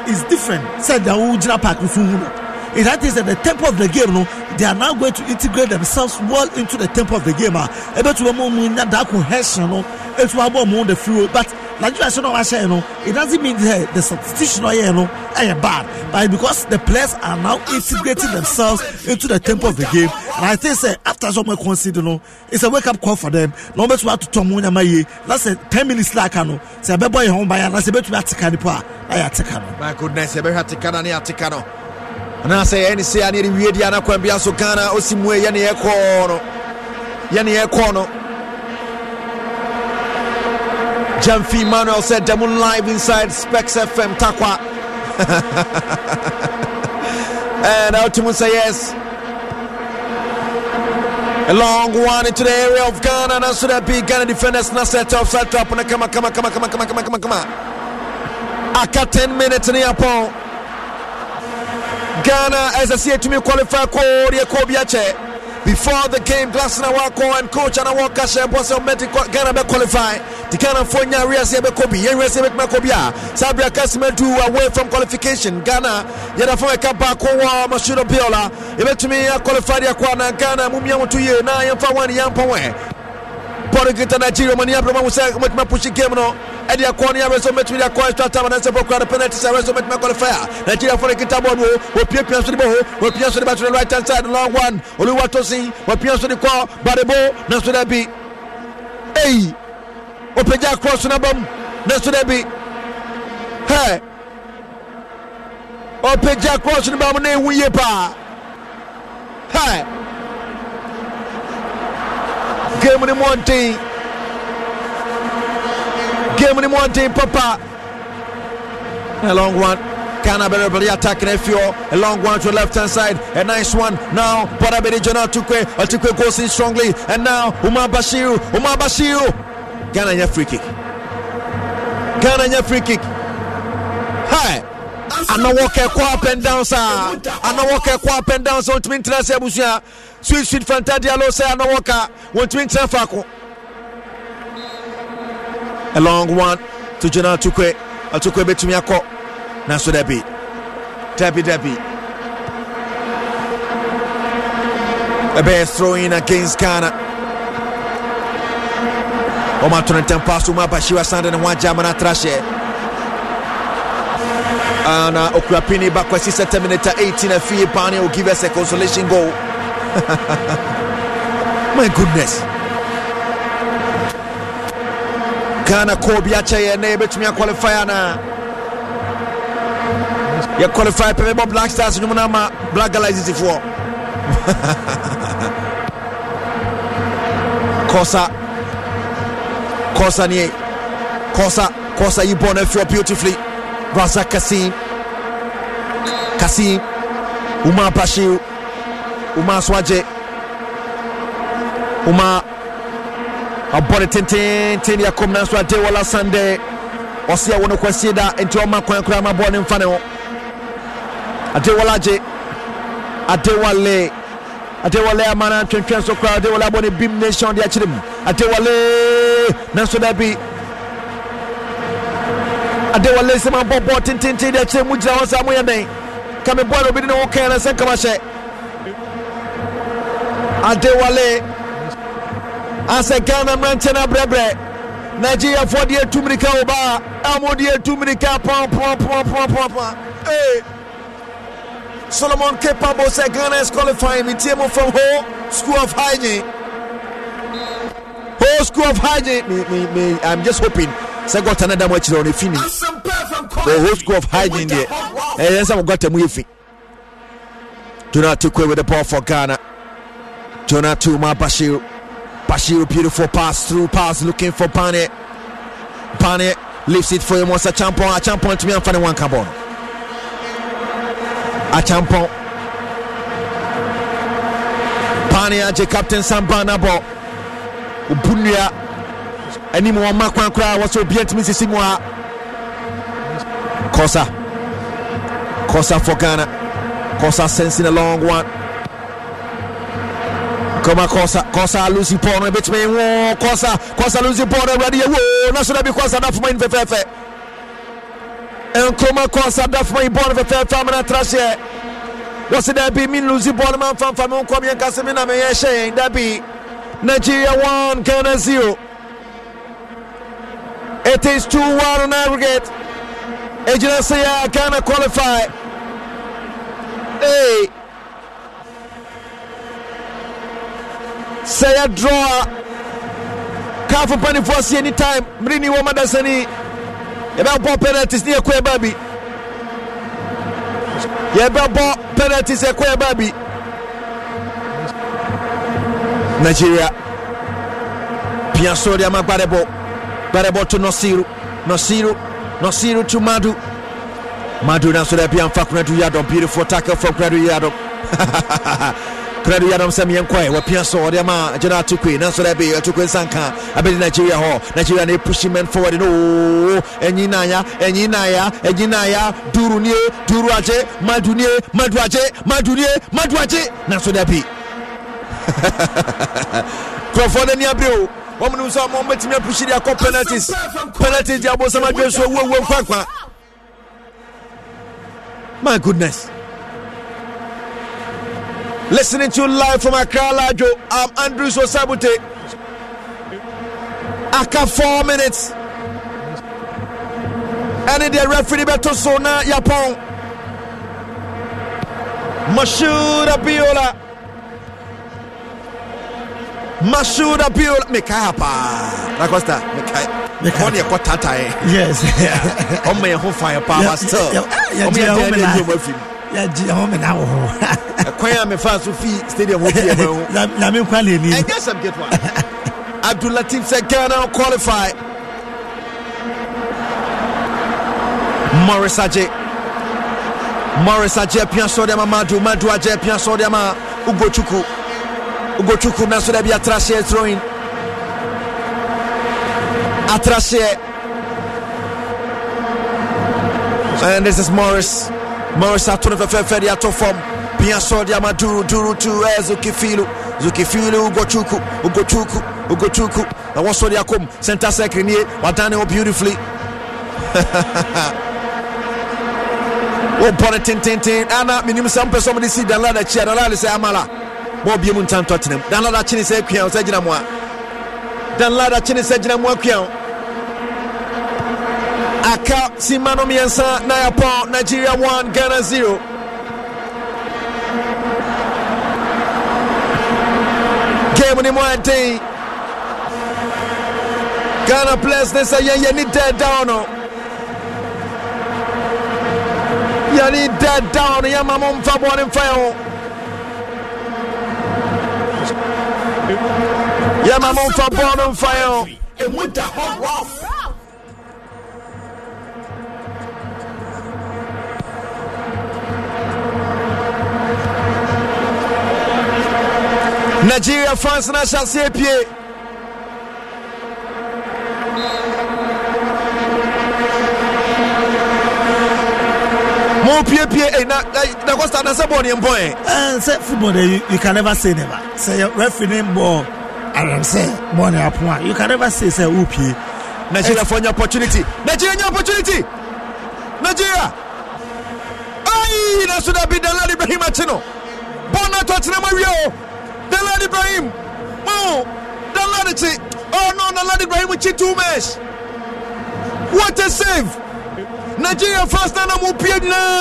is different sɛ deɛ ɔwɔ gyina park nso hu no it, that is that the tempo of the game no they are now going to integrate themselves well into the tempo of the game ah. Ebe ɛbɛtuma mu mu nya that cohesion no ɛtuma bɔ mu the fuel, but nigeria no wa wahyɛ no it doesn't mean that the substitution no, ɔyɛ no eh, bad but because the players are now integrating themselves into the tempo of the game and i think say after sɔmɔ consider no it's a wake up call for them No, na wɔn bɛtuma atotɔ mu nyama yie na sɛ ten minutes la aka no Say ebe boy ho ban yɛ na sɛ ɛbɛtuma atika nipa a na yɛ atika no. my goodness ebe ɛbɛhwɛ atika na ni atika no. anaasɛ yɛn ne se ne yɛde wie ana kwan bi aso ghana osi mu yɛ no yɛ yɛkɔɔ no jamfi manuel said demo live inside specs fm takwa and ultimate say yes a long one into the area of ghana and should that be ghana defenders now set up set up and come on come on come on come on come on come on come on got 10 minutes in the upon Ghana as I see it to me qualify Kobiache. Before the game, Glass Wako and Coach Anawaka Shabos Medical Ghana be qualify. The Ghana for Nyaria Sebe Kobi, Yaria Sebe Makobia, Sabria Kasimedu away from qualification. Ghana, Yadafo Kabakowa, Mashuda Biola, Ebetumi qualified Yakwana, Ghana, Mumia Mutuye, Nayamfa Wani Yampawe pɔrikita nigeria mani abirama musa mɛtuma pusi game no ɛdi akɔ ni awɛsɔ mɛtumi di akɔ extra time anase bɔ kura penalty sɛ awɛsɔ mɛtuma qualify nigeria pɔrikita bɔɔlu o opie pia so de bɔ o opie so de ba to the right hand side long one oluwatosin opie so de kɔ baribo naso de bi eyi opegya cross na bɔ mu naso de bi hɛ opegya cross na bɔ mu na ewu yie paa hɛ game ni mountain game ni mountain papa a long one Ghana Beribali attacking a few. A long one to the left hand side. A nice one. Now Borabedi Jonah Tukwe. Tukwe goes in strongly. And now Umar Bashiru. Umar Bashiru. Ghana free kick. Ghana free kick. Hi. anawɔ kɛkɔ up and down saa anawɔ kɛkɔ up and down saa wɔntumi ntena sɛ abusua sweet sweet fanta dialo sɛ anawɔ ka wɔntumi ntena faako a long one to gyina atukwe atukwe bɛtumi akɔ nanso dabi dabi dabi throw in against ghana turn and wɔmatɔne ntɛm paa so mu abahyiwa sande ne ho agya trash trahyɛ And uh, Okrapini Bakwesi set minute 18. Afie Pani will give us a consolation goal. My goodness. Ghana Kobe Acheye na ebetumi akwalify na yɛ qualify pɛmɛ black stars nwom no ama black galaxy foɔ Kosa, Kosa nie Kosa, Kosa, you born no afiɔ beautifully Raza Kasi, Kasi, uma bashi, uma Swaje, Umar abɔde tententen ne yɛkɔm nanso ade wala sande ɔse a wɔno kwasie da enti ɔma kwan koraa ma bɔɔ ne mfa ne ho ade wɔla agye ade wɔle ade wɔle so koraa ade abɔ ne bim nation de akyerɛ mu ade wɔle nanso da adéwọlé sẹ máa bọ bọ tententen de akyire mu gyina hɔ sɛ amoyɛ dɛn kàmi bọ́ọ̀lù obi ni ne ho kàn yẹn sẹ nkàmà hyɛ adéwọlé asɛ ghana mmeranteɛ no abrɛbrɛ nigeriafoɔ de atu mirika wo baa ɛmo de atu mirika pɔnpɔnpɔnpɔnpɔn ee solomon kepabo sɛ ghana is qualifying Me tie mo from ho school of hygiene ho school of hygiene me me me i'm just hoping sɛ gɔta no da mo akyirɛ ɔno ɛfi ni ɔho school of hygiene deɛ ɛyɛ sɛ mogɔta mu yɛ fi jonatu kwe with the ball for Ghana jonatu ma Bashir Bashir beautiful pass through pass looking for Bane Bane lifts it for him once a champion a champion to me and one Wankabon a champion Bane aje captain Sambana ball anim wɔma kwan koraa wɔ sɛ obia ntumi sisi mu a kɔsa kɔsa for ghana kɔsa sensing a long one kɔma kɔsa kɔsa lucy paul no ɛbɛtumi ho kɔsa kɔsa lucy paul no awurade yɛwo na so da bi kɔsa da foma yi fɛfɛɛfɛ nkɔma kɔsa da foma bɔɔl fɛfɛɛfɛ amena tra hyɛ wɔsi da mi lucy paul no ma mfamfa mi nkɔm yɛnkasɛ me na meyɛ hyɛ yɛn da nigeria one ghana zero It is 2 1 on aggregate. Ejinasia Ghana qualify. Hey. Say a draw. Kafu Pani Fosi anytime. Mrini Wamadasani. About penalties near Kwebabi. Yababo penalties at Kwebabi. Nigeria. Piansori Amagbarebo. barɛbɔ to nɔsiru nɔsiru nɔsiru to madu madu nanso dɛ bia mfa kunadu yadɔm beautiful tackle from kunadu yadɔm kunadu yadɔm sɛ miɛ nkɔɛ wɔpia so ɔde ama gyina atukui nanso dɛ bi atukui nsanka abɛdi nigeria hɔ nigeria na epushi men forward no ooo ɛnyin naya ɛnyin naya ɛnyin ya. duru nie duru agye madu nie madu agye madu nie madu agye nanso dɛ bi kurɔfoɔ n'ani abiri o. mu penalties penalties owó owó nkwankwa my goodness listening to live from Accra Lajo I'm Andrew Sosabute aka four minutes ɛne the referee Beto so na yapɔn Mashuda Biola. Mashuda Bill Mekaya pa. Rakosta Mekaya. wọn yɛ kɔ tata yes. ɔmɔ yɛ ho fan yɛ paa ma still ɔmɔ yɛ bɛɛ de ɛdun ma fi mu. yaji ɛwọn na wɔ hɔ. ɛkwan yɛ mɛfa so fi stadium hɔ fi yɛ mɛ ho. lami nkwa le ni. ɛnyɛ sɛm get one. abdulatif sɛ ghana qualify. morris agye morris agye apia sɔɔdɛma madu madu agye apia sɔɔdɛma ugochukwu. Ugochukwu nanso dɛbi atraseɛ throwing atraseɛ and this is Morris Morris ato no fɛfɛɛfɛ de ato fam pia sɔ de ama duru duru tu ɛ Zukifilu Zukifilu Ugochukwu Ugochukwu Ugochukwu na wɔn sɔ de akɔm center circle nie wadane wɔ beautifully wɔbɔ ne tententen ana menim sɛ mpɛ sɛ ɔmde si danla n'akyi a danla de sɛ amala bɔɔbie mu ntan tɔtenam danlada kyene sɛ akua sɛ gyina mu a danlada kyene sɛ gyina mu akua wo aka simba no mmiɛnsa na yɛpɔ nigeria 1 ghana 0 game ne mu aden ghana players ne sɛ yɛyɛni dɛ down no yɛne dɛ no yɛma mo mfa bɔne mfa yɛ ho Il maman, a fire. And hot Nigeria, France, n'a chassé pied. pie pie eh, na na costa na sɛ bɔɔl yɛ mpɔn yɛ. ɛn football de eh, you, can never say never sɛ yɛ referee ne bɔɔl aramsɛ bɔɔl yɛ apɔn a ah. you can never say say o pie. nigeria for n opportunity nigeria n opportunity nigeria ayi na so dabi dalal ibrahim akyi oh. oh, no na tɔ tena ma wie o dalal ibrahim Oh, dalal ti oh no dalal ibrahim kyi too much what a save. nigeria first na namupie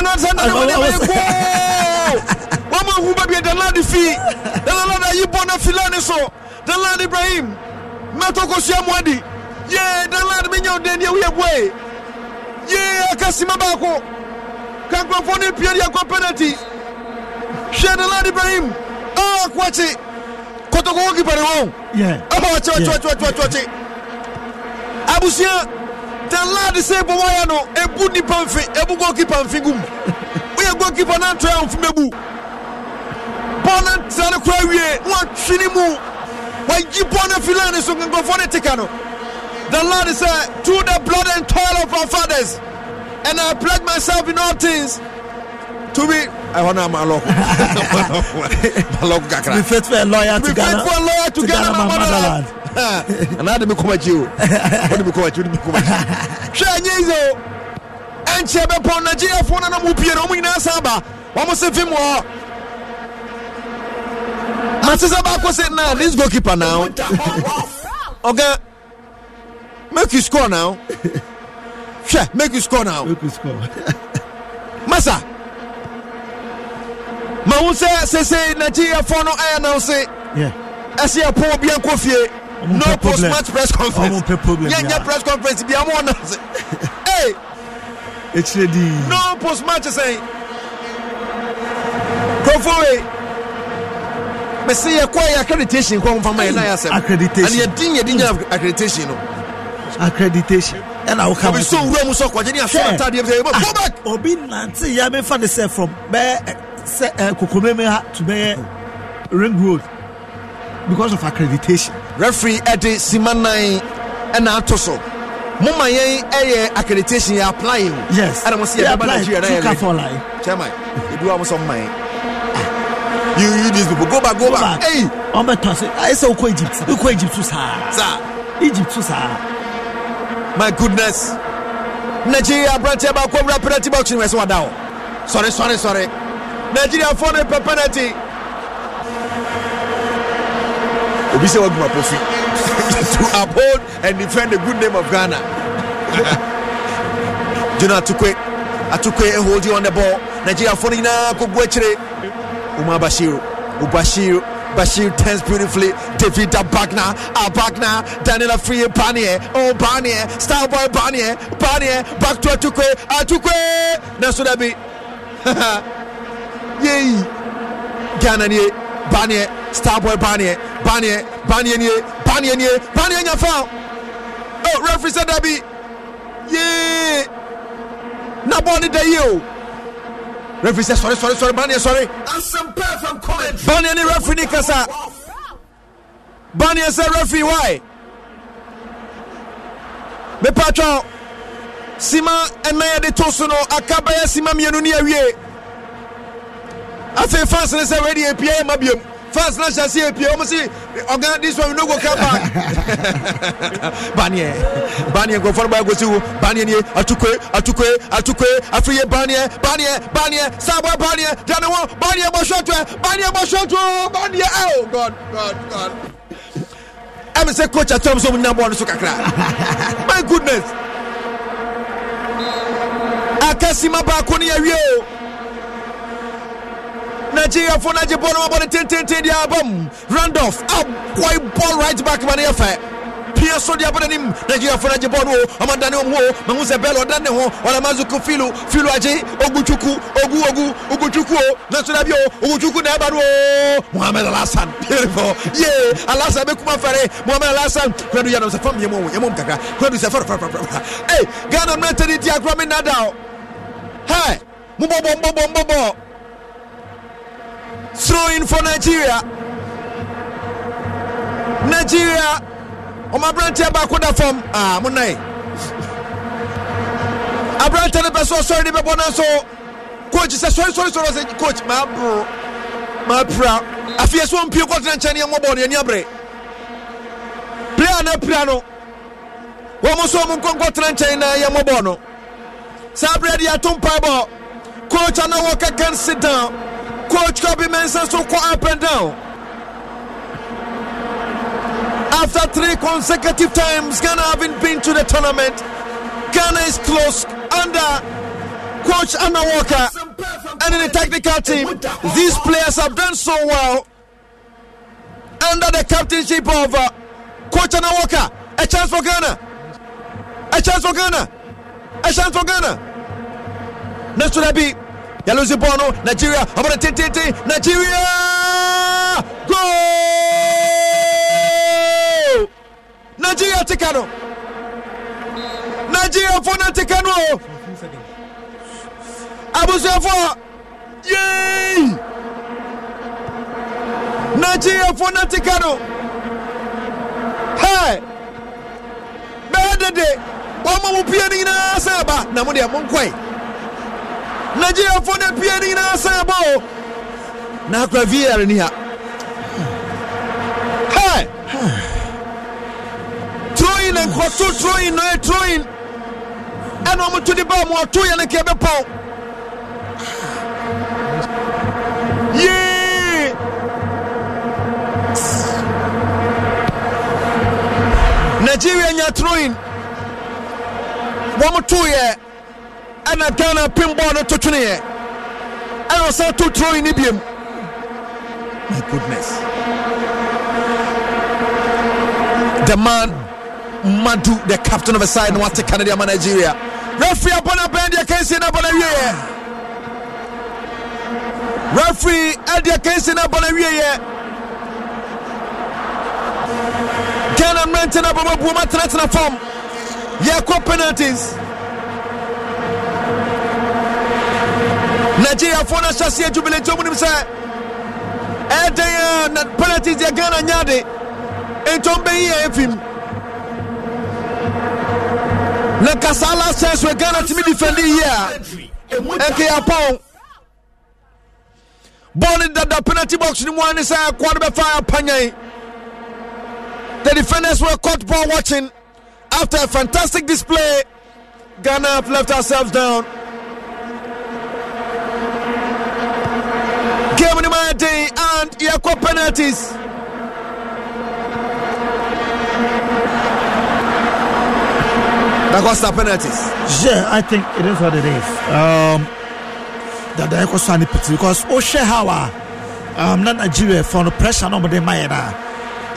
nansanadamanemayeku wamahu babie dalade fii dalalade ayibɔ na filani so dalade ibrahim matokosua muadi ye dalade menya wo dendeɛ woyɛ boe ye akasima baako kankurɔfoɔ ne pia de akɔ penalty hwɛ dalade ibrahim akoakye ah, kɔtɔkɔwɔ kipare hɔ ɛhɔ kyɛkyɛkyɛkyɛkye abusua The sɛ bɔ wayɛ no ɛbu nipa mfe ɛbu gɔkipa mfe gum woyɛ gɔkipa no antoɛ amfe no kora awie mu wayi bɔl no afi so nkɔfoɔ ne teka no danlad sɛ to the blood and toil of our fathers and i pledge myself in all things to be ɛhɔ no amalɔ kakra be faithful and to ghana, to to ghana, to to ghana, ghana, anaa de me kɔmakyi o wode me kɔmakyi wode me kɔmakyi hwɛ ɛnyɛ ize o ɛnkyɛ bɛpɔ nigeriafoɔ no na mu pie no ɔmo nyinaa san ba wɔmo se fim wɔ mate sɛ baako se na this goalkeeper now ɔga make you score now hwɛ make you score now masa ma wo sɛ sesei nigeriafoɔ no ɛyɛ naw se ɛsɛ yɛpɔ obiankɔ fie no post match press conference ọmọ pe problem yẹn nyɛ press conference bi ọmọ ọna se ee ekyire di no post match sɛn kofowe mesi yɛ kɔ yɛ accreditation kɔ nfa ma yɛ n'a yɛ accreditation And yɛ din yɛ din yɛ accreditation no accreditation ɛna awo kama so wura mu sɔ kɔjɛ ni asɔ ataade yɛ bi sɛ back obi nante yɛ bɛ fa de sɛ from bɛɛ sɛ ɛ ha to bɛɛ eh, ring road because of accreditation. referee ɛde sima nan ɛna ato so mo ma yɛn ɛyɛ accreditation yɛ apply o. yes ɛna mo si yɛ bɛ ba nigeria n'ayɛ lɛ chairman ebi wa mo sɔn mo ma yɛn ah. you you these people go back go, go back. back hey wọn bɛ tɔ se ayi ah, sɛ o ko egypt o ko egypt tu saa saa egypt tu saa. my goodness nigeria aberanteɛ baako awura penalty box ni wɛsɛ wa da o sɔre sɔre sɔre nigeria fɔ ne pɛ penalty. obi sɛ waguma pofi to uphold and defend the good name of ghana jonah atukwe atukwe you on the ball nigeriafoɔ no nyinaa kɔgu akyire omar bashir obashir Bashir turns beautifully. David Abagna, Abagna, Daniel Free Banier, oh Star Boy Banier, Banier, back to Atukwe, Atukwe. That's what I mean. Yay, Ghana, yeah. Banier, Starboy Banier, Banier, Banier, Banier, Banier, Banier, your foul. Oh, referee said that be. Yeah. bon Bonnie, the you. Referee said, sorry, sorry, sorry, Banier, sorry. And some from college. Banier, ni referee, kasa. Banier said, referee, why? Me patron, Sima, and Naya de Tosuno, Akabaya, Sima, Mianuni, Awie. afei fans ne sɛ wɛde apia yɛ ma biom fans na hyɛ se apia ɔmo se ɔga this one we no go come back baneɛ baneɛ nkurɔfoɔ no baa gosi wo baneɛ nie atukwe atukwe atukwe afei yɛ baneɛ baneɛ baneɛ saabɔ baneɛ dane wo baneɛ bɔhwɛtoɛ baneɛ bɔhwɛtoɔ baneɛ oh god god god ɛmi sɛ coach atɔm so mu nyina bɔɔl no so kakra my goodness akasima baako ne yɛ wie o nigeriafoɔ no agye bɔɔ no mabɔne tententen deɛ aba mu randolf akwai Ball right back ma ne yɛ fɛ pie so deɛ abɔ n'anim nigeriafoɔ no agye bɔɔ no o ɔmadane wɔ mu o mahu sɛ bɛl ɔdane ho ɔnamazuko filo filo agye ogutwuku ogu ogu ogutwuku o oh. nanso da bi o ogutwuku na ɛba o mohamed alasan beautiful ye alasan bɛkuma fɛre mohamed alasan kuradu yɛ no sɛ fam yɛ mu yɛ mu kakra kuradu sɛ fɛre fɛre fɛre fɛre ei ghana mmerɛ tɛ ne di agorɔ me nada o hɛ Throwing for nigeria nigeria ɔmo aberanteɛ baako da fam aa mo nan aberanteɛ no bɛ so ɔsɔre de bɛbɔ nan so coach sɛ sɔre sɔre sɔre ɔsɛ coach maa boro maa pira afei so mpie kɔtena nkyɛn ne ɛmɔbɔ ne ani abere player na pira no wɔn mo so ɔmo nkɔnkɔ tena nkyɛn na ɛmɔbɔ no saa abere de ato mpaebɔ coach anawɔ kɛkɛn sit down. Coach Kobe Mensah so go up and down. After three consecutive times, Ghana haven't been to the tournament. Ghana is close under Coach Anna Walker and in the technical team. These players have done so well under the captainship of uh, Coach Anna Walker. A chance for Ghana. A chance for Ghana. A chance for Ghana. Next to that be. ya loose ball no nigeria ọbọdọ tententen nigeria goal nigeria ti no nigeria fo na ti no o abusuafo yeeyi nigeria fo na ti no hɛɛ bɛɛ dede wɔn mo pie ne nyinaa sɛ ba na mo deɛ mo nkɔe nagyeriafoɔ no apue ne nyinaa san ɛbɔ na akora var ni ha hi throwing and troin throwing no throwing ɛna ɔmo de ba ɔmo yɛ ne kɛ bɛpɔw yee nigeria nya throwing wɔn to yɛ. ɛna ghana pinball no totweneɛ ɛna ɔsan to throwing ne biem my goodness the man madu the captain of the side no wate canada ama nigeria referee abɔna bɛn deɛ kɛnsi na abɔna wieɛ referee ɛdeɛ kɛnsi na abɔna wieɛ ghana mmeranteɛ no abɔmabuom atenatena fam yɛkɔ penalties no nim sɛ ɛdɛn a deɛ ghana nya de ntom bɛyi yɛ ɛfim na kasaa last chance wɛ ghana defendi a bɔɔl no dada penalty box no mu a ne sɛ no bɛfa the defenders were caught ball watching after a fantastic display ghana have left ourselves down and yɛkɔ penalties dakosta penalties. yeah i think it is what it is. Um, dada ɛkɔ so ani because o hyɛ ha wa um, na nigeria for no pressure na ɔmo de ma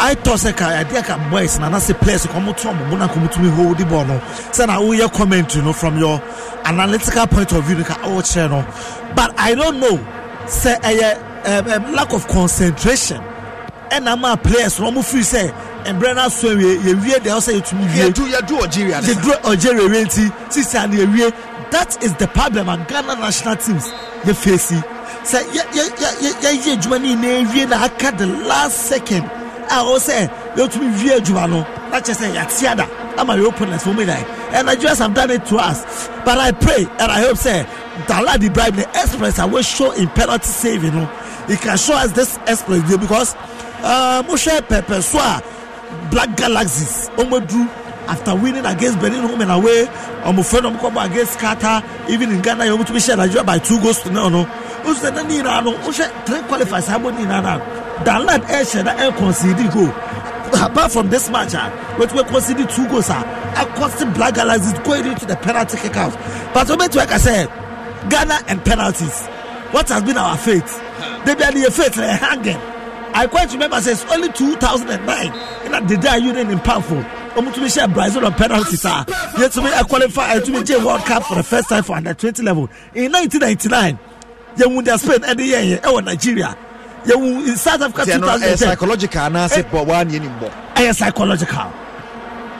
i thought sɛ ka adeɛ ka boys na anase players kɔn mo to ɔmo mo na kɔn mo tumi hold the ball no sɛ na woyɛ comment you know, from your analytical point of view like ɔwɔ kyerɛ no but i don't know sɛ ɛyɛ. Eh, um, um, lack of concentration ɛna ama players wɔn mo firi sɛ mbrɛ no aso awie yɛwie deɛ ɔsɛ yɛtumi wie yɛdu yɛdu algeria ne yɛdu algeria wie nti sisi ano yɛwie that is the problem a ghana national teams yɛ face sɛ yɛ yɛ yɛ yɛ yɛ adwuma ne nyinaa wie na aka the last second a wɔ sɛ yɛtumi wie adwuma no na kyerɛ sɛ yɛate ada ama yɛ openness wɔn nyinaa and nigeria have done it to us but i pray and i hope say dala di bribe the express i wey show in penalty saving you no know? can show us this express dey because uh, mo hwɛ pɛpɛ so a black galaxies ɔmo duru after winning against Benin home and away ọmọfẹ́ni ọmọkọ́bọ̀ against Qatar even in Ghana yẹn wọ́n ṣe Nigeria by two goals to náà no ó ṣe ní ìran no ó ṣe three qualifiers àbọ̀ ní ìran náà Danlad ẹ̀ ṣẹ̀ dá ẹ̀ concede goal apart from this match wọ́n ti wọ́n concede two goals ẹ̀ cost Black Galaxies going into the penalty kick out but wọ́n mẹ́tọ́ ẹ̀ kà Ghana and penalties what has been our fate debi adiye fate ẹ̀ hanging I quite remember say it's only two thousand and nine in that the day I union in powerful wɔn tumi hyɛ brazil on penalty saa yɛtumi ɛkɔlifa ɛtumi gye world cup for the first time for under twenty level in nineteen ninety nine yɛwu da spain ɛde yɛn yɛ ɛwɔ nigeria yɛwu in south africa eh, two thousand and ten psychological anaasɛ bɔ waa ni ɛni bɔ ɛyɛ psychological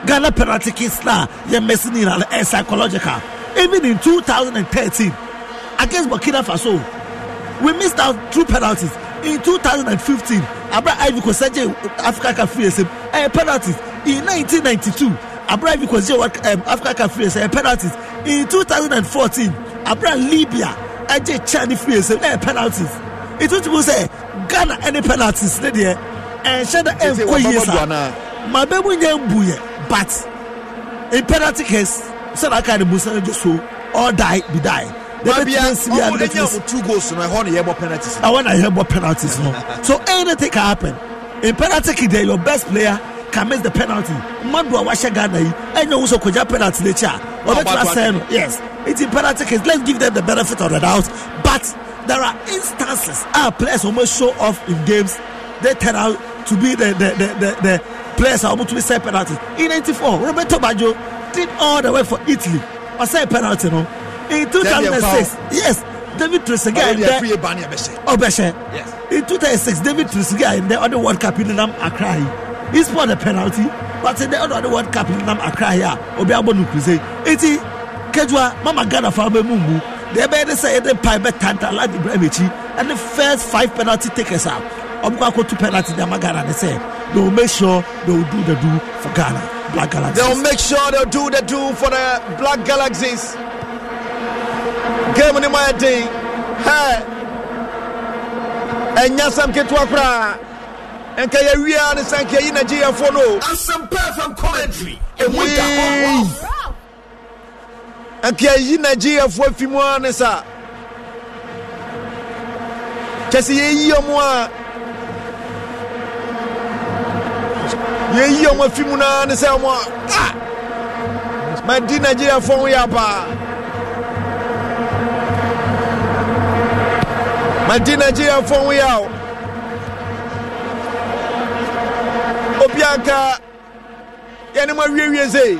ghana penalty kicks na yɛ mɛsi ni na psychological even in two thousand and thirteen against burkina faso we missed out two penalties in two thousand and fifteen abra ivory coast sẹ́jẹ̀ africa cup free ẹ̀sẹ̀ ẹ̀yẹ penalties in 1992 abraham because um, africa cup free ɛsɛ penalties in 2014 abraham libya ɛgye chani free ɛsɛ eh, penalties etu ti mu say. ghana any penalties there. Eh? And ɛnhyɛ na ɛnkɔ yie sa maa bɛ mu nyɛ mbu yɛ but in penalty case sɛdeɛ aka ne musa ɛgye so ɔdae bi dae. Mabia, oh, two goals, so I want to hear about penalties. I want to hear about penalties. No, so anything can happen. In penalty, they're your best player can miss the penalty mmadu a wahyɛ ghana yi ɛnyɛ wo sɛ kogya penalty n'akyi a ɔbɛtena sɛn no yes It's penalty case let's give them the benefit of the doubt but there are instances ah players almost show off in games they turn out to be the the the the, the players are wɔn to be set penalty in '94 roberto baggio did all the way for italy ɔsɛ penalty no in 2006 yes. David Trezeguet there. then Obeshe. Yes. In 2006, David Trezeguet there on the World Cup in Nam Accra he scored a penalty but in the end of the world cup nam akra here obi abɔ no kuse eti kejua mama ghana fa bɛ mu mu deɛ bɛyɛ de sɛ yɛ de pa bɛ tantala de bɛrɛ first five penalty takers a ɔmo kɔ two penalty de ama ghana ne sɛ they will make sure they will do the do for ghana black galaxies. they will make sure they will do the do for the black galaxies. game ni mo yɛ den hɛ ɛnyasɛm ketewa koraa nka yɛ wia ne sɛ nka yɛyi nigerianfoɔ no nka yɛyi nigeriafoɔ fi mu a ne sa kyɛ sɛ yɛyi ɔmo a yɛyi ɔmo afi mu naa ne sɛ ɔmo a ah! madi nigeriafoɔ ho yɛ apaa madi nigeriafoɔ ho yɛ o obi anka yɛne mu awiewie sei